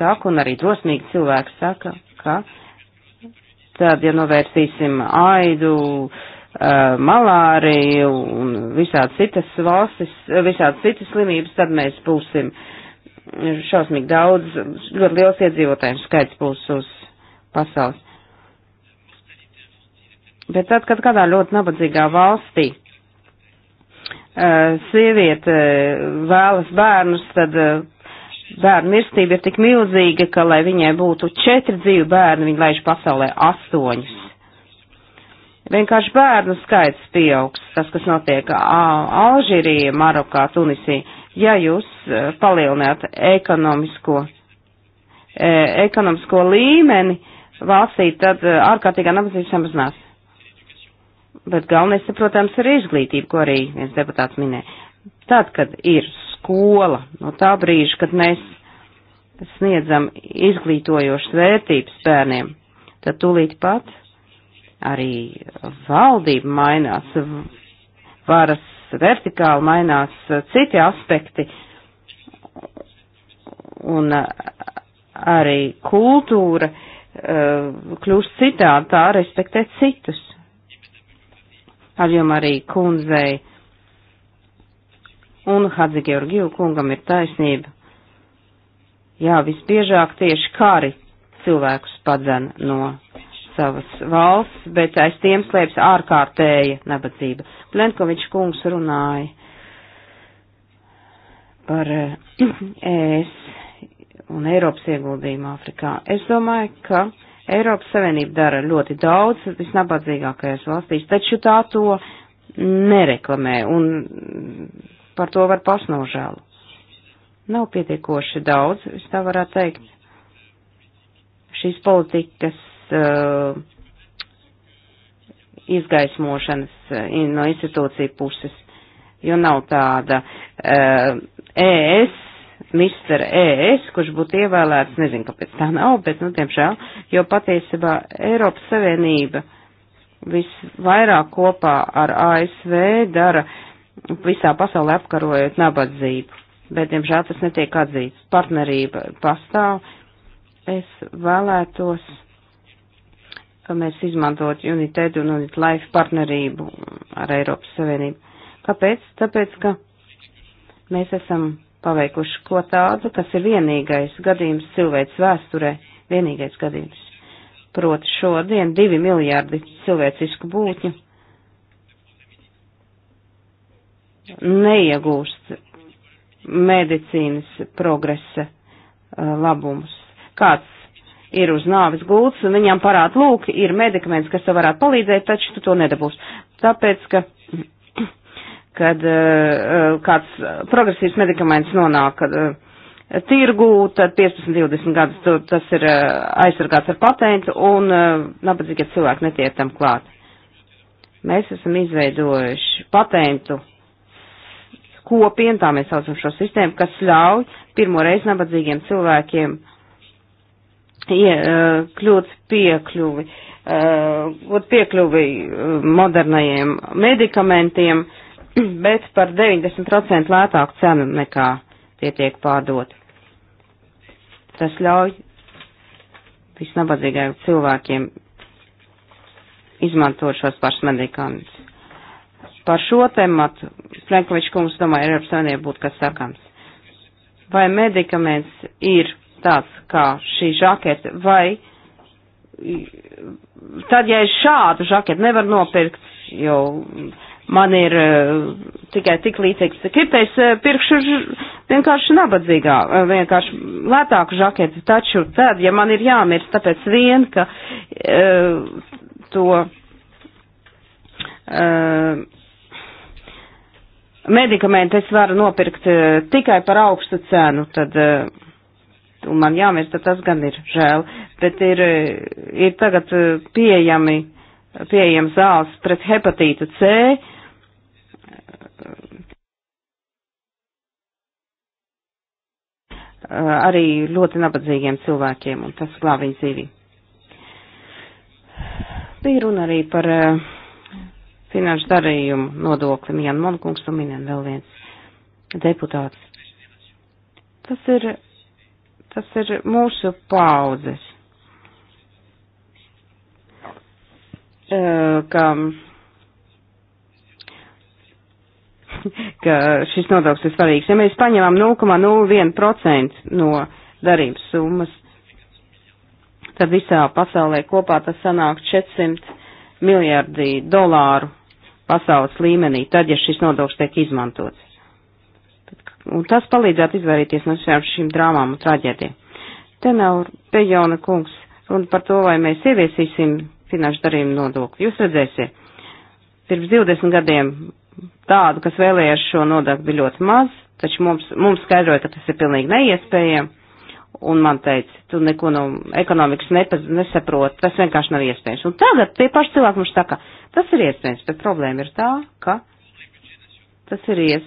saka, un arī drosmīgi cilvēki saka, ka tad, ja novērsīsim aidu, eh, malāriju un visādi citas valstis, visādi citas slimības, tad mēs būsim šausmīgi daudz, ļoti liels iedzīvotājiem skaits būs uz pasaules. Bet tad, kad kādā ļoti nabadzīgā valstī eh, sieviete eh, vēlas bērnus, tad bērnu mirstība ir tik milzīga, ka, lai viņai būtu četri dzīvi bērni, viņa laiž pasaulē astoņus. Vienkārši bērnu skaits pieaugs, tas, kas notiek Alžīrija, Marokā, Tunisija. Ja jūs e, palielināt ekonomisko, e, ekonomisko līmeni valstī, tad e, ārkārtīgā nabadzība samazinās. Bet galvenais, protams, ir izglītība, ko arī viens deputāts minēja. Tad, kad ir skola. No tā brīža, kad mēs sniedzam izglītojošas vērtības bērniem, tad tūlīt pat arī valdība mainās, varas vertikāli mainās citi aspekti un arī kultūra eh, kļūst citādi, tā respektē citus. Ar jums arī kundzei un Hadzi Georgiju kungam ir taisnība. Jā, visbiežāk tieši kari cilvēkus padzen no savas valsts, bet aiz tiem slēpjas ārkārtēja nabadzība. Plenkovičs kungs runāja par eh, ES un Eiropas ieguldījumu Āfrikā. Es domāju, ka Eiropas Savienība dara ļoti daudz visnabadzīgākajās valstīs, taču tā to nereklamē un par to var pasnožēlu. Nav pietiekoši daudz, es tā varētu teikt, šīs politikas uh, izgaismošanas uh, no institūciju puses, jo nav tāda uh, ES Mister ES, kurš būtu ievēlēts, nezinu, kāpēc tā nav, bet, nu, diemžēl, jo patiesībā Eiropas Savienība visvairāk kopā ar ASV dara visā pasaulē apkarojot nabadzību, bet, diemžēl, tas netiek atzīts. Partnerība pastāv. Es vēlētos, ka mēs izmantot UNITED un UNITLIFE partnerību ar Eiropas Savienību. Kāpēc? Tāpēc, ka mēs esam paveikuši ko tādu, kas ir vienīgais gadījums cilvēks vēsturē, vienīgais gadījums. Proti šodien divi miljārdi cilvēcisku būtņu neiegūst medicīnas progresa uh, labumus. Kāds ir uz nāves gults un viņam parāda, lūk, ir medikaments, kas tev varētu palīdzēt, taču tu to nedabūsi. Tāpēc, ka kad uh, uh, kāds progresīvs medikaments nonāk uh, tirgū, tad 15-20 gadus tas ir uh, aizsargāts ar patentu un uh, nabadzīgie cilvēki netiek tam klāt. Mēs esam izveidojuši patentu kopienu, tā mēs saucam šo sistēmu, kas ļauj pirmoreiz nabadzīgiem cilvēkiem ie, eh, kļūt piekļuvi, eh, būt piekļuvi eh, modernajiem medikamentiem, bet par 90% lētāku cenu nekā tie tiek pārdoti. Tas ļauj visnabadzīgākiem cilvēkiem izmantot šos pašus medikamentus par šo tematu, Plenkovičs kungs, domāju, Eiropas Savienība būtu kas sakams. Vai medikaments ir tāds kā šī žakete, vai tad, ja es šādu žaketu nevaru nopirkt, jo man ir uh, tikai tik līdzīgs, cik es uh, pirkšu vienkārši nabadzīgā, uh, vienkārši lētāku žaketu, taču tad, ja man ir jāmirst, tāpēc vien, ka uh, to. Uh, medikamentu es varu nopirkt e, tikai par augstu cenu, tad e, un man jāmirst, tad tas gan ir žēl, bet ir, e, ir tagad pieejami, pieejams zāles pret hepatītu C. arī ļoti nabadzīgiem cilvēkiem, un tas glābiņ dzīvi. Bija runa arī par uh, finanšu darījumu nodoklim. Jan Monkungs un minien vēl viens deputāts. Tas ir, tas ir mūsu paudzes. Ka, ka šis nodoklis ir svarīgs. Ja mēs paņemam 0,01% no darības summas, tad visā pasaulē kopā tas sanāk 400 miljardi dolāru pasaules līmenī, tad, ja šis nodoklis tiek izmantots. Un tas palīdzētu izvairīties no šām šīm drāmām un traģēdiem. Te nav Pejona kungs runa par to, vai mēs ieviesīsim finanšu darījumu nodokli. Jūs redzēsiet, pirms 20 gadiem tādu, kas vēlējās šo nodokli, bija ļoti maz, taču mums, mums skaidroja, ka tas ir pilnīgi neiespējami un man teica, tu neko no ekonomikas nepaz, nesaproti, tas vienkārši nav iespējams. Un tagad tie paši cilvēki mums saka, tas ir iespējams, bet problēma ir tā, ka tas ir ies,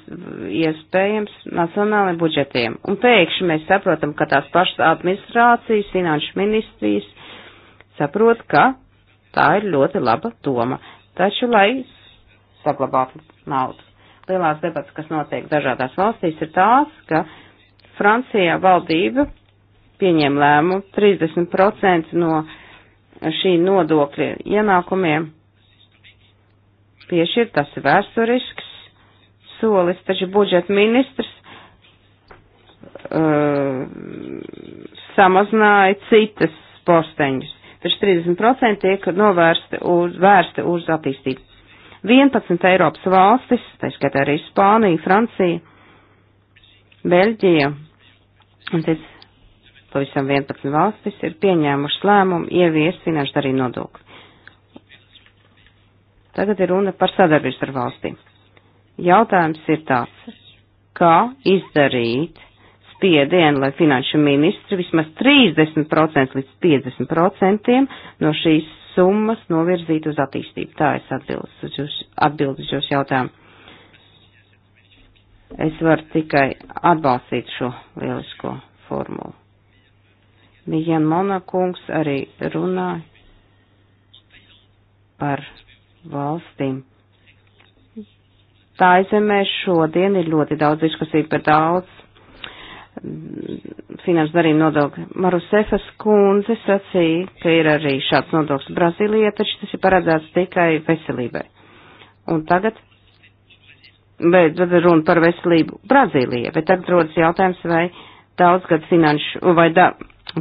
iespējams nacionālajiem budžetiem. Un pēkšņi mēs saprotam, ka tās pašas administrācijas, finanšu ministrijas saprot, ka tā ir ļoti laba doma. Taču, lai saglabātu naudu. Lielās debats, kas notiek dažādās valstīs, ir tās, ka Francijā valdība pieņēma lēmumu 30% no šī nodokļa ienākumiem piešķirt, tas ir vēsturisks solis, taču budžeta ministrs uh, samazināja citas posteņus. Taču 30% tiek novērsti uz, vērsti uz attīstību. 11 Eiropas valstis, tā skaitā arī Spānija, Francija, Beļģija, un tas pavisam 11 valstis ir pieņēmušas lēmumu ieviest finanšu darījumu nodokli. Tagad ir runa par sadarbības ar valstīm. Jautājums ir tāds, kā izdarīt spiedienu, lai finanšu ministri vismaz 30% līdz 50% no šīs summas novirzīt uz attīstību. Tā es atbildu uz jūsu jautājumu. Es varu tikai atbalstīt šo lielisko formulu. Mijan Monakungs arī runāja par valstīm. Tā izemē šodien ir ļoti daudz diskusiju par daudz finanšu darījumu nodokļu. Marusefas kundze sacīja, ka ir arī šāds nodoklis Brazīlijā, taču tas ir paredzēts tikai veselībai. Un tagad, bet runa par veselību Brazīlijā, bet tagad rodas jautājums, vai daudzgad finanšu, vai da,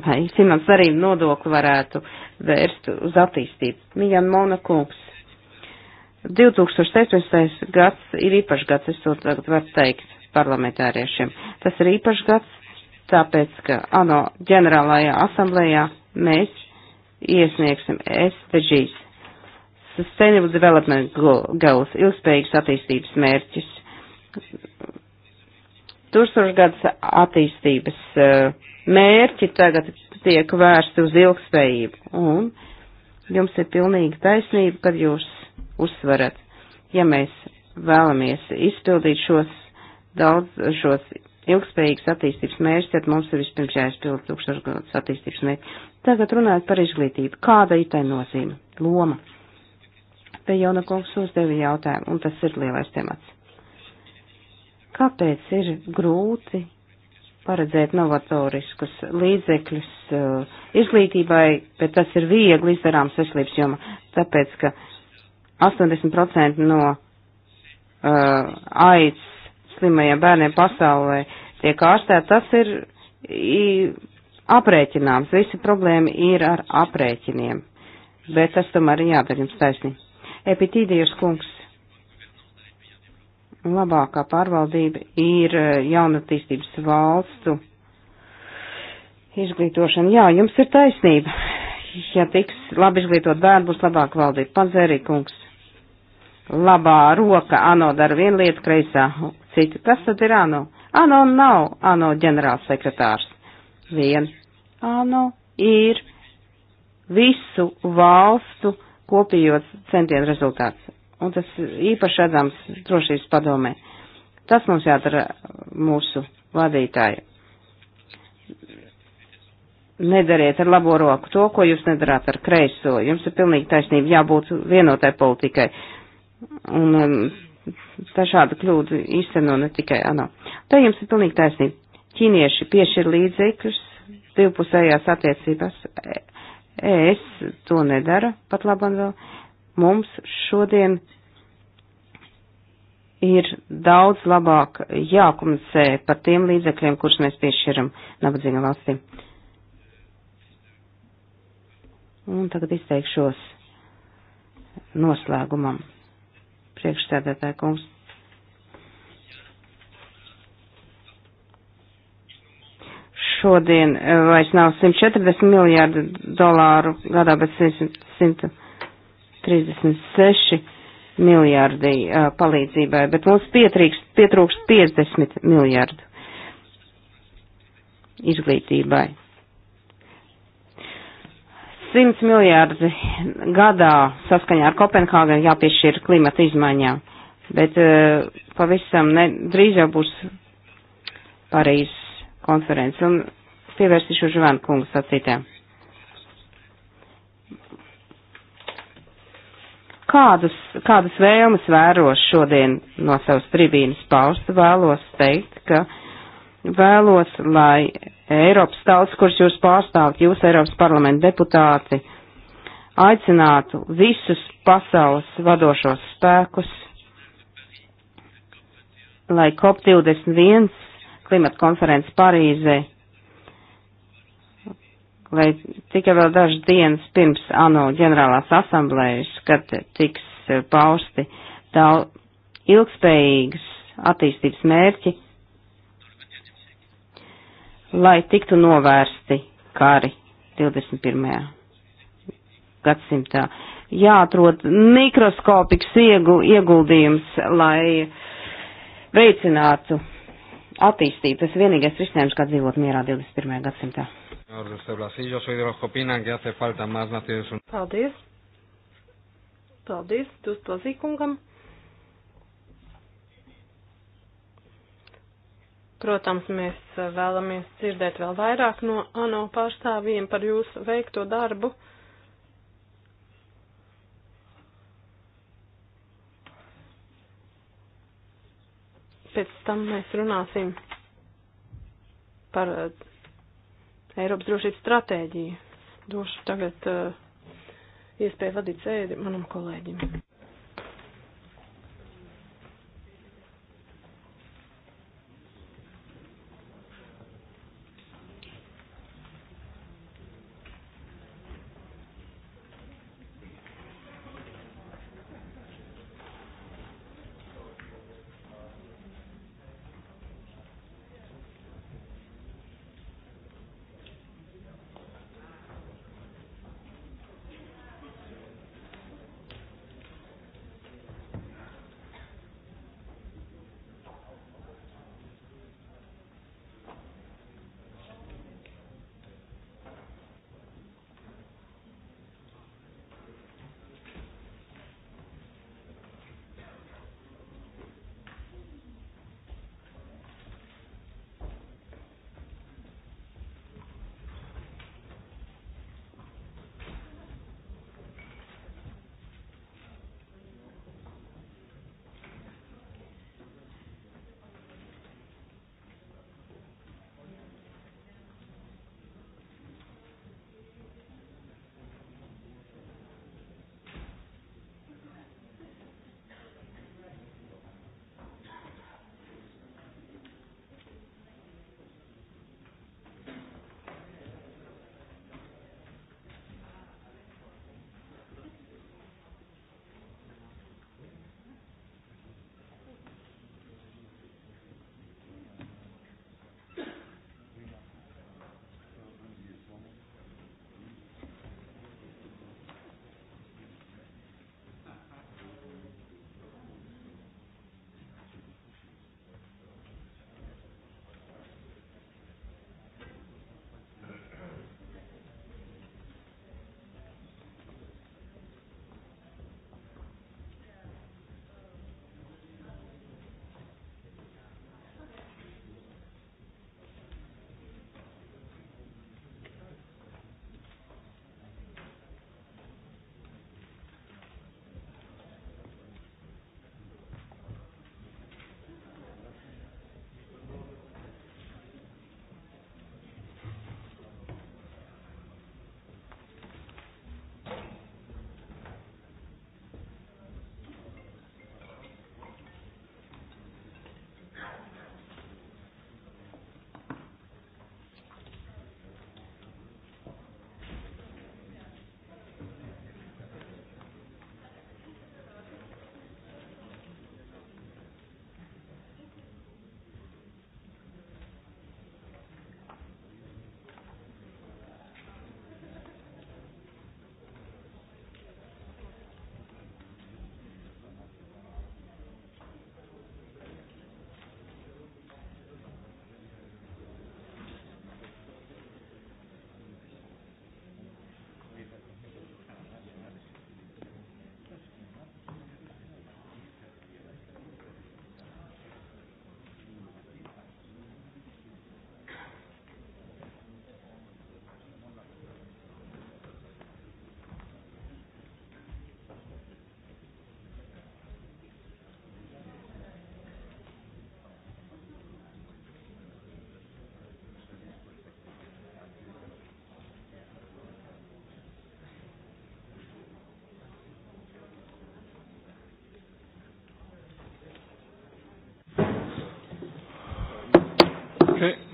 vai finanses darījuma nodokli varētu vērst uz attīstību. Mijan Monakungs. 2017. gads ir īpašs gads, es to tagad varu teikt parlamentāriešiem. Tas ir īpašs gads, tāpēc, ka ANO ģenerālajā asamblējā mēs iesniegsim SDGs, Sustainable Development Goals, ilgspējīgas attīstības mērķis, tūkstošgads attīstības uh, mērķi tagad tiek vērsti uz ilgspējību. Un jums ir pilnīgi taisnība, kad jūs uzsverat, ja mēs vēlamies izpildīt šos daudz, šos ilgspējīgas attīstības mērķus, tad mums ir vispirms jāizpild tūkstošgadus attīstības mērķi. Tagad runājot par izglītību. Kāda ir tai nozīme? Loma. Te jauna kungs uzdevi jautājumu, un tas ir lielais temats. Kāpēc ir grūti paredzēt novatoriskus līdzekļus uh, izglītībai, bet tas ir viegli izdarāms veselības jomā, tāpēc, ka 80% no uh, aids slimajiem bērniem pasaulē tiek ārstēt, tas ir i, aprēķināms, visa problēma ir ar aprēķiniem, bet tas tomēr ir jādara jums taisnīgi. Epitīdijas kungs labākā pārvaldība ir eh, jaunatīstības valstu izglītošana. Jā, jums ir taisnība. Ja tiks labi izglītot bērnu, būs labāka valdība. Pazērīkungs. Labā roka ANO dara vienu lietu, kreisā citu. Kas tad ir ANO? ANO nav ANO ģenerālsekretārs. Vien. ANO ir visu valstu kopijot centienu rezultāts un tas īpaši redzams drošības padomē. Tas mums jādara mūsu vadītāji. Nedariet ar labo roku to, ko jūs nedarāt ar kreiso. Jums ir pilnīgi taisnība jābūt vienotai politikai. Un um, tā šāda kļūda īsteno ne tikai ANO. Tā jums ir pilnīgi taisnība. Ķīnieši piešķir līdzekļus divpusējās attiecības. Es e to nedara pat labam vēl mums šodien ir daudz labāk jākomunicē par tiem līdzekļiem, kurus mēs piešķiram nabadzīgām valstīm. Un tagad izteikšos noslēgumam. Priekšsēdētāja kungs. Šodien eh, vairs nav 140 miljārdu dolāru gadā, bet 100. 100 36 miljardi uh, palīdzībai, bet mums pietrīkst, pietrūkst 50 miljardu izglītībai. 100 miljardi gadā saskaņā ar Kopenhāgenu jāpiešķir klimata izmaiņām, bet uh, pavisam ne, drīz jau būs Parīzes konferences un pievērsīšu Žvankungu sacītēm. kādus, kādas vēlmes vēros šodien no savas tribīnas paust, vēlos teikt, ka vēlos, lai Eiropas tauts, kurš jūs pārstāvat, jūs Eiropas parlamenta deputāti, aicinātu visus pasaules vadošos spēkus, lai COP21 klimata konferences Parīzē lai tikai vēl dažas dienas pirms ANO ģenerālās asamblējas, kad tiks eh, pausti tā ilgspējīgas attīstības mērķi, lai tiktu novērsti kari 21. gadsimtā. Jāatrod mikroskopisks ieguldījums, lai veicinātu attīstību. Tas vienīgais risinājums, kā dzīvot mierā 21. gadsimtā. Paldies! Paldies, tu to zīkungam! Protams, mēs vēlamies dzirdēt vēl vairāk no ANO pārstāvjiem par jūsu veikto darbu. Pēc tam mēs runāsim par Eiropas drošības stratēģiju. Došu tagad uh, iespēju vadīt sēdi manam kolēģim.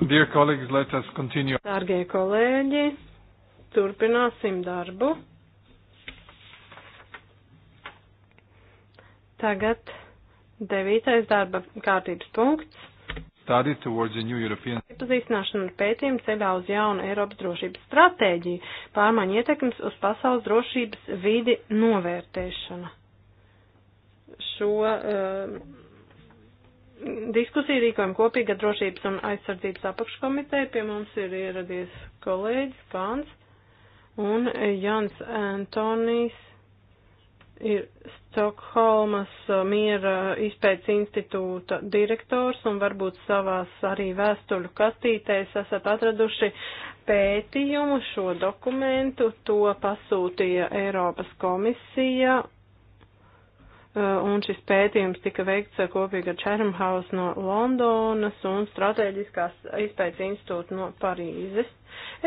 Dear colleagues, let us continue. Dārgie kolēģi, turpināsim darbu. Tagad devītais darba kārtības punkts. Study towards a new European. Iepazīstināšana ar pētījumu ceļā uz jaunu Eiropas drošības stratēģiju, pārmaiņu ietekmes uz pasaules drošības vidi novērtēšana. Šo uh, diskusiju rīkojam kopīga drošības un aizsardzības apakškomiteja. Pie mums ir ieradies kolēģis Pāns un Jans Antonijs ir Stokholmas uh, miera izpētes institūta direktors un varbūt savās arī vēstuļu kastītēs esat atraduši pētījumu šo dokumentu. To pasūtīja Eiropas komisija Uh, un šis pētījums tika veikts uh, kopīgi ar Chatham no Londonas un Stratēģiskās izpētes institūta no Parīzes.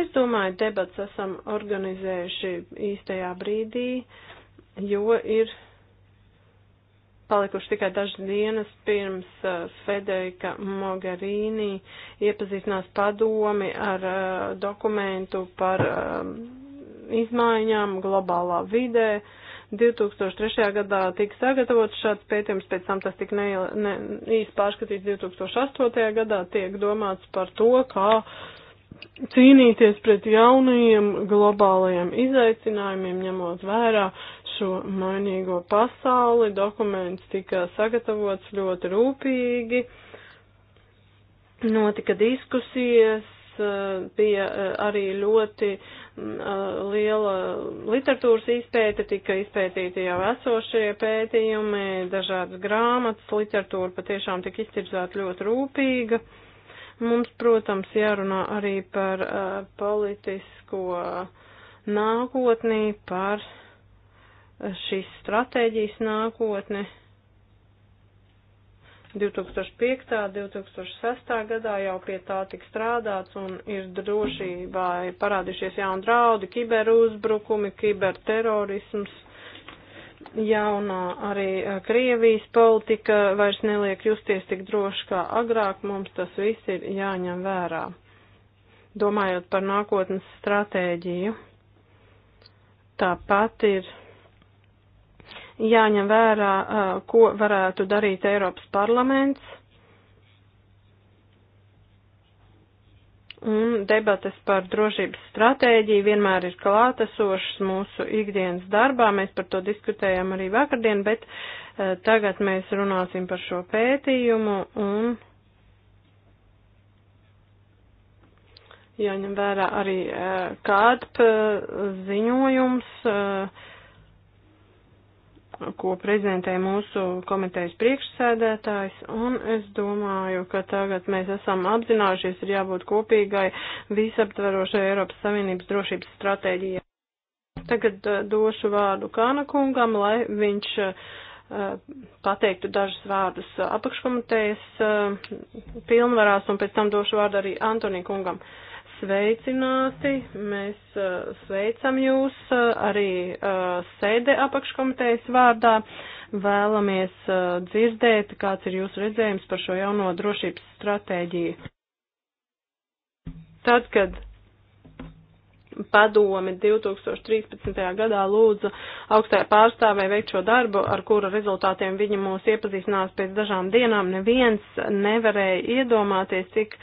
Es domāju, debats esam organizējuši īstajā brīdī, jo ir palikuši tikai dažas dienas pirms uh, Federika Mogherini iepazīstinās padomi ar dokumentu par um, izmaiņām globālā vidē. 2003. gadā tika sagatavots šāds pētījums, pēc tam tas tika ne, ne, īsti pārskatīts 2008. gadā, tiek domāts par to, kā cīnīties pret jaunajiem globālajiem izaicinājumiem, ņemot vērā šo mainīgo pasauli. Dokuments tika sagatavots ļoti rūpīgi, notika diskusijas, eh, bija eh, arī ļoti uh, liela literatūras izpēte, tika izpētīti jau esošie pētījumi, dažādas grāmatas, literatūra patiešām tika izcirzēta ļoti rūpīga. Mums, protams, jārunā arī par uh, politisko nākotnī, par šīs stratēģijas nākotni. 2005. 2006. gadā jau pie tā tik strādāts un ir drošībā parādījušies jauni draudi, kiberuzbrukumi, kiberterorisms, jaunā arī eh, Krievijas politika vairs neliek justies tik droši kā agrāk, mums tas viss ir jāņem vērā. Domājot par nākotnes stratēģiju, tāpat ir jāņem vērā, ko varētu darīt Eiropas parlaments. Un debates par drošības stratēģiju vienmēr ir klātesošas mūsu ikdienas darbā. Mēs par to diskutējām arī vakardien, bet tagad mēs runāsim par šo pētījumu un jāņem vērā arī kāda ziņojums. Uh, ko prezentē mūsu komitejas priekšsēdētājs, un es domāju, ka tagad mēs esam apzinājušies, ir jābūt kopīgai visaptverošai Eiropas Savienības drošības stratēģijai. Tagad uh, došu vārdu Kāna kungam, lai viņš uh, pateiktu dažus vārdus apakškomitejas uh, pilnvarās, un pēc tam došu vārdu arī Antonī kungam. Uh, sveicināti. Mēs uh, sveicam jūs uh, arī uh, sēde apakškomitejas vārdā. Vēlamies uh, dzirdēt, kāds ir jūsu redzējums par šo jauno drošības stratēģiju. Tad, kad padome 2013. gadā lūdza augstajā pārstāvē veikt šo darbu, ar kura rezultātiem viņi mūs iepazīstinās pēc dažām dienām. Neviens nevarēja iedomāties, cik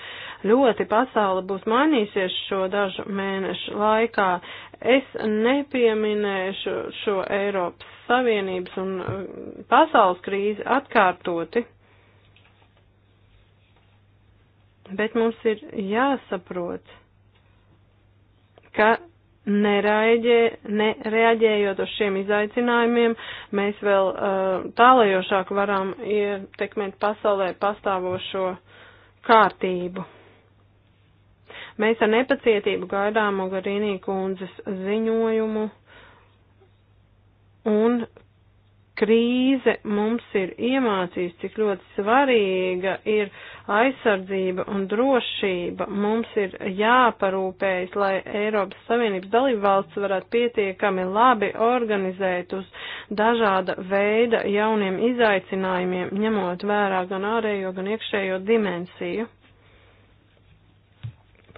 ļoti pasaule būs mainīsies šo dažu mēnešu laikā. Es nepieminēšu šo Eiropas Savienības un uh, pasaules krīzi atkārtoti. Bet mums ir jāsaprot, ka neraiģē, nereaģējot uz šiem izaicinājumiem, mēs vēl uh, tālajošāk varam ietekmēt pasaulē pastāvošo kārtību. Mēs ar nepacietību gaidām Mogarīnī kundzes ziņojumu un krīze mums ir iemācījis, cik ļoti svarīga ir aizsardzība un drošība. Mums ir jāparūpējas, lai Eiropas Savienības dalībvalsts varētu pietiekami labi organizēt uz dažāda veida jauniem izaicinājumiem, ņemot vērā gan ārējo, gan iekšējo dimensiju.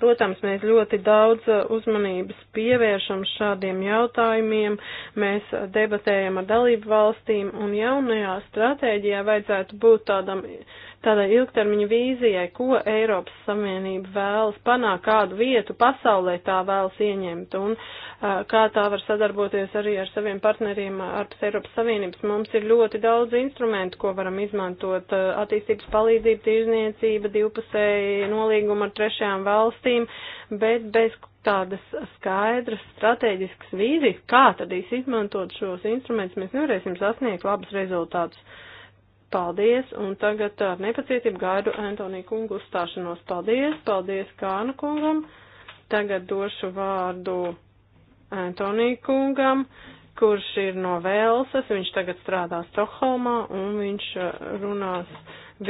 Protams, mēs ļoti daudz uh, uzmanības pievēršam šādiem jautājumiem, mēs uh, debatējam ar dalību valstīm un jaunajā stratēģijā vajadzētu būt tādam uh, tādai ilgtermiņa vīzijai, ko Eiropas Savienība vēlas panākt, kādu vietu pasaulē tā vēlas ieņemt un uh, kā tā var sadarboties arī ar saviem partneriem ārpus Eiropas Savienības. Mums ir ļoti daudz instrumentu, ko varam izmantot uh, - attīstības palīdzība, tirzniecība, divpusēji nolīguma ar trešajām valstīm, bet bez tādas skaidras strateģiskas vīzijas, kā tad īsti izmantot šos instrumentus, mēs nevarēsim sasniegt labus rezultātus. Paldies, un tagad ar nepacietību gaidu Antoniju kungu uzstāšanos. Paldies, paldies Kānu kungam. Tagad došu vārdu Antoniju kungam, kurš ir no Velsas, viņš tagad strādā Stokholmā, un viņš uh, runās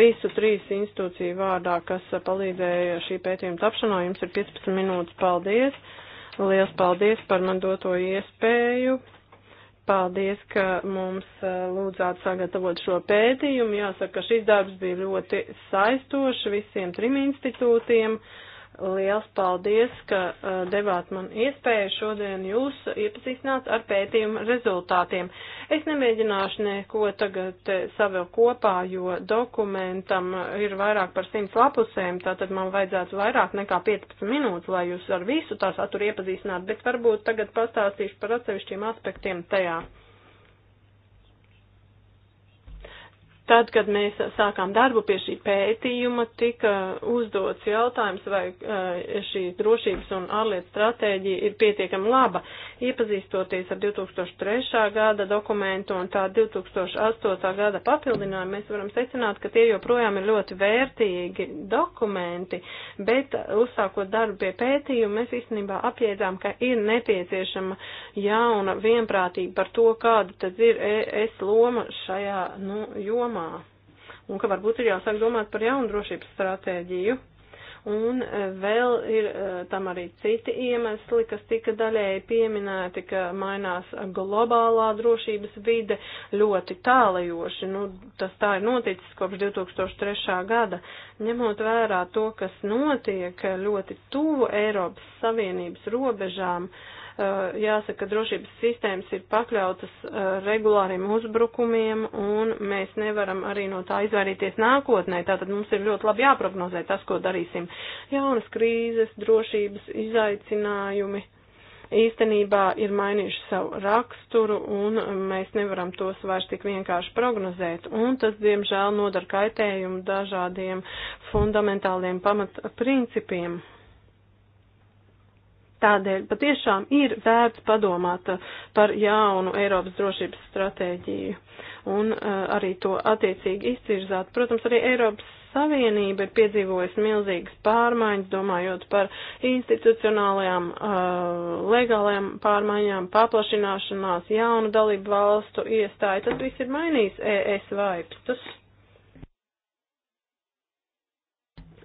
visu trīs institūciju vārdā, kas uh, palīdzēja šī pētījuma tapšanā. Jums ir 15 minūtes. Paldies! Liels paldies par man doto iespēju Paldies, ka mums eh, lūdzāt sagatavot šo pētījumu. Jāsaka, ka šis darbs bija ļoti saistošs visiem trim institūtiem. Uh, Liels paldies, ka uh, devāt man iespēju šodien jūs iepazīstināt ar pētījuma rezultātiem. Es nemēģināšu neko tagad savēl kopā, jo dokumentam ir vairāk par simts lapusēm, tātad man vajadzētu vairāk nekā 15 minūtes, lai jūs ar visu tā saturu iepazīstinātu, bet varbūt tagad pastāstīšu par atsevišķiem aspektiem tajā. Uh, Tad, kad mēs sākām darbu pie šī pētījuma, tika uzdots jautājums, vai eh, šī drošības un ārlietu stratēģija ir pietiekami laba. Iepazīstoties ar 2003. gada dokumentu un tā 2008. gada papildinājumu, mēs varam secināt, ka tie joprojām ir ļoti vērtīgi dokumenti, bet eh, uzsākot darbu pie pētījuma, mēs īstenībā apjēdzām, ka ir nepieciešama jauna vienprātība par to, kāda tad ir es loma šajā nu, jomā jomā. Un ka varbūt ir jāsāk domāt par jaunu drošības stratēģiju. Un e, vēl ir e, tam arī citi iemesli, kas tika daļēji pieminēti, ka mainās globālā drošības vide ļoti tālajoši. Nu, tas tā ir noticis kopš 2003. gada. Ņemot vērā to, kas notiek ļoti tuvu Eiropas Savienības robežām, uh, Eh, jāsaka, drošības sistēmas ir pakļautas eh, regulāriem uzbrukumiem, un mēs nevaram arī no tā izvairīties nākotnē. Tātad mums ir ļoti labi jāprognozē tas, ko darīsim. Jaunas krīzes, drošības izaicinājumi īstenībā ir mainījuši savu raksturu, un mēs nevaram tos vairs tik vienkārši prognozēt. Un tas, diemžēl, nodara kaitējumu dažādiem fundamentāliem pamatprincipiem. principiem Tādēļ patiešām ir vērts padomāt par jaunu Eiropas drošības stratēģiju un uh, arī to attiecīgi izcirzāt. Protams, arī Eiropas Savienība ir piedzīvojusi milzīgas pārmaiņas, domājot par institucionālajām, uh, legālajām pārmaiņām, paplašināšanās, jaunu dalību valstu iestāju. Tas viss ir mainījis e ES vaipstus.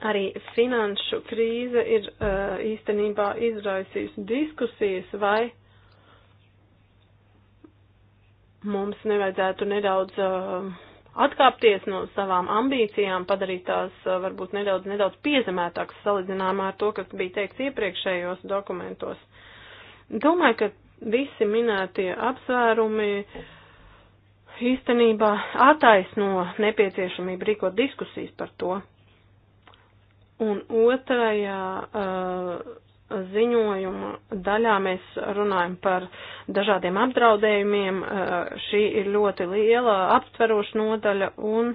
Arī finanšu krīze ir uh, īstenībā izraisījusi diskusijas, vai mums nevajadzētu nedaudz uh, atkāpties no savām ambīcijām, padarīt tās uh, varbūt nedaudz, nedaudz piezemētākas salīdzinājumā ar to, kas bija teikts iepriekšējos dokumentos. Domāju, ka visi minētie apsvērumi īstenībā attaisno nepieciešamību rīkot diskusijas par to. Un otrajā uh, ziņojuma daļā mēs runājam par dažādiem apdraudējumiem. Uh, šī ir ļoti liela aptveroša nodaļa un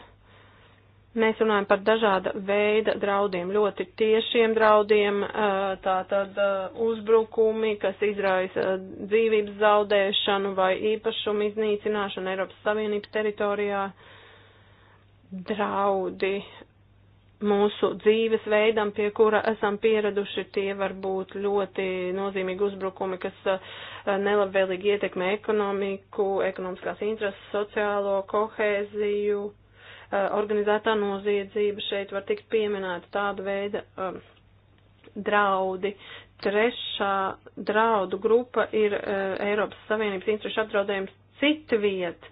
mēs runājam par dažāda veida draudiem, ļoti tiešiem draudiem, uh, tātad uh, uzbrukumi, kas izraisa dzīvības zaudēšanu vai īpašumu iznīcināšanu Eiropas Savienības teritorijā, draudi mūsu dzīves veidam, pie kura esam pieraduši, tie var būt ļoti nozīmīgi uzbrukumi, kas eh, nelabvēlīgi ietekmē ekonomiku, ekonomiskās intereses, sociālo kohēziju, eh, organizētā noziedzība šeit var tikt pieminēta tāda veida eh, draudi. Trešā draudu grupa ir Eiropas Savienības interešu apdraudējums citviet. viet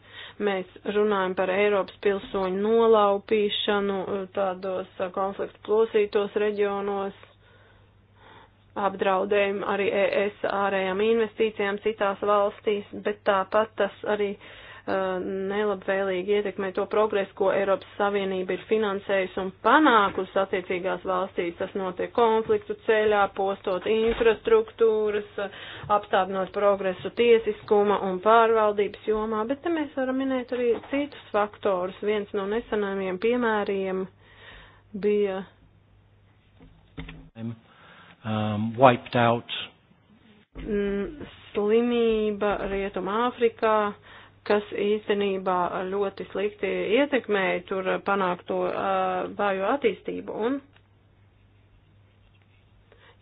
Mēs runājam par Eiropas pilsoņu nolaupīšanu eh, tādos eh, konfliktu plosītos reģionos, apdraudējumu arī ES ārējām investīcijām citās valstīs, bet tāpat tas arī uh, Uh, nelabvēlīgi ietekmē to progresu, ko Eiropas Savienība ir finansējusi un panākusi attiecīgās valstīs. Tas notiek konfliktu ceļā, postot infrastruktūras, uh, apstādinot progresu tiesiskuma un pārvaldības jomā, bet te mēs varam minēt arī citus faktorus. Viens no nesanājumiem piemēriem bija. Um, wiped out. Mm, slimība Rietumāfrikā. Uh, kas īstenībā ļoti slikti ietekmēja tur panākto vājo attīstību. Un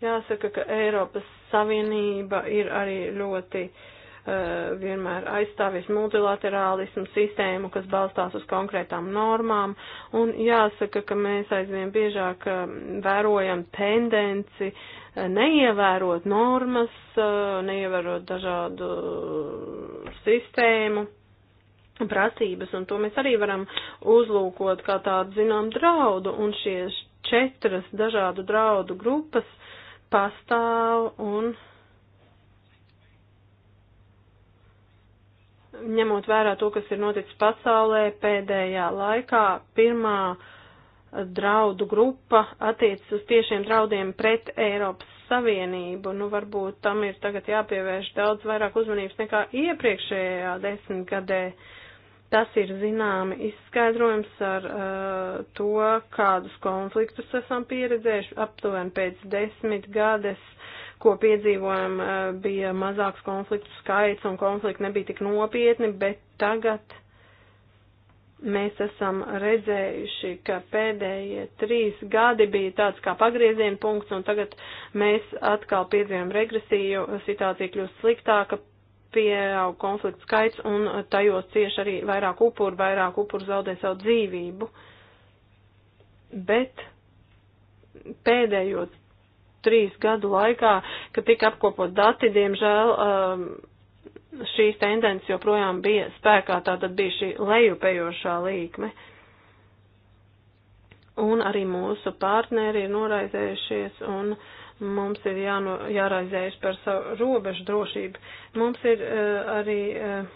jāsaka, ka Eiropas Savienība ir arī ļoti uh, Eh, vienmēr aizstāvies multilaterālismu sistēmu, kas balstās uz konkrētām normām, un jāsaka, ka mēs aizvien biežāk eh, vērojam tendenci eh, neievērot normas, neievērot dažādu sistēmu prasības, un to mēs arī varam uzlūkot kā tādu, zinām, draudu, un šie četras dažādu draudu grupas pastāv un ņemot vērā to, kas ir noticis pasaulē pēdējā laikā, pirmā draudu grupa attiecas uz tiešiem draudiem pret Eiropas Savienību. Nu, varbūt tam ir tagad jāpievērš daudz vairāk uzmanības nekā iepriekšējā desmitgadē. Tas ir zināmi izskaidrojums ar uh, to, kādus konfliktus esam pieredzējuši aptuveni pēc desmit gades. Uh, ko piedzīvojam, eh, bija mazāks konfliktu skaits un konflikti nebija tik nopietni, bet tagad mēs esam redzējuši, ka pēdējie trīs gadi bija tāds kā pagrieziena punkts, un tagad mēs atkal piedzīvojam regresiju, situācija kļūst sliktāka, pieaug konfliktu skaits, un tajos cieši arī vairāk upuru, vairāk upuru zaudē savu dzīvību. Bet pēdējos trīs gadu laikā, kad tika apkopot dati, diemžēl. Um, šīs tendences joprojām bija spēkā, tātad bija šī lejupējošā līkme. Un arī mūsu partneri ir noraizējušies un mums ir jāno, jāraizējas par savu robežu drošību. Mums ir uh, arī uh,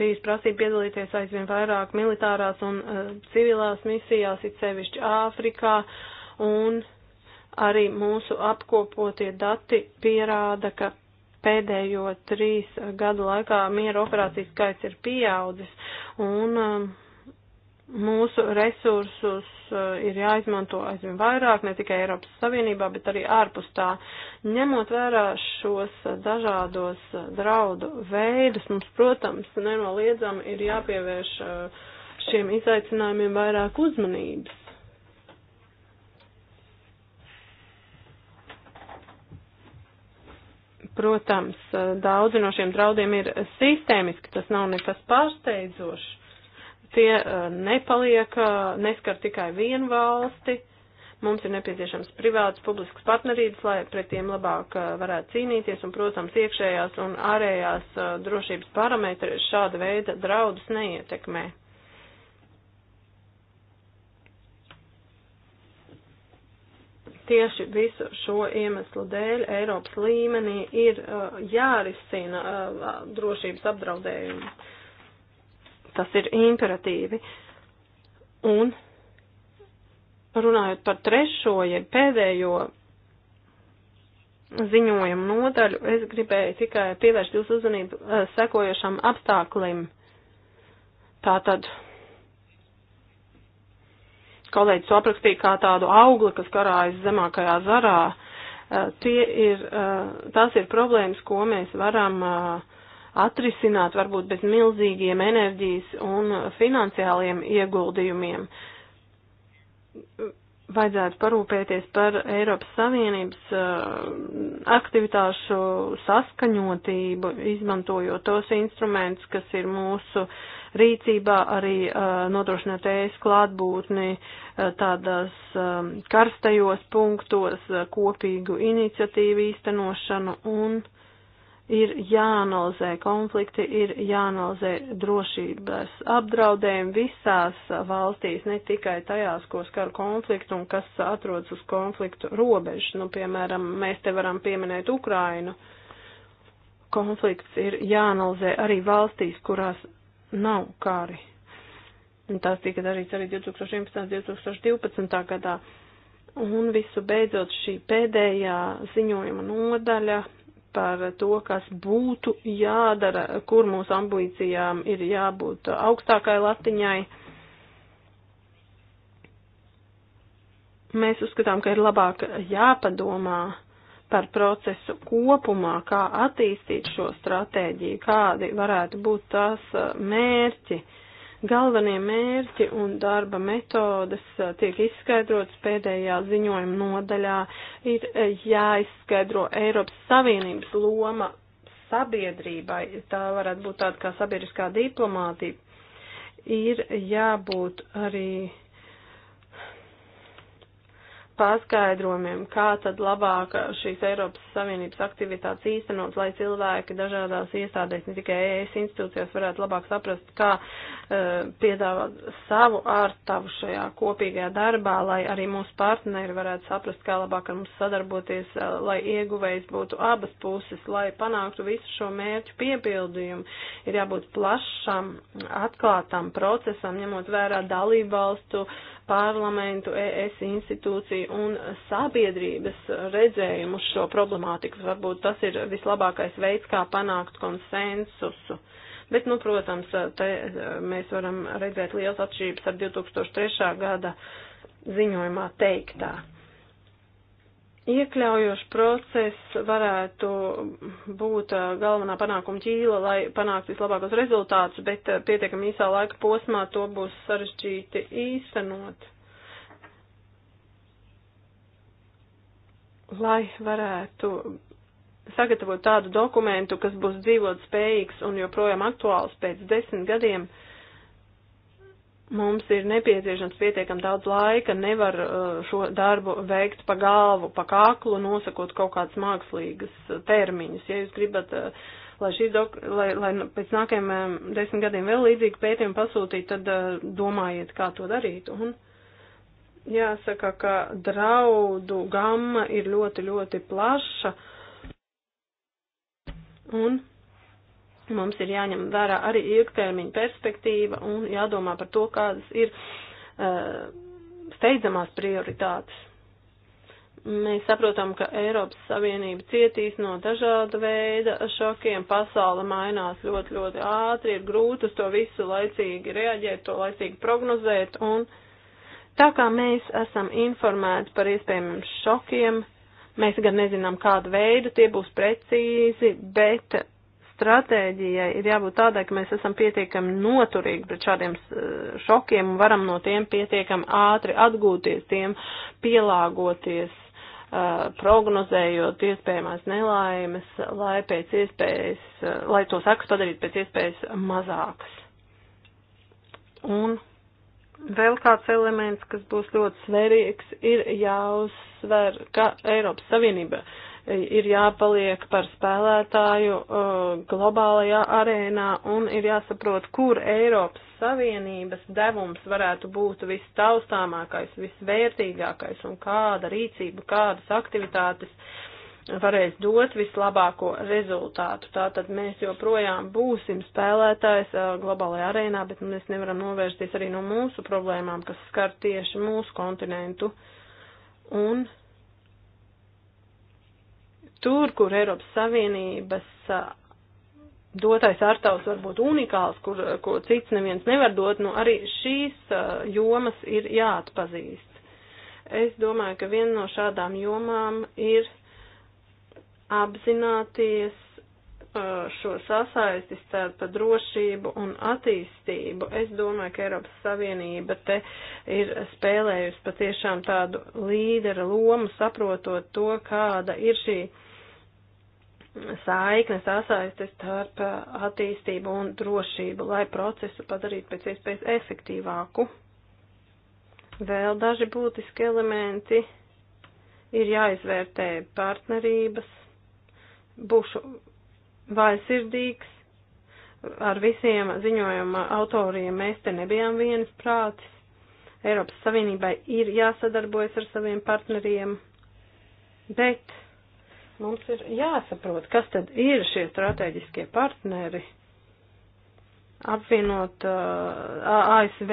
bijis prasība piedalīties aizvien vairāk militārās un uh, civilās misijās, it sevišķi Āfrikā, un Arī mūsu apkopotie dati pierāda, ka pēdējo trīs gadu laikā miera operācijas skaits ir pieaudzis un um, mūsu resursus uh, ir jāizmanto aizvien vairāk, ne tikai Eiropas Savienībā, bet arī ārpus tā. Ņemot vērā šos dažādos draudu veidus, mums, protams, nenoliedzami ir jāpievērš uh, šiem izaicinājumiem vairāk uzmanības. Protams, daudzi no šiem draudiem ir sistēmiski, tas nav nekas pārsteidzošs. Tie e, nepaliek, e, neskar tikai vienu valsti. Mums ir nepieciešams privāts publisks partnerības, lai pret tiem labāk e, varētu cīnīties, un, protams, iekšējās un ārējās drošības parametri šāda veida draudus neietekmē. Tieši visu šo iemeslu dēļ Eiropas līmenī ir uh, jārisina uh, drošības apdraudējumi. Tas ir imperatīvi. Un runājot par trešo, jeb ja pēdējo ziņojumu nodaļu, es gribēju tikai pievērst jūsu uzmanību uh, sekojošam apstāklim. Tātad kolēģis to aprakstīja kā tādu augli, kas karājas zemākajā zarā. Eh, tie ir, eh, tās ir problēmas, ko mēs varam eh, atrisināt varbūt bez milzīgiem enerģijas un finansiāliem ieguldījumiem. Vajadzētu parūpēties par Eiropas Savienības aktivitāšu saskaņotību, izmantojot tos instrumentus, kas ir mūsu uh, rīcībā, arī uh, nodrošināt ēs klātbūtni uh, tādās um, karstajos punktos, uh, kopīgu iniciatīvu īstenošanu un ir jāanalizē konflikti, ir jāanalizē drošības apdraudējumi visās valstīs, ne tikai tajās, ko skar konfliktu un kas atrodas uz konfliktu robežu. Nu, piemēram, mēs te varam pieminēt Ukrainu. Konflikts ir jāanalizē arī valstīs, kurās nav kāri. Un tās tika darīts arī 2011. un 2012. gadā. Un visu beidzot šī pēdējā ziņojuma nodaļa par to, kas būtu jādara, kur mūsu ambīcijām ir jābūt augstākai latiņai. Mēs uzskatām, ka ir labāk jāpadomā par procesu kopumā, kā attīstīt šo stratēģiju, kādi varētu būt tās uh, mērķi. Galvenie mērķi un darba metodas uh, tiek izskaidrots pēdējā ziņojuma nodaļā. Ir uh, jāizskaidro Eiropas Savienības loma sabiedrībai. Tā varētu būt tāda kā sabiedriskā diplomātija. Ir jābūt arī paskaidrojumiem, kā tad labāk šīs Eiropas Savienības aktivitātes īstenot, lai cilvēki dažādās iestādēs, ne tikai ES institūcijās, varētu labāk saprast, kā uh, piedāvāt savu ārtavu šajā kopīgajā darbā, lai arī mūsu partneri varētu saprast, kā labāk ar mums sadarboties, uh, lai ieguvējs būtu abas puses, lai panāktu visu šo mērķu piepildījumu. Ir jābūt plašam, atklātam procesam, ņemot vērā dalībvalstu uh, parlamentu, ES institūciju un sabiedrības redzējumu uz šo problemātiku. Varbūt tas ir vislabākais veids, kā panākt konsensusu. Bet, nu, protams, te eh, mēs varam redzēt liels atšķirības ar 2003. gada ziņojumā teiktā. Iekļaujošs process varētu būt galvenā panākuma ķīla, lai panāktu vislabākos rezultātus, bet pietiekami īsā laika posmā to būs sarežģīti īstenot. Lai varētu sagatavot tādu dokumentu, kas būs dzīvot spējīgs un joprojām aktuāls pēc desmit gadiem, uh, Mums ir nepieciešams pietiekam daudz laika, nevar uh, šo darbu veikt pa galvu, pa kaklu, nosakot kaut kādas mākslīgas uh, termiņus. Ja jūs gribat, uh, lai, šī dok, lai, lai pēc nākajiem um, desmit gadiem vēl līdzīgi pētījumi pasūtīt, tad domājiet, kā to darīt. Un jāsaka, ka draudu gamma ir ļoti, ļoti plaša. Un Mums ir jāņem vērā arī ilgtermiņa perspektīva un jādomā par to, kādas ir uh, steidzamās prioritātes. Mēs saprotam, ka Eiropas Savienība cietīs no dažāda veida šokiem, pasaule mainās ļoti, ļoti ātri, ir grūti uz to visu laicīgi reaģēt, to laicīgi prognozēt, un tā kā mēs esam informēti par iespējamiem šokiem, mēs gan nezinām, kādu veidu tie būs precīzi, bet stratēģijai ir jābūt tādai, ka mēs esam pietiekami noturīgi pret šādiem šokiem un varam no tiem pietiekami ātri atgūties, tiem pielāgoties, prognozējot iespējamās nelaimes, lai pēc iespējas, lai to sakas padarītu pēc iespējas mazākas. Un vēl kāds elements, kas būs ļoti svarīgs, ir jāuzsver, ka Eiropas Savienība uh, ir jāpaliek par spēlētāju uh, globālajā arēnā un ir jāsaprot, kur Eiropas Savienības devums varētu būt vistaustāmākais, visvērtīgākais un kāda rīcība, kādas aktivitātes varēs dot vislabāko rezultātu. Tātad mēs joprojām būsim spēlētājs uh, globālajā arēnā, bet mēs nevaram novērsties arī no mūsu problēmām, kas skar tieši mūsu kontinentu. Un tur, kur Eiropas Savienības dotais ārtavs var būt unikāls, kur, ko cits neviens nevar dot, nu arī šīs jomas ir jāatpazīst. Es domāju, ka viena no šādām jomām ir apzināties šo sasaisti starp drošību un attīstību. Es domāju, ka Eiropas Savienība te ir spēlējusi patiešām tādu līdera lomu, saprotot to, kāda ir šī uh, saikne sasaiste starp uh, attīstību un drošību, lai procesu padarītu pēc iespējas efektīvāku. Vēl daži būtiski elementi ir jāizvērtē partnerības, būšu vaisirdīgs, ar visiem ziņojuma autoriem mēs te nebijām vienas prātis. Eiropas Savienībai ir jāsadarbojas ar saviem partneriem, bet Mums ir jāsaprot, kas tad ir šie strateģiskie partneri. Apvienot uh, ASV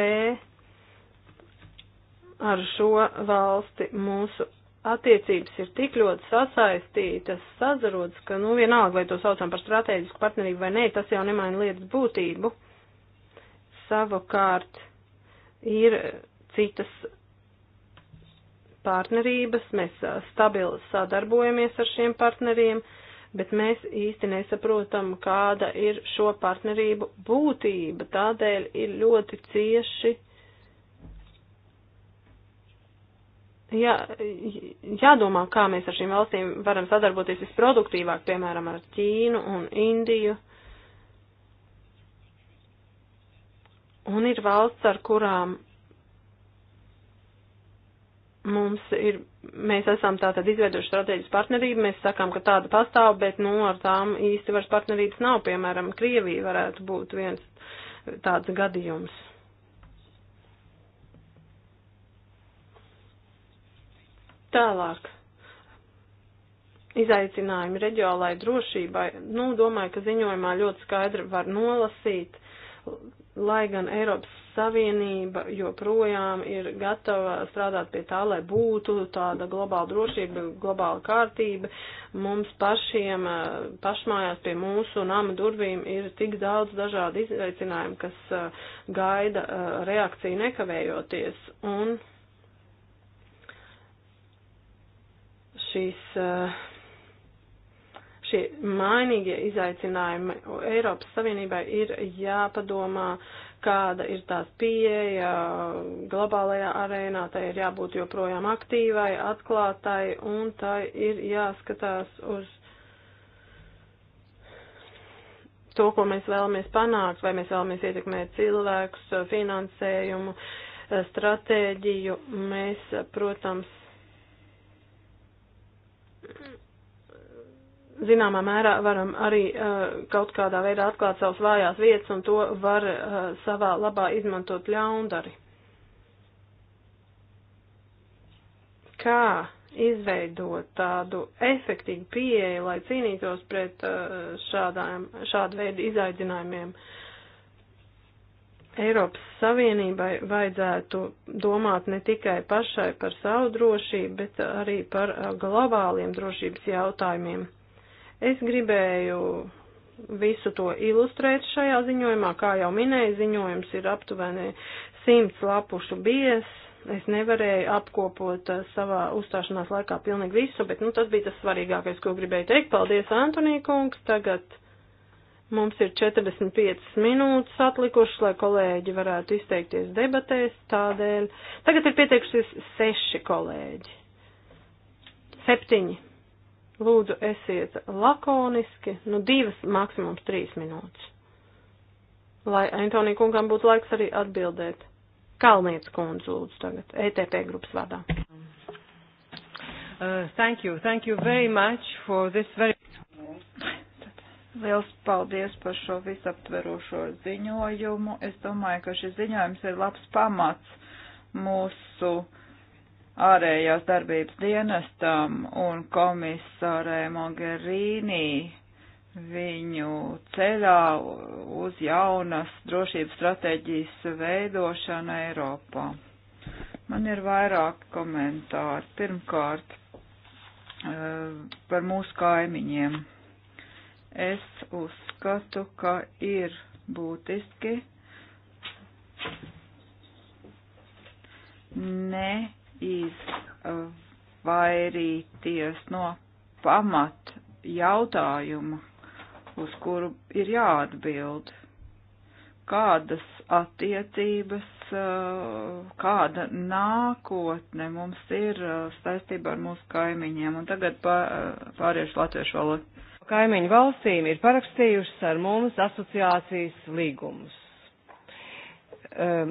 ar šo valsti mūsu attiecības ir tik ļoti sasaistītas, sazarotas, ka, nu, vienalga, vai to saucam par strateģisku partnerību vai nē, tas jau nemaina lietas būtību. Savukārt ir citas partnerības, mēs stabili sadarbojamies ar šiem partneriem, bet mēs īsti nesaprotam, kāda ir šo partnerību būtība. Tādēļ ir ļoti cieši jā, jādomā, kā mēs ar šīm valstīm varam sadarboties visproduktīvāk, piemēram, ar Ķīnu un Indiju. Un ir valsts, ar kurām Mums ir, mēs esam tātad izveidojuši strateģisku partnerību, mēs sakām, ka tāda pastāv, bet, nu, ar tām īsti vairs partnerības nav, piemēram, Krievija varētu būt viens tāds gadījums. Tālāk izaicinājumi reģionālai drošībai, nu, domāju, ka ziņojumā ļoti skaidri var nolasīt, lai gan Eiropas Savienība joprojām ir gatava strādāt pie tā, lai būtu tāda globāla drošība, globāla kārtība. Mums pašiem, eh, pašmājās pie mūsu nama durvīm ir tik daudz dažādu izaicinājumu, kas eh, gaida eh, reakciju nekavējoties. Un šīs šie mainīgie izaicinājumi Eiropas Savienībai ir jāpadomā, uh, kāda ir tās pieeja globālajā arēnā, tai ir jābūt joprojām aktīvai, atklātai un tai ir jāskatās uz to, ko mēs vēlamies panākt, vai mēs vēlamies ietekmēt cilvēkus, finansējumu, stratēģiju. Mēs, protams, zināmā mērā varam arī uh, kaut kādā veidā atklāt savas vājās vietas, un to var uh, savā labā izmantot ļaundari. Kā izveidot tādu efektīvu pieeju, lai cīnītos pret uh, šādām, šādu veidu izaicinājumiem? Eiropas Savienībai vajadzētu domāt ne tikai pašai par savu drošību, bet arī par globāliem drošības jautājumiem. Es gribēju visu to ilustrēt šajā ziņojumā. Kā jau minēju, ziņojums ir aptuveni simts lapušu bies. Es nevarēju apkopot eh, savā uzstāšanās laikā pilnīgi visu, bet nu, tas bija tas svarīgākais, ko gribēju teikt. Paldies, Antonija kungs. Tagad mums ir 45 minūtes atlikušas, lai kolēģi varētu izteikties debatēs. Tādēļ tagad ir pieteikušies seši kolēģi. Septiņi. Lūdzu, esiet lakoniski, nu divas, maksimums trīs minūtes. Lai Antonija kungam būtu laiks arī atbildēt. Kalniec kundze lūdzu tagad, ETP grupas vārdā. Uh, thank you, thank you very much for this very. Liels paldies par šo visaptverošo ziņojumu. Es domāju, ka šis ziņojums ir labs pamats mūsu uh, ārējās darbības dienestam un komisārē Mogherīnī viņu ceļā uz jaunas drošības stratēģijas veidošanu Eiropā. Man ir vairāk komentāri. Pirmkārt, eh, par mūsu kaimiņiem. Es uzskatu, ka ir būtiski ne izvairīties no pamat jautājuma, uz kuru ir jāatbild. Kādas attiecības, kāda nākotne mums ir saistībā ar mūsu kaimiņiem? Un tagad pāriešu latviešu valodu. Kaimiņu valstīm ir parakstījušas ar mums asociācijas līgumus. Um,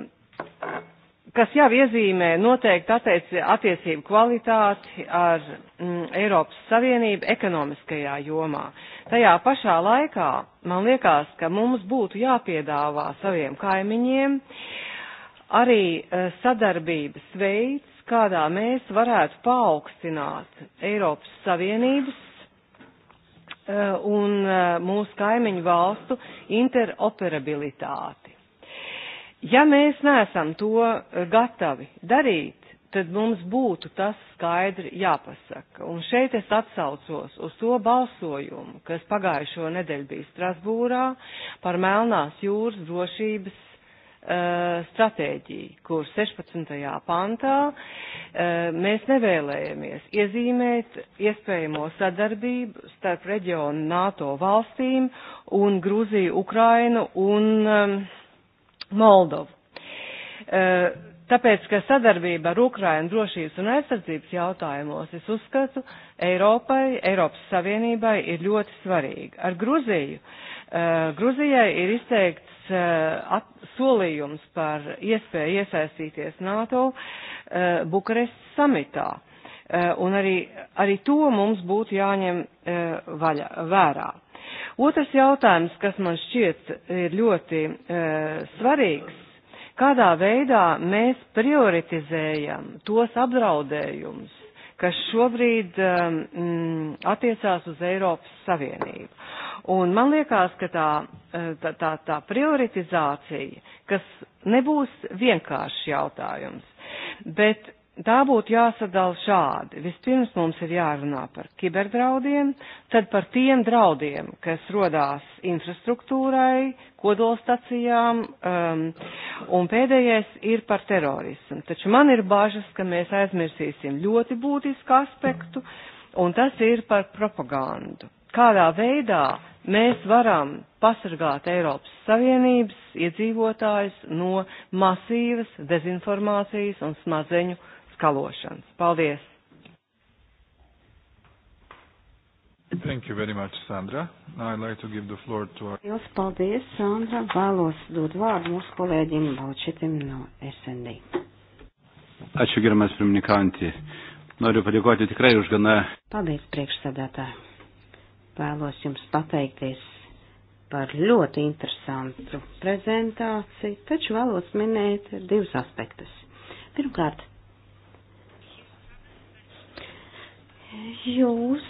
kas jau iezīmē noteikti atteic, attiecību kvalitāti ar mm, Eiropas Savienību ekonomiskajā jomā. Tajā pašā laikā man liekas, ka mums būtu jāpiedāvā saviem kaimiņiem arī e, sadarbības veids, kādā mēs varētu paaugstināt Eiropas Savienības e, un e, mūsu kaimiņu valstu interoperabilitāti Ja mēs neesam to eh, gatavi darīt, tad mums būtu tas skaidri jāpasaka. Un šeit es atsaucos uz to balsojumu, kas pagājušo nedēļu bija Strasbūrā par Melnās jūras drošības eh, stratēģiju, kur 16. pantā eh, mēs nevēlējamies iezīmēt iespējamo sadarbību starp reģionu NATO valstīm un Grūziju, Ukrainu un ehm, Moldovu. E, tāpēc, ka sadarbība ar Ukrainu drošības un aizsardzības jautājumos, es uzskatu, Eiropai, Eiropas Savienībai ir ļoti svarīga. Ar Gruziju. E, Gruzijai ir izteikts e, solījums par iespēju iesaistīties NATO Bukarestas samitā. Un arī, arī to mums būtu jāņem vaļa, vērā. Otrs jautājums, kas man šķiet ir ļoti e, svarīgs, kādā veidā mēs prioritizējam tos apdraudējumus, kas šobrīd um, attiecās uz Eiropas Savienību. Un man liekas, ka tā, e, tā, tā, tā prioritizācija, kas nebūs vienkāršs jautājums, bet tā būtu jāsadala šādi. Vispirms mums ir jārunā par kiberdraudiem, tad par tiem draudiem, kas rodās infrastruktūrai, kodolstacijām, um, un pēdējais ir par terorismu. Taču man ir bažas, ka mēs aizmirsīsim ļoti būtisku aspektu, un tas ir par propagandu. Kādā veidā mēs varam pasargāt Eiropas Savienības iedzīvotājus no masīvas dezinformācijas un smadzeņu skalošanas. Paldies! Thank you very much, Sandra. Now I'd like to give the floor to our... Jūs paldies, Sandra. Vēlos dot vārdu mūsu kolēģim Balčitim no SND. Ačiū, gerbiamas pirmininkantį. Noriu padėkoti tikrai už gana. Paldies, priekšsēdētāji. Vēlos jums pateikties par ļoti interesantu prezentāciju, taču vēlos minēt divus aspektus. Pirmkārt, Jūs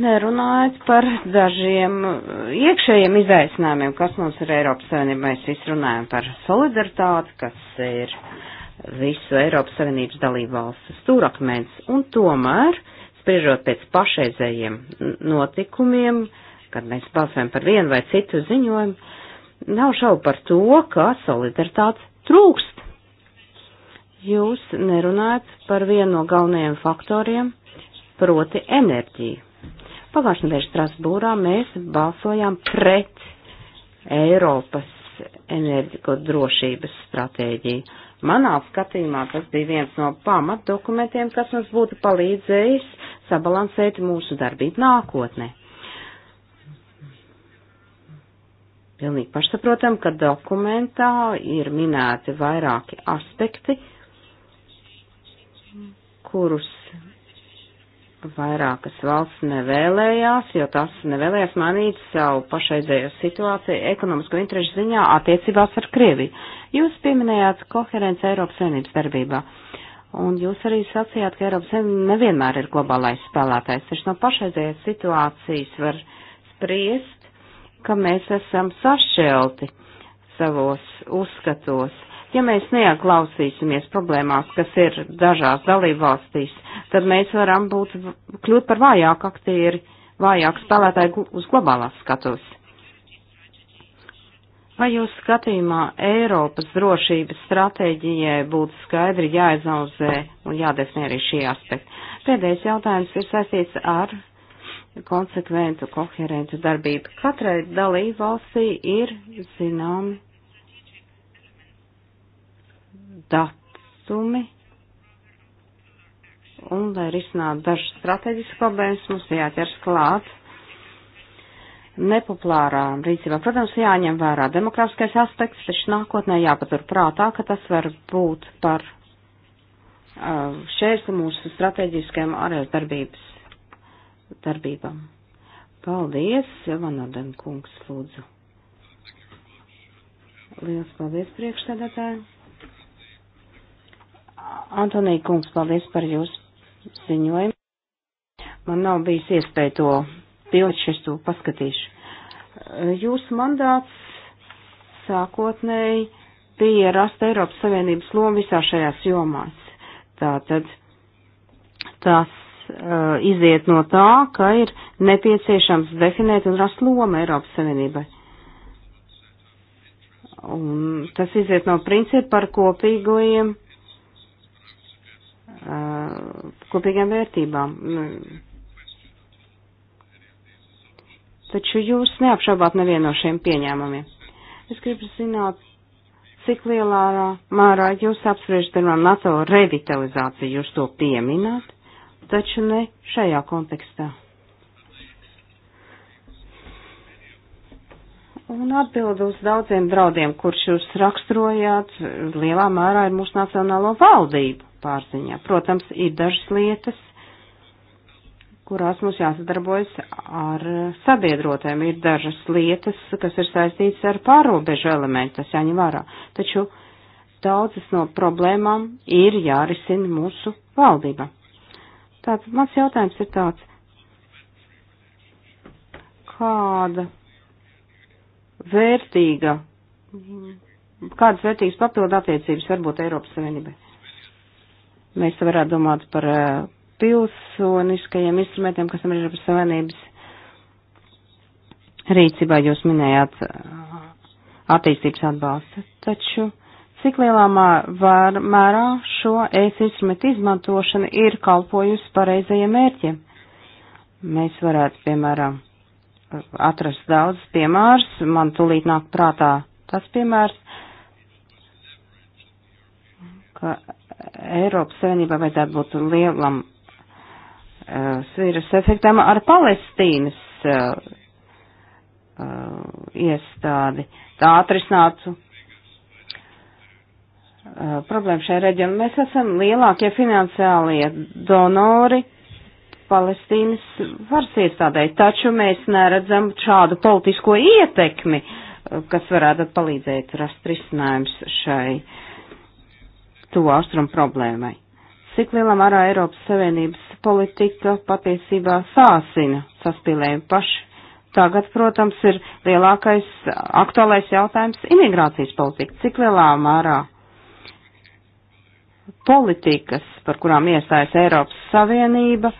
nerunājat par dažiem iekšējiem izaicinājumiem, kas mums ir Eiropas Savienība. Mēs visi runājam par solidaritāti, kas ir visu Eiropas Savienības dalību valsts stūrakmens. Un tomēr, spriežot pēc pašreizējiem notikumiem, kad mēs balsojam par vienu vai citu ziņojumu, nav šaubu par to, ka solidaritātes trūkst. Jūs nerunājat par vienu no galvenajiem faktoriem proti enerģiju. Pagājušajā nedēļā Strasbūrā mēs balsojām pret Eiropas enerģiko drošības stratēģiju. Manā skatījumā tas bija viens no pamatdokumentiem, kas mums būtu palīdzējis sabalansēt mūsu darbību nākotnē. Pilnīgi pašsaprotam, ka dokumentā ir minēti vairāki aspekti, kurus vairākas valsts nevēlējās, jo tas nevēlējās mainīt savu pašreizējo situāciju ekonomisko interešu ziņā attiecībās ar Krieviju. Jūs pieminējāt koherenci Eiropas Savienības darbībā. Un jūs arī sacījāt, ka Eiropas Savienība nevienmēr ir globālais spēlētājs, taču no pašreizējās situācijas var spriest, ka mēs esam sašķelti savos uzskatos Ja mēs neaklausīsimies problēmās, kas ir dažās dalībvalstīs, tad mēs varam būt, kļūt par vājāku aktieri, vājāku spēlētāju uz globālās skatos. Vai jūs skatījumā Eiropas drošības stratēģijai būtu skaidri jāizauzē un jādefinē arī šī aspekta? Pēdējais jautājums ir saistīts ar konsekventu, koherentu darbību. Katrai dalību valstī ir zināmi datumi. Un, lai risinātu dažas strateģiskas problēmas, mums jāķers klāt nepopulārām rīcībām. Protams, jāņem vērā demokrātiskais aspekts, taču nākotnē jāpatur prātā, ka tas var būt par uh, šķērsli mūsu strateģiskajām ārējās darbības darbībām. Paldies, Vanorden kungs, lūdzu. Liels paldies priekšstādātājiem. Antonija Kungs, paldies par jūsu ziņojumu. Man nav bijis iespēja to pilnīt, es to paskatīšu. Jūsu mandāts sākotnēji bija rast Eiropas Savienības lomu visā šajās jomās. Tātad tas uh, iziet no tā, ka ir nepieciešams definēt un rast lomu Eiropas Savienībai. Un tas iziet no principa par kopīgajiem Uh, kopīgām vērtībām. Taču jūs neapšaubāt nevienu no šiem pieņēmumiem. Es gribu zināt, cik lielā mērā jūs apspriežat ar NATO revitalizāciju, jūs to pieminat, taču ne šajā kontekstā. Un atbild uz daudziem draudiem, kurš jūs raksturojāt, lielā mērā ir mūsu nacionālo valdību pārziņā. Protams, ir dažas lietas, kurās mums jāsadarbojas ar sabiedrotēm. Ir dažas lietas, kas ir saistītas ar pārobežu elementu, tas jāņem vērā. Taču daudzas no problēmām ir jārisina mūsu valdība. Tāds mans jautājums ir tāds, kāda vērtīga, kādas vērtīgas papildu attiecības var būt Eiropas Savienībai? Mēs varētu domāt par eh, pilsoniskajiem instrumentiem, kas ir Eiropas Savienības rīcībā, jūs minējāt eh, attīstības atbalstu. Taču cik lielā var, mērā šo ēs instrumentu izmantošana ir kalpojusi pareizajiem mērķiem? Mēs varētu, piemēram, atrast daudz piemērs, man tulīt nāk prātā tas piemērs, ka Eiropas Savienībā vajadzētu būt lielam uh, eh, svīras efektam ar Palestīnas uh, uh, iestādi. Tā atrisinātu uh, problēmu šajā reģionā. Mēs esam lielākie finansiālie donori Palestīnas varas iestādē, taču mēs neredzam šādu politisko ietekmi, uh, kas varētu palīdzēt rast risinājums šai uh, to austrumu problēmai. Cik lielā mērā Eiropas Savienības politika patiesībā sāsina saspīlējumu paši. Tagad, protams, ir lielākais aktuālais jautājums imigrācijas politika. Cik lielā mērā politikas, par kurām iestājas Eiropas Savienība,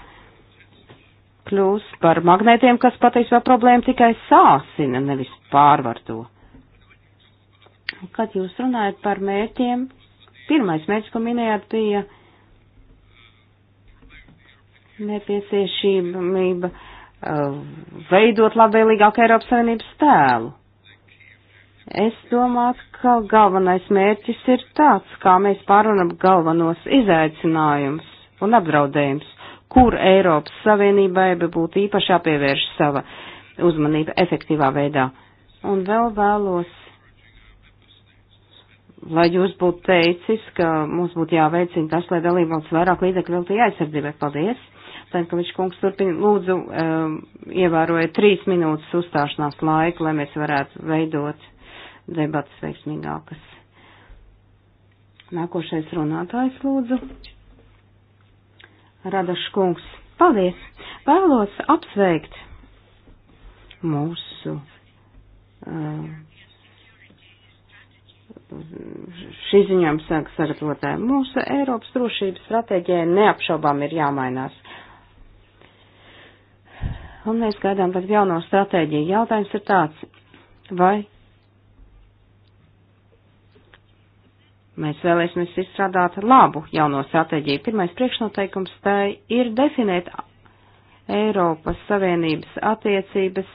kļūs par magnētiem, kas patiesībā problēmu tikai sāsina, nevis pārvar to. Kad jūs runājat par mērķiem, Pirmais mērķis, ko minējāt, bija nepieciešamība uh, veidot labvēlīgāku Eiropas Savienības tēlu. Es domāju, ka galvenais mērķis ir tāds, kā mēs pārunam galvenos izaicinājumus un apdraudējumus, kur Eiropas Savienībai būtu īpaši jāpievērš sava uzmanība efektīvā veidā. Un vēl vēlos lai jūs būtu teicis, ka mums būtu jāveicina tas, lai dalībvalsts vairāk līdzekļu veltīja aizsardzībai. Paldies! Sankovičs kungs turpina, lūdzu, um, ievēroja trīs minūtes uzstāšanās laiku, lai mēs varētu veidot debatas veiksmīgākas. Nākošais runātājs, lūdzu. Radašs kungs, paldies! Vēlos apsveikt mūsu. Um, šī ziņojuma sagatavotāja. Mūsu Eiropas drošības stratēģijai neapšaubām ir jāmainās. Un mēs gaidām pat jauno stratēģiju. Jautājums ir tāds, vai mēs vēlēsimies izstrādāt labu jauno stratēģiju. Pirmais priekšnoteikums tai ir definēt Eiropas Savienības attiecības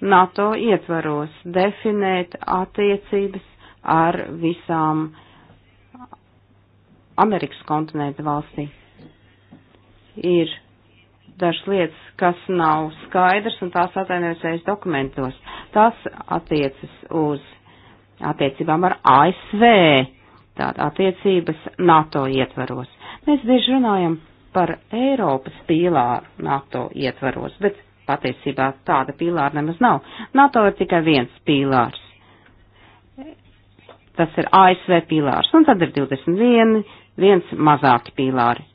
NATO ietvaros, definēt attiecības ar visām Amerikas kontinenta valstī. Ir dažas lietas, kas nav skaidrs un tās atainojas dokumentos. Tas attiecas uz attiecībām ar ASV, tātad attiecības NATO ietvaros. Mēs bieži runājam par Eiropas pīlāru NATO ietvaros, bet patiesībā tāda pīlāra nemaz nav. NATO ir tikai viens pīlārs. Tas ir ASV pīlārs, un tad ir 21, viens mazāki pīlāri.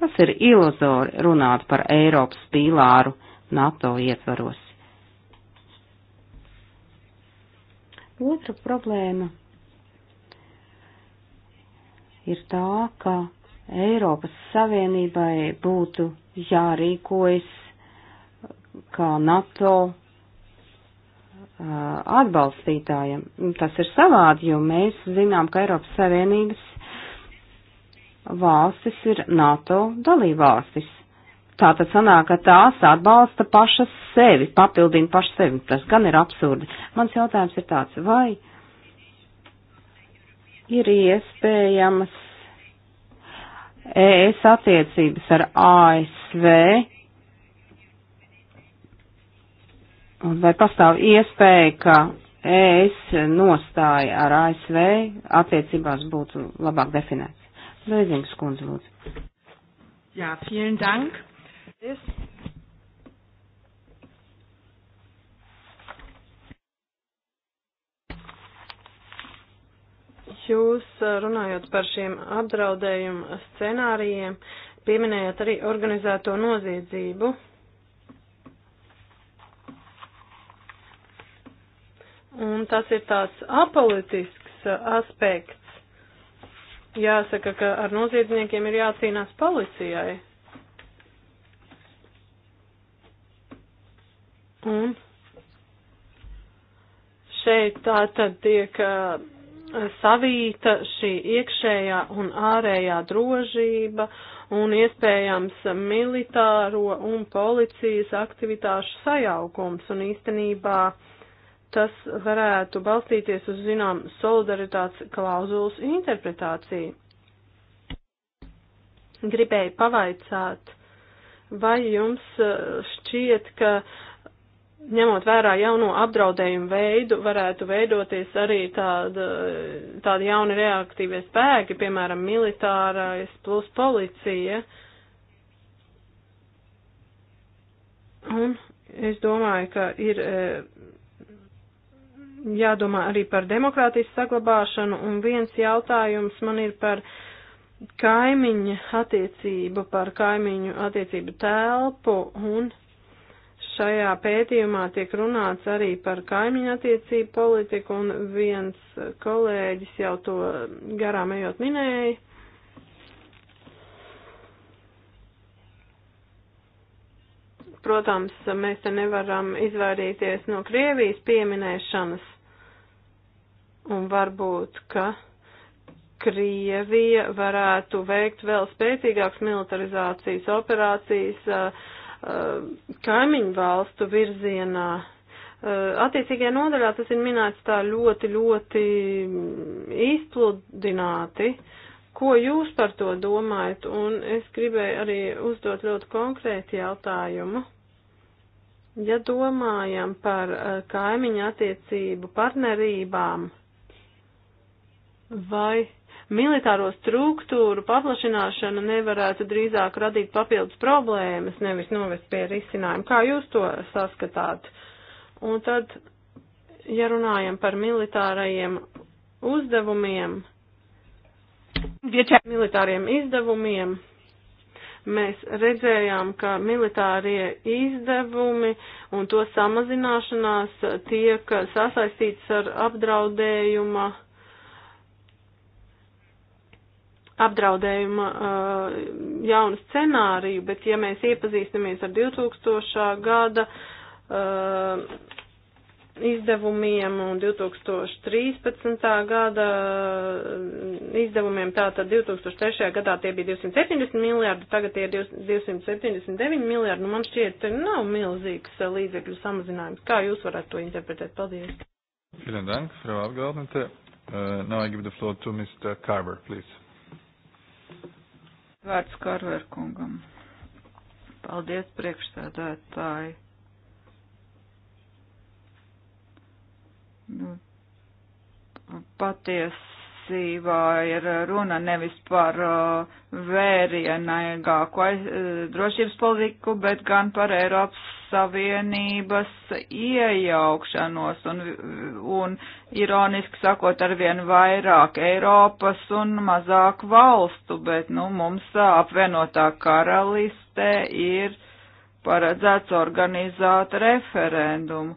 Tas ir iluzori runāt par Eiropas pīlāru NATO ietvaros. Otra problēma ir tā, ka Eiropas Savienībai būtu jārīkojas kā NATO Uh, atbalstītājiem. Tas ir savādi, jo mēs zinām, ka Eiropas Savienības valstis ir NATO dalībvalstis. Tātad sanāk, ka tās atbalsta pašas sevi, papildina pašas sevi. Tas gan ir absurdi. Mans jautājums ir tāds, vai ir iespējamas ES attiecības ar ASV Un vai pastāv iespēja, ka ES nostāja ar ASV attiecībās būtu labāk definēts? Lēzings kundze, lūdzu. Jā, vielen dank. Es... Jūs uh, runājot par šiem apdraudējumu scenārijiem, pieminējat arī organizēto noziedzību. Un tas ir tās apolitisks uh, aspekts. Jāsaka, ka ar noziedzniekiem ir jācīnās policijai. Un šeit tā tad tiek uh, savīta šī iekšējā un ārējā drošība un iespējams militāro un policijas aktivitāšu sajaukums un īstenībā uh, tas varētu balstīties uz, zinām, solidaritātes klauzulas interpretāciju. Gribēju pavaicāt, vai jums eh, šķiet, ka ņemot vērā jauno apdraudējumu veidu, varētu veidoties arī tāda, tāda jauna reaktīvie spēki, piemēram, militārais plus policija. Un es domāju, ka ir. E, jādomā arī par demokrātijas saglabāšanu, un viens jautājums man ir par kaimiņu attiecību, par kaimiņu attiecību telpu, un šajā pētījumā tiek runāts arī par kaimiņu attiecību politiku, un viens kolēģis jau to garām ejot minēja. protams, mēs te nevaram izvairīties no Krievijas pieminēšanas. Un varbūt, ka Krievija varētu veikt vēl spēcīgākas militarizācijas operācijas uh, uh, kaimiņu valstu virzienā. Uh, attiecīgajā nodaļā tas ir minēts tā ļoti, ļoti izpludināti. Ko jūs par to domājat? Un es gribēju arī uzdot ļoti konkrēti jautājumu. Ja domājam par uh, kaimiņu attiecību partnerībām, uh, Vai militāro struktūru paplašināšana nevarētu drīzāk radīt papildus problēmas, nevis novest pie risinājuma? Kā jūs to saskatāt? Un tad, ja runājam par militārajiem uzdevumiem, militāriem izdevumiem, mēs redzējām, ka militārie izdevumi un to samazināšanās tiek sasaistīts ar apdraudējuma apdraudējuma uh, jaunu scenāriju, bet ja mēs iepazīstamies ar 2000. gada uh, izdevumiem un 2013. gada uh, izdevumiem, tātad 2003. gadā tie bija 270 miljārdi, tagad tie ir 279 miljārdi, nu man šķiet nav milzīgs uh, līdzekļu samazinājums. Kā jūs varētu to interpretēt? Paldies. Vielen Dank, Frau Abgeordnete. Uh, now I give the floor to Mr. Carver, please. Vārds Karverkungam. Paldies, priekšsēdētāji. Nu, patiesībā ir runa nevis par uh, vērienīgāku uh, drošības politiku, bet gan par Eiropas Savienības iejaukšanos un, un ironiski sakot, arvien vairāk Eiropas un mazāk valstu, bet, nu, mums apvienotā karalistē ir paredzēts organizēt referendumu.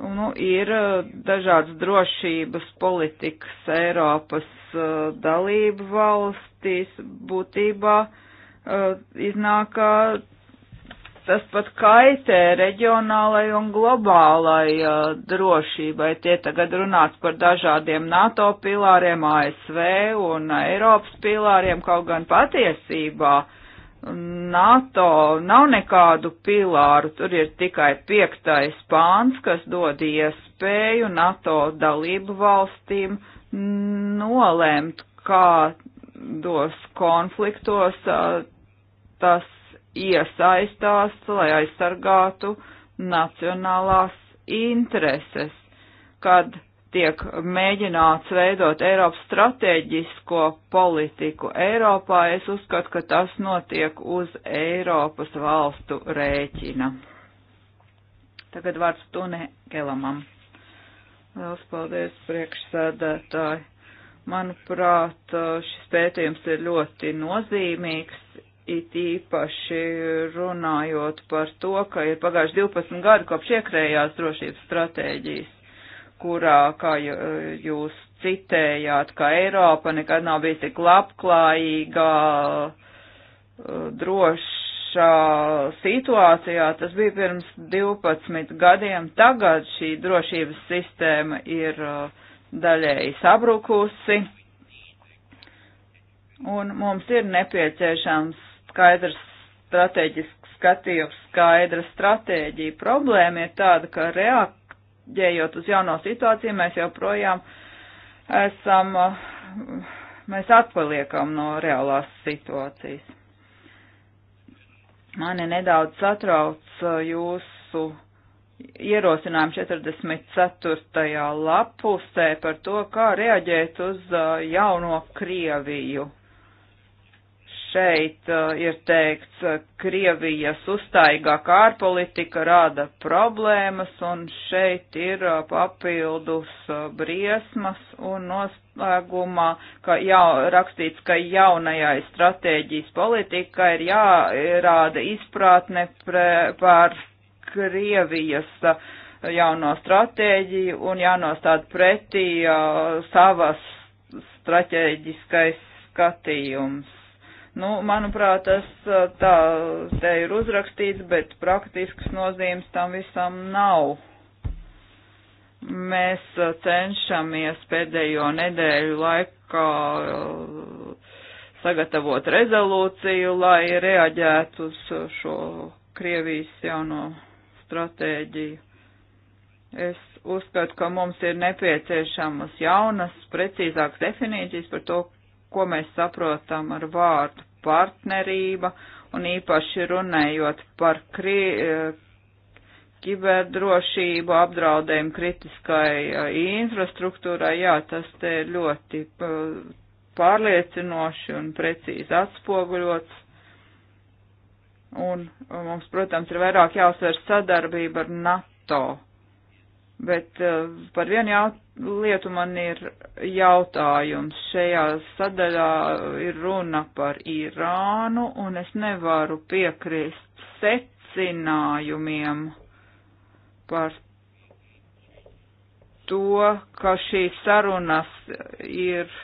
Nu, ir dažādas drošības politikas Eiropas uh, dalību valstīs būtībā. Uh, iznāk, ka tas pat kaitē reģionālai un globālai uh, drošībai. Tie tagad runāts par dažādiem NATO pilāriem, ASV un Eiropas pilāriem, kaut gan patiesībā NATO nav nekādu pilāru, tur ir tikai piektais pāns, kas dod iespēju NATO dalību valstīm nolēmt, kā dos konfliktos uh, tas iesaistās, lai aizsargātu nacionālās intereses, kad tiek mēģināts veidot Eiropas strateģisko politiku Eiropā, es uzskatu, ka tas notiek uz Eiropas valstu rēķina. Tagad vārds Tune Kelamam. Lielas paldies, priekšsēdētāji. Manuprāt, šis pētījums ir ļoti nozīmīgs, it īpaši runājot par to, ka ir pagājuši 12 gadi kopš iekrējās drošības stratēģijas, kurā, kā jūs citējāt, ka Eiropa nekad nav bijusi tik labklājīga, droša situācijā. Tas bija pirms 12 gadiem. Tagad šī drošības sistēma ir daļēji sabrukusi un mums ir nepieciešams skaidrs strateģisks skatījums, skaidra stratēģija. Problēma ir tāda, ka reaģējot uz jauno situāciju, mēs joprojām esam, mēs atpaliekam no reālās situācijas. Mani nedaudz satrauc uh, jūsu ierosinājumu 44. lapusē par to, kā reaģēt uz uh, jauno Krieviju šeit uh, ir teikts, uh, Krievijas uztaigā kārpolitika rada problēmas, un šeit ir uh, papildus uh, briesmas, un noslēgumā, ka jau rakstīts, ka jaunajai stratēģijas politikai ir jārāda izprātne pre, par Krievijas uh, jauno stratēģiju un jānostāda pretī uh, savas stratēģiskais skatījums Nu, manuprāt, tas tā te ir uzrakstīts, bet praktisks nozīmes tam visam nav. Mēs cenšamies pēdējo nedēļu laikā sagatavot rezolūciju, lai reaģētu uz šo Krievijas jauno stratēģiju. Es uzskatu, ka mums ir nepieciešamas jaunas, precīzākas definīcijas par to, ko mēs saprotam ar vārdu partnerība, un īpaši runējot par kri, eh, kiberdrošību, apdraudējumu kritiskai eh, infrastruktūrai, jā, tas te ir ļoti eh, pārliecinoši un precīzi atspoguļots. Un mums, protams, ir vairāk jāuzsver sadarbība ar NATO Bet eh, par vienu jaut, lietu man ir jautājums. Šajā sadaļā ir runa par Irānu, un es nevaru piekrist secinājumiem par to, ka šīs sarunas ir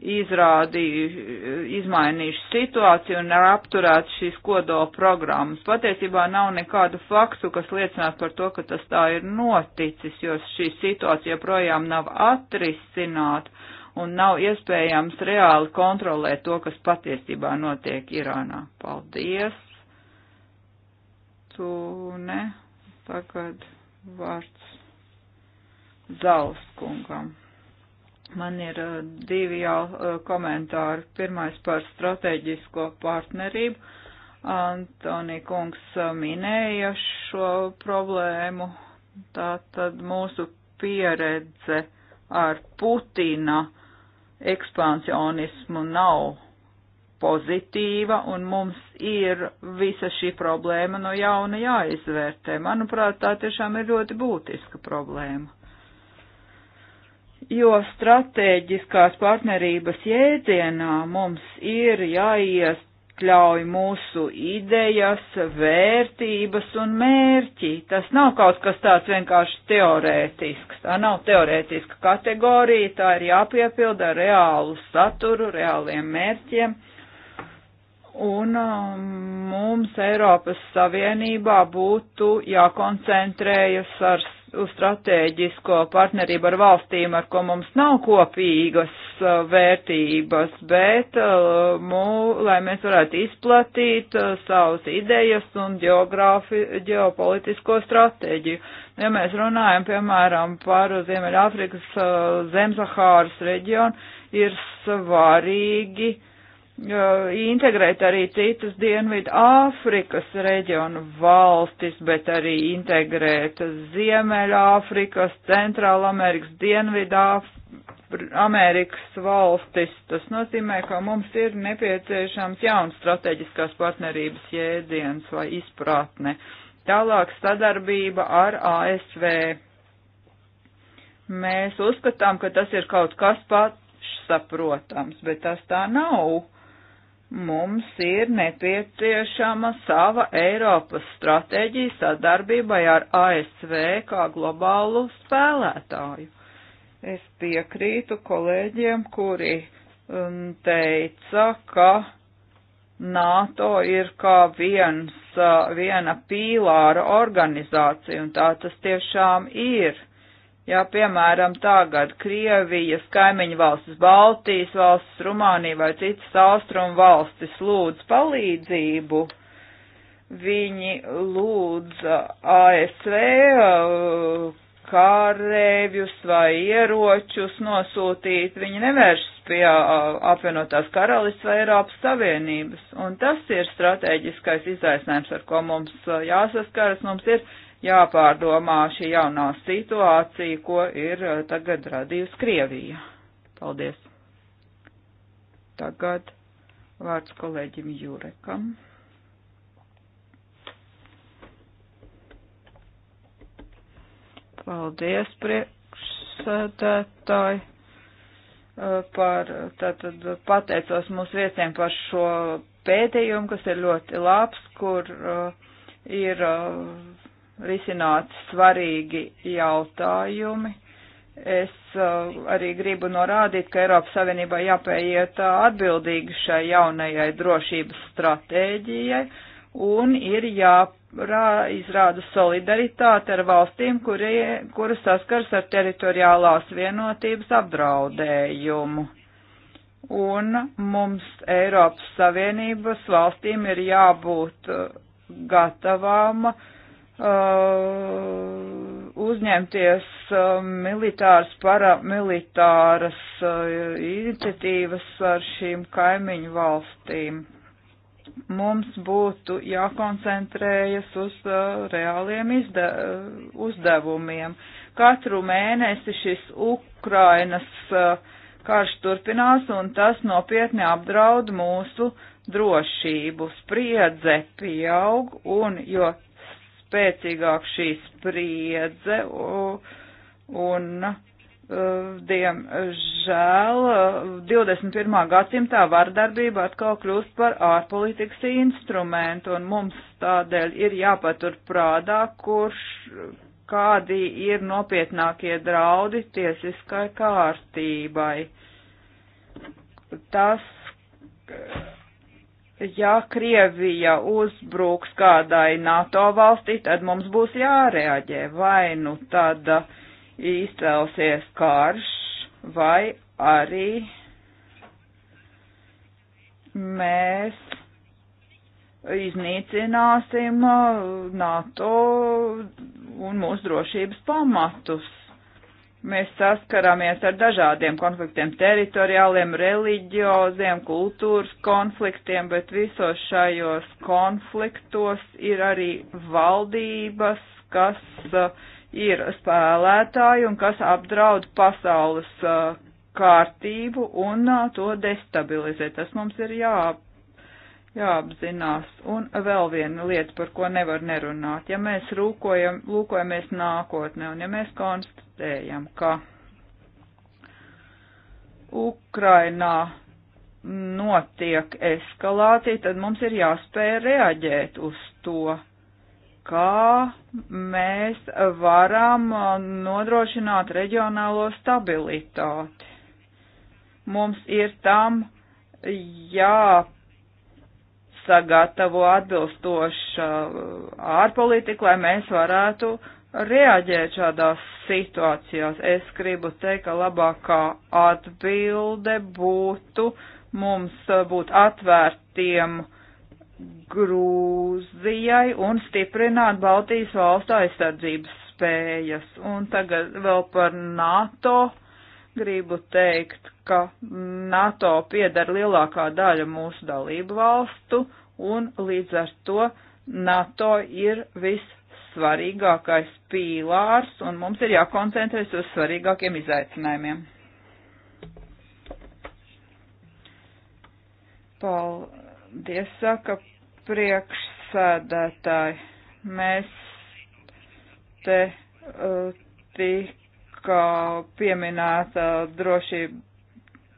izrādīju, izmainījuši situāciju un ir apturēts šīs kodola programmas. Patiesībā nav nekādu faktu, kas liecinās par to, ka tas tā ir noticis, jo šī situācija projām nav atrisināta un nav iespējams reāli kontrolēt to, kas patiesībā notiek Irānā. Paldies! Tu ne, tagad vārds Zauskungam. Man ir uh, divi jau uh, komentāri. Pirmais par strateģisko partnerību. Antoni Kungs uh, minēja šo problēmu. Tā tad mūsu pieredze ar Putina ekspansionismu nav pozitīva, un mums ir visa šī problēma no jauna jāizvērtē. Manuprāt, tā tiešām ir ļoti būtiska problēma jo stratēģiskās partnerības jēdzienā mums ir jāieskļauj mūsu idejas, vērtības un mērķi. Tas nav kaut kas tāds vienkārši teorētisks. Tā nav teorētiska kategorija, tā ir jāpiepilda reālu saturu, reāliem mērķiem. Un um, mums Eiropas Savienībā būtu jākoncentrējas ar uz strateģisko partnerību ar valstīm, ar ko mums nav kopīgas uh, vērtības, bet uh, mū, lai mēs varētu izplatīt uh, savus idejas un geogrāfi, ģeopolitisko stratēģiju. Ja mēs runājam, piemēram, par Ziemeļāfrikas Zemzahāras reģionu, ir svarīgi uh, integrēt arī citas Dienvidu Āfrikas reģionu valstis, bet arī integrēt Ziemeļa Āfrikas, Centrāla Amerikas, Dienvidu Amerikas valstis. Tas nozīmē, ka mums ir nepieciešams jauns strateģiskās partnerības jēdziens vai izpratne. Tālāk sadarbība ar ASV. Mēs uzskatām, ka tas ir kaut kas pats saprotams, bet tas tā nav mums ir nepieciešama sava Eiropas stratēģija sadarbībai ar ASV kā globālu spēlētāju. Es piekrītu kolēģiem, kuri um, teica, ka NATO ir kā viens, uh, viena pīlāra organizācija, un tā tas tiešām ir Ja, piemēram, tagad Krievijas kaimiņu valstis, Baltijas valstis, Rumānija vai citas austrumu valstis lūdz palīdzību, viņi lūdz uh, ASV uh, kārēvjus vai ieročus nosūtīt, viņi nevēršas pie uh, apvienotās karalists vai Eiropas Savienības. Un tas ir strateģiskais izaicinājums, ar ko mums jāsaskaras. Mums ir jāpārdomā šī jaunā situācija, ko ir eh, tagad radījusi Krievija. Paldies. Tagad vārds kolēģim Jurekam. Paldies, priekšsēdētāji eh, par, tātad pateicos mūsu viesiem par šo pētījumu, kas ir ļoti labs, kur uh, ir uh, risināt svarīgi jautājumi. Es uh, arī gribu norādīt, ka Eiropas Savienībā jāpējiet uh, atbildīgi šai jaunajai drošības stratēģijai un ir jāizrāda solidaritāte ar valstīm, kuri, kuras saskars ar teritoriālās vienotības apdraudējumu. Un mums Eiropas Savienības valstīm ir jābūt uh, gatavām uh, Uh, uzņemties uh, militāras, paramilitāras uh, iniciatīvas ar šīm kaimiņu valstīm. Mums būtu jākoncentrējas uz uh, reāliem izde uh, uzdevumiem. Katru mēnesi šis Ukrainas uh, karš turpinās un tas nopietni apdraud mūsu drošību. Spriedze pieaug un jo spēcīgāk šī spriedze un, diemžēl, 21. gadsimtā vardarbība atkal kļūst par ārpolitikas instrumentu un mums tādēļ ir jāpatur prādā, kurš, kādi ir nopietnākie draudi tiesiskai kārtībai. Tas, ja Krievija uzbruks kādai NATO valstī, tad mums būs jārēģē. Vai nu tad izcelsies karš, vai arī mēs iznīcināsim uh, NATO un mūsu drošības pamatus. Mēs saskaramies ar dažādiem konfliktiem - teritoriāliem, reliģioziem, kultūras konfliktiem, bet visos šajos konfliktos ir arī valdības, kas uh, ir spēlētāji un kas apdraud pasaules uh, kārtību un uh, to destabilizē. Tas mums ir jā, jāapzinās. Un vēl viena lieta, par ko nevar nerunāt. Ja mēs rūkojam, lūkojamies nākotnē un ja mēs konstatējam, konstatējam, ka Ukrainā notiek eskalācija, tad mums ir jāspēj reaģēt uz to, kā mēs varam nodrošināt reģionālo stabilitāti. Mums ir tam jāsagatavo atbilstoša ārpolitika, lai mēs varētu uh, reaģēt šādās situācijās. Es gribu teikt, ka labākā atbilde būtu mums uh, būt atvērtiem Grūzijai un stiprināt Baltijas valstu aizsardzības spējas. Un tagad vēl par NATO gribu teikt, ka NATO piedara lielākā daļa mūsu dalību valstu un līdz ar to NATO ir viss svarīgākais pīlārs, un mums ir jākoncentrēs uz svarīgākiem izaicinājumiem. Paldies, saka priekšsēdētāji. Mēs te uh, tika pieminēta drošība,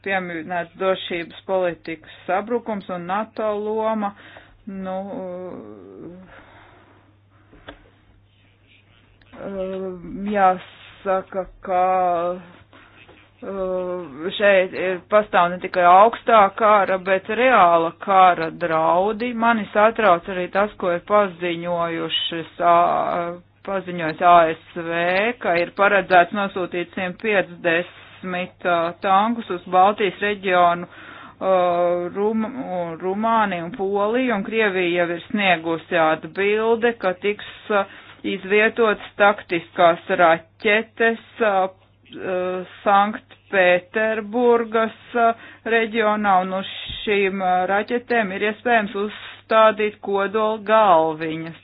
pieminēts drošības politikas sabrukums un NATO loma. Nu, uh, Ehm, jāsaka, ka ehm, šeit ir eh, pastāv ne tikai augstā kara, bet reāla kara draudi. Mani satrauc arī tas, ko ir paziņojušas, paziņojis ASV, ka ir paredzēts nosūtīt 150 tankus uz Baltijas reģionu. Rum, Rumāniju un Poliju, un Krievija jau ir sniegusi atbilde, ka tiks uh, izvietots taktiskās raķetes Sanktpēterburgas reģionā, un uz šīm raķetēm ir iespējams uzstādīt kodola galviņas.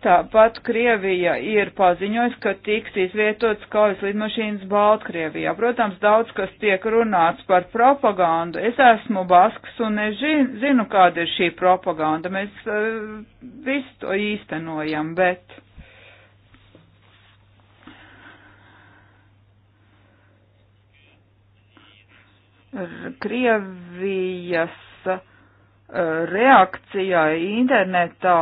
Tāpat Krievija ir paziņojusi, ka tiks izvietots kaujas lidmašīnas Baltkrievijā. Protams, daudz kas tiek runāts par propagandu. Es esmu Basks un es zinu, kāda ir šī propaganda. Mēs uh, visu to īstenojam, bet. Krievijas reakcijai internetā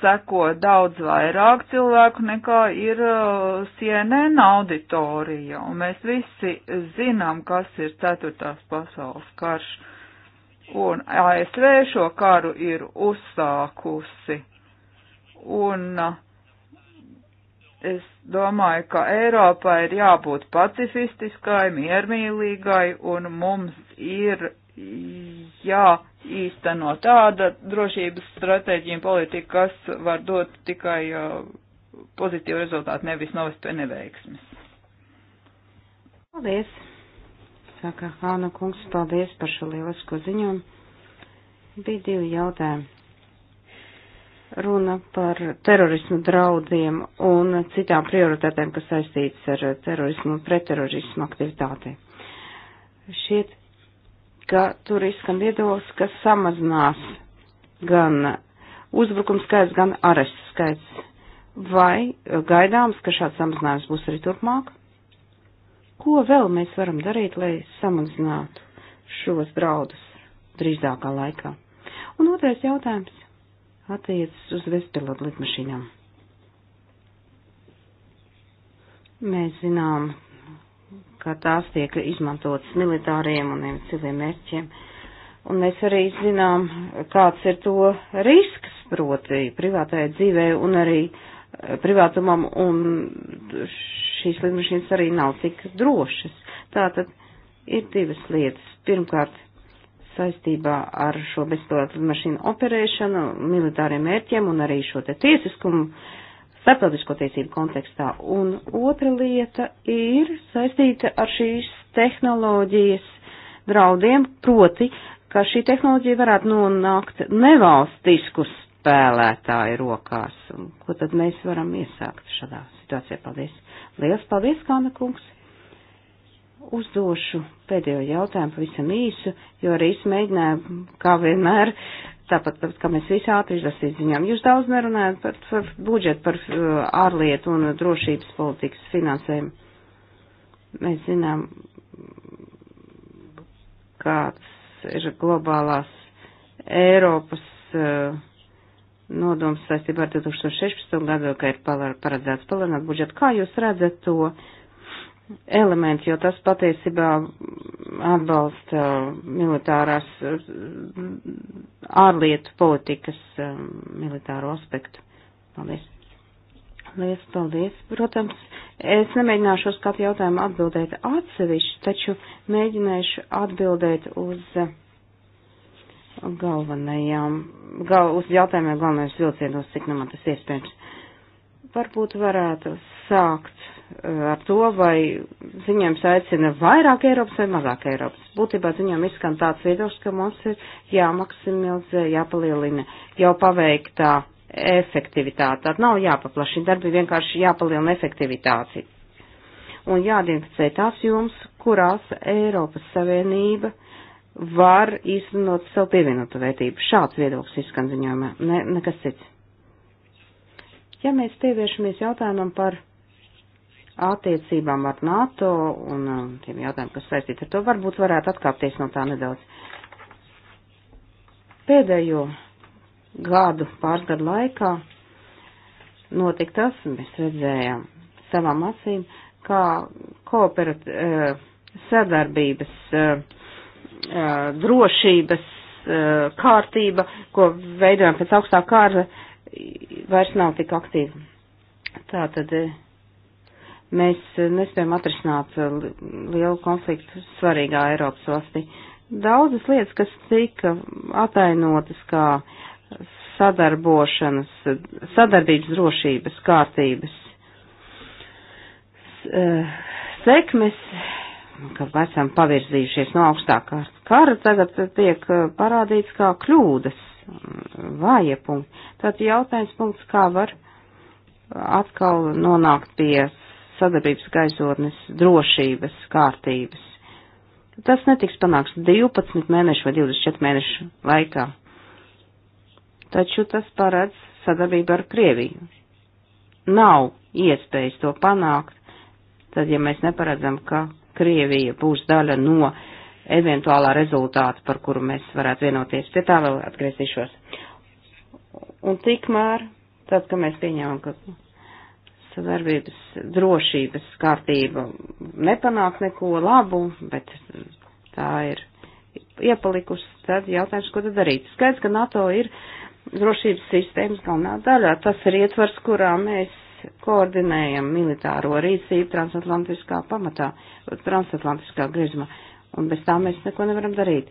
seko daudz vairāk cilvēku nekā ir uh, CNN auditorija, un mēs visi zinām, kas ir ceturtās pasaules karš, un ASV šo karu ir uzsākusi, un uh, es domāju, ka Eiropā ir jābūt pacifistiskai, miermīlīgai, un mums ir jāīsteno tāda drošības stratēģija un politika, kas var dot tikai uh, pozitīvu rezultātu, nevis novest pie neveiksmes. Paldies! Saka Hāna kungs, paldies par šo lielisko ziņojumu. Bija divi jautājumi. Runa par terorismu draudiem un citām prioritātēm, kas saistītas ar terorismu un pretterorismu aktivitātēm. Šiet ka tur izskan viedoklis, ka samazinās gan uzbrukums skaits, gan arestu skaits. Vai eh, gaidāms, ka šāds samazinājums būs arī turpmāk? Ko vēl mēs varam darīt, lai samazinātu šos draudus drīzākā laikā? Un otrais jautājums attiecas uz bezpilotu lidmašīnām. Mēs zinām, ka tās tiek izmantotas militāriem un civiliem mērķiem. Un mēs arī zinām, kāds ir to risks, proti, privātajai dzīvē un arī eh, privātumam, un šīs lidmašīnas arī nav tik drošas. Tātad ir divas lietas. Pirmkārt, saistībā ar šo bezpilotu lidmašīnu operēšanu, militāriem mērķiem un arī šo te tiesiskumu uh, starptautisko tiesību kontekstā. Un otra lieta ir saistīta ar šīs tehnoloģijas draudiem, proti, ka šī tehnoloģija varētu nonākt nevalstiskus spēlētāju rokās. Un, ko tad mēs varam iesākt šādā situācijā? Paldies! Liels paldies, Kāna kungs! Uzdošu pēdējo jautājumu pavisam īsu, jo arī es mēģināju, kā vienmēr, uh, tāpat, kā mēs visi ātri izlasīt ziņām. Jūs daudz nerunājat par, par budžetu, par uh, ārlietu un drošības politikas finansējumu. Mēs zinām, kāds ir globālās Eiropas uh, nodoms saistībā ar 2016. gadu, ka ir paredzēts palielināt budžetu. Kā jūs redzat to elementi, jo tas patiesībā atbalsta militārās ārlietu politikas um, militāro aspektu. Paldies. Liels paldies. Protams, es nemēģināšu uz katru jautājumu atbildēt atsevišķi, taču mēģināšu atbildēt uz galvenajām, gal, uz jautājumiem galvenajos vilcienos, cik nu man tas iespējams. Varbūt varētu sākt ar to, vai ziņojums aicina vairāk Eiropas vai mazāk Eiropas. Būtībā ziņām izskan tāds viedoklis, ka mums ir jāmaksimilizē, jāpalielina jau paveiktā efektivitāte. Tad nav jāpaplašina darbi, vienkārši jāpalielina efektivitāti. Un jāidentificē tās jums, kurās Eiropas Savienība var īstenot savu pievienotu vērtību. Šāds viedoklis izskan ziņojumā, ne, nekas cits. Ja mēs pievēršamies jautājumam par attiecībām ar NATO un um, tiem jautājumiem, kas saistīti ar to, varbūt varētu atkāpties no tā nedaudz. Pēdējo gadu, pāris gadu laikā notika tas, mēs redzējām savām acīm, kā kooperat, eh, sadarbības, eh, eh, drošības kārtība, ko veidojam pēc augstā kāra, vairs nav tik aktīva. Tā tad mēs eh, nespējam atrisināt eh, lielu konfliktu svarīgā Eiropas valstī. Daudzas lietas, kas tika atainotas kā sadarbošanas, sadarbības drošības kārtības eh, sekmes, ka esam pavirzījušies no augstākā kara, tagad tiek parādīts kā kļūdas, vāja punkti. Tad jautājums punkts, kā var atkal nonākt pie sadarbības gaisotnes drošības kārtības. Tas netiks panāks 12 mēnešu vai 24 mēnešu laikā. Taču tas paredz sadarbību ar Krieviju. Nav iespējas to panākt, tad ja mēs neparedzam, ka Krievija būs daļa no eventuālā rezultāta, par kuru mēs varētu vienoties. Pie tā vēl atgriezīšos. Un tikmēr, tad, kad mēs pieņemam, ka sadarbības drošības kārtība nepanāk neko labu, bet tā ir iepalikusi, tad jautājums, ko tad darīt. Skaidrs, ka NATO ir drošības sistēmas galvenā daļā. Tas ir ietvars, kurā mēs koordinējam militāro rīcību transatlantiskā pamatā, transatlantiskā grizma, un bez tā mēs neko nevaram darīt.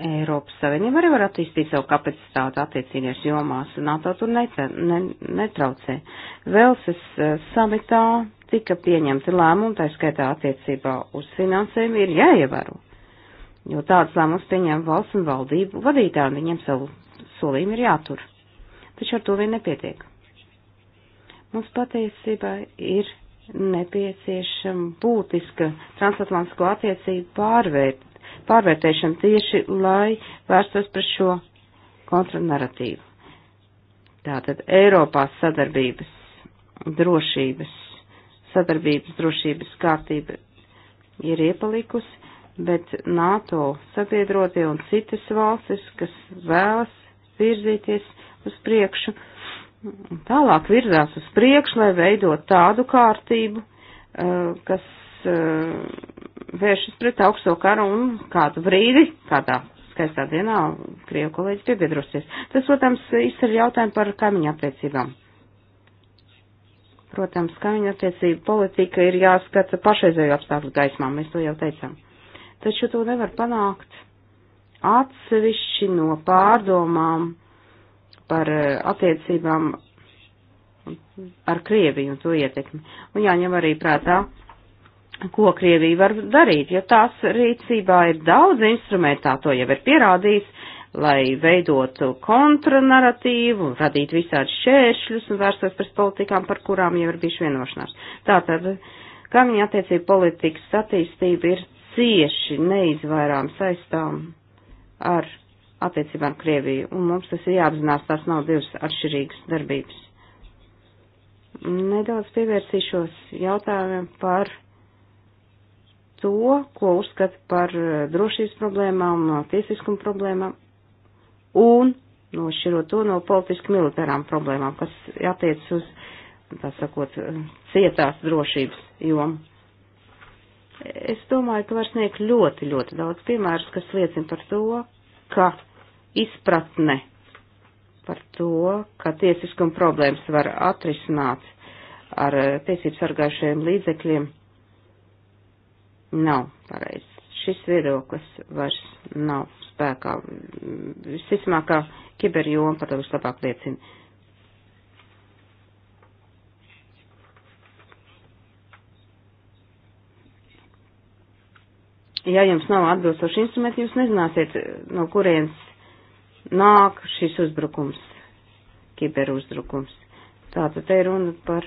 Eiropas Savienība arī var attīstīt savu kapacitāti attiecīgajās jomās, un NATO tur neca, ne, netraucē. Velses eh, samitā tika pieņemti lēmumi, tā skaitā attiecībā uz finansējumu ir jāievēro, jo tāds lēmums pieņem valsts un valdību vadītāji, un viņiem savu solījumu ir jātur. Taču ar to vien nepietiek. Mums patiesībā ir nepieciešama būtiska transatlantisko attiecību pārvērt, pārvērtēšanu tieši, lai vērstos pret šo kontranaratīvu. Tātad Eiropā sadarbības drošības, sadarbības drošības kārtība ir iepalikusi, bet NATO sabiedrotie un citas valstis, kas vēlas virzīties uz priekšu, tālāk virzās uz priekšu, lai veidot tādu kārtību, eh, kas Uh, vēršas pret augsto karu un kādu brīdi, kādā skaistā dienā, Krievu kolēģis piebiedrosies. Tas, protams, izsver jautājumu par kaimiņu attiecībām. Protams, kaimiņu attiecību politika ir jāskata pašreizēju apstākļu gaismā, mēs to jau teicām. Taču to nevar panākt atsevišķi no pārdomām par uh, attiecībām ar Krieviju un to ietekmi. Un jāņem arī prātā ko Krievija var darīt, jo tās rīcībā ir daudz instrumentu, tā to jau ir pierādījis, lai veidotu kontranaratīvu, radītu visādi šķēršļus un vērstos pret politikām, par kurām jau ir bijuši vienošanās. Tātad, kaimiņa attiecība politikas attīstība ir cieši neizvairām saistām ar attiecībām Krieviju, un mums tas ir jāapzinās, tās nav divas atšķirīgas darbības. Nedaudz pievērsīšos jautājumiem par to, ko uzskata par eh, drošības problēmām, tiesiskuma problēmām un nošķirot to no politiski militārām problēmām, kas attiec uz, tā sakot, eh, cietās drošības jomu. Es domāju, ka var sniegt ļoti, ļoti daudz piemērus, kas liecina par to, ka izpratne par to, ka tiesiskuma problēmas var atrisināt ar eh, tiesību sargājušajiem līdzekļiem nav pareizs. Šis viedoklis vairs nav spēkā. Visticamākā kiberjoma par to vislabāk liecina. Ja jums nav atbilstoši instrumenti, jūs nezināsiet, no kurienes nāk šis uzbrukums, kiberuzbrukums. Tātad te ir runa par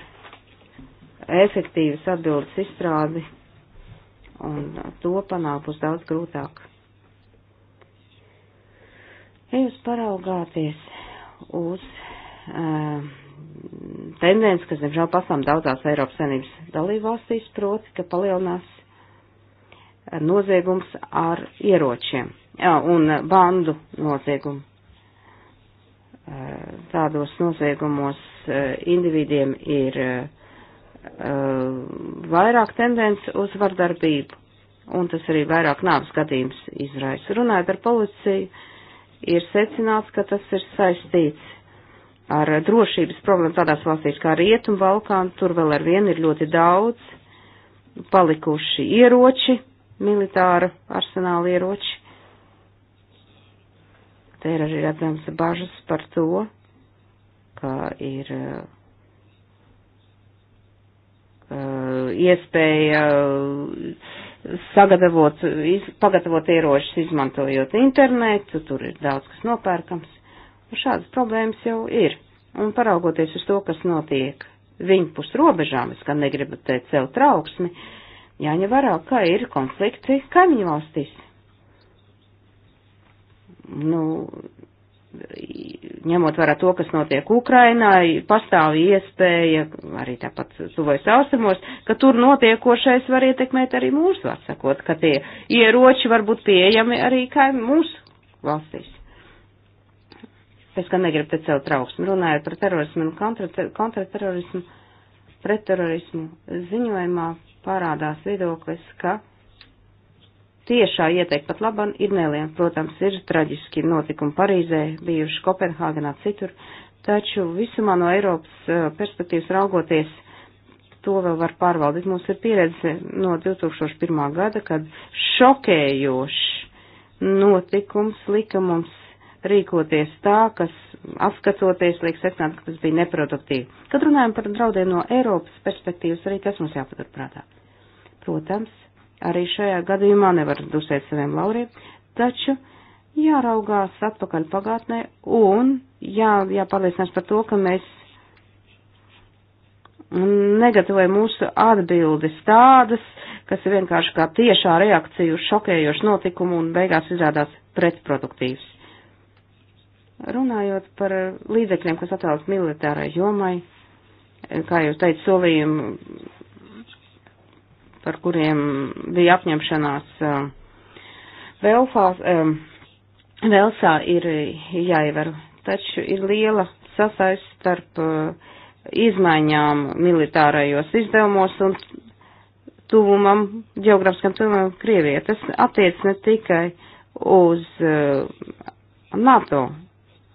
efektīvas atbildes izstrādi un to panākt būs daudz grūtāk. Ja jūs paraugāties uz uh, tendenci, kas, diemžēl, pastāv daudzās Eiropas Savienības dalībvalstīs, proti, ka palielinās eh, noziegums ar ieročiem jā, un eh, bandu noziegumu. Tādos noziegumos individiem ir uh, Uh, vairāk tendence uz vardarbību, un tas arī vairāk nāves gadījums izraisa. Runājot ar policiju, ir secināts, ka tas ir saistīts ar drošības problēmu tādās valstīs kā Rietum Balkāna, tur vēl ar vienu ir ļoti daudz palikuši ieroči, militāra arsenāla ieroči. Te ir arī redzams bažas par to, ka ir uh, Uh, iespēja sagatavot, pagatavot ieročus izmantojot internetu, tur ir daudz kas nopērkams. Un šādas problēmas jau ir. Un paraugoties uz to, kas notiek viņu pus robežām, es gan negribu te celt trauksmi, jāņem vērā, ka ir konflikti kaimiņu valstīs. Nu, ņemot vērā to, kas notiek Ukrainā, pastāv iespēja, arī tāpat tuvojas austrumos, ka tur notiekošais var ietekmēt arī mūsu, var sakot, ka tie ieroči var būt pieejami arī kā mūsu valstīs. Es gan negribu te celt trauksmi, runājot par terorismu un kontraterorismu, kontra pretterorismu ziņojumā parādās viedoklis, ka tiešā ieteikta pat laban ir neliela. Protams, ir traģiski notikumi Parīzē, bijuši Kopenhāgenā citur, taču visumā no Eiropas perspektīvas raugoties, to vēl var pārvaldīt. Mums ir pieredze no 2001. gada, kad šokējošs notikums lika mums rīkoties tā, kas atskatoties liek secināt, ka tas bija neproduktīvi. Kad runājam par draudiem no Eiropas perspektīvas, arī tas mums jāpatur prātā. Protams, Arī šajā gadījumā nevar dusēt saviem lauriem, taču jāraugās atpakaļ pagātnē un jā, jāpārliecinās par to, ka mēs negatavoja mūsu atbildes tādas, kas ir vienkārši kā tiešā reakcija uz šokējošu notikumu un beigās izrādās pretproduktīvs. Runājot par līdzekļiem, kas atvēlēts militārai jomai, kā jūs teicat, solījumi par kuriem bija apņemšanās Velfās, eh, eh, Velsā ir jāievēr. Taču ir liela sasaist starp eh, izmaiņām militārajos izdevumos un tuvumam, geogrāfiskam tuvumam Krievijai. Tas attiec ne tikai uz NATO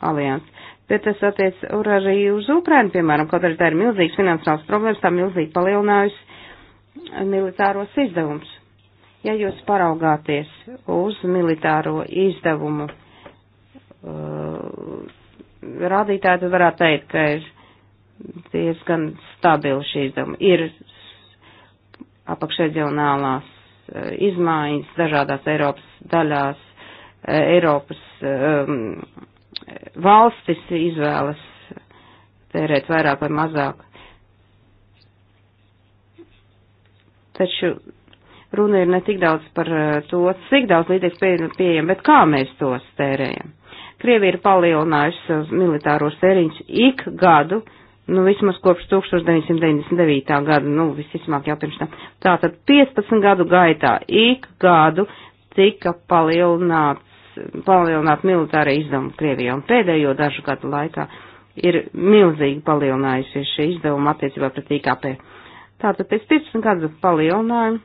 aliansi, bet tas attiec arī uz Ukrainu, piemēram, kaut arī tā ir milzīgas finansiālas problēmas, tā milzīgi palielinājusi militāros izdevumus. Ja jūs paraugāties uz militāro izdevumu uh, rādītāju, tad varētu teikt, ka ir diezgan stabili šī izdevuma. Ir apakšreģionālās uh, izmaiņas dažādās Eiropas daļās, uh, Eiropas um, valstis izvēlas tērēt vairāk vai mazāk Taču runa ir ne tik daudz par eh, to, cik daudz līdzekļu pieejam, pieejam, bet kā mēs tos tērējam. Krievi ir palielinājuši savus militāros tēriņus ik gadu, nu vismaz kopš 1999. gada, nu visticamāk jau pirms tam. Tātad 15 gadu gaitā ik gadu tika palielināts, palielināt militārie izdevumi Krievijā un pēdējo dažu gadu laikā ir milzīgi palielinājusies šie izdevumi attiecībā pret IKP. Tātad pēc 15 gadu palielinājumu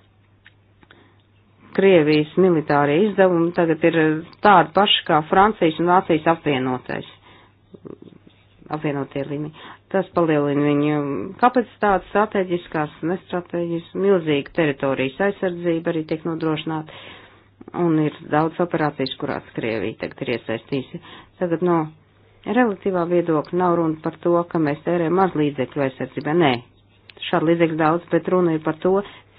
Krievijas militārie izdevumi tagad ir eh, tādi paši kā Francijas un Vācijas apvienotais, apvienotie līmeņi. Tas palielina viņu kapacitātes, strateģiskās, nestrateģiskas, milzīga teritorijas aizsardzība arī tiek nodrošināta. Un ir daudz operācijas, kurās Krievija tagad ir iesaistījusi. Tagad no relatīvā viedokļa nav runa par to, ka mēs tērējam maz līdzekļu aizsardzībai. Nē, šādu līdzekļu daudz, bet runa ir par to,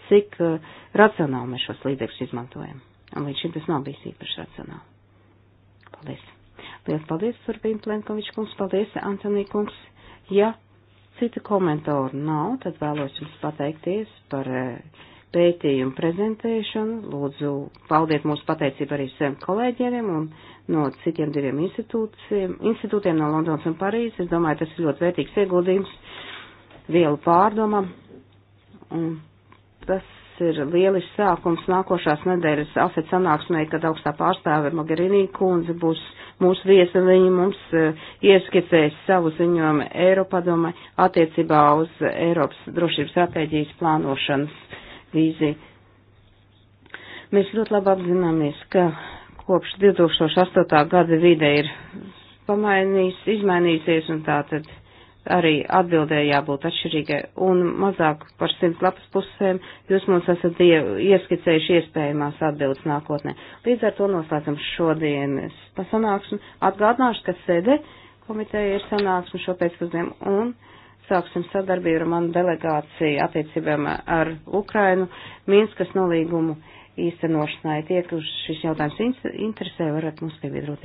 cik uh, racionāli mēs šos līdzekļus izmantojam. Un līdz šim tas nav bijis īpaši racionāli. Paldies. Lielas paldies, Turbīna Plenkoviča kungs, paldies, Antonija kungs. Ja citu komentāru nav, tad vēlos jums pateikties par uh, pētījumu prezentēšanu. Lūdzu, paldiet mūsu pateicību arī saviem kolēģiem un no citiem diviem institūtiem, institūtiem no Londonas un Parīzes. Es domāju, tas ir ļoti vērtīgs ieguldījums vielu pārdomam. Un tas ir lielisks sākums nākošās nedēļas afet sanāksmē, kad augstā pārstāve Mogherini kundze būs mūsu viesa. Viņa mums eh, ieskicēs savu ziņojumu Eiropadome attiecībā uz Eiropas drošības stratēģijas plānošanas vīziju. Mēs ļoti labi apzināmies, ka kopš 2008. gada vide ir pamainījis, izmainīsies un tā tad arī atbildēji jābūt atšķirīgai. Un mazāk par simts lapas pusēm jūs mums esat ieskicējuši iespējamās atbildes nākotnē. Līdz ar to noslēdzam šodienas pasanāksmi. Atgādināšu, ka sēde komiteja ir sanāksme šo pēcpusdienu un sāksim sadarbību ar manu delegāciju attiecībām ar Ukrainu Minskas nolīgumu īstenošanai. Tie, kurus šis jautājums interesē, varat mums pievienoties.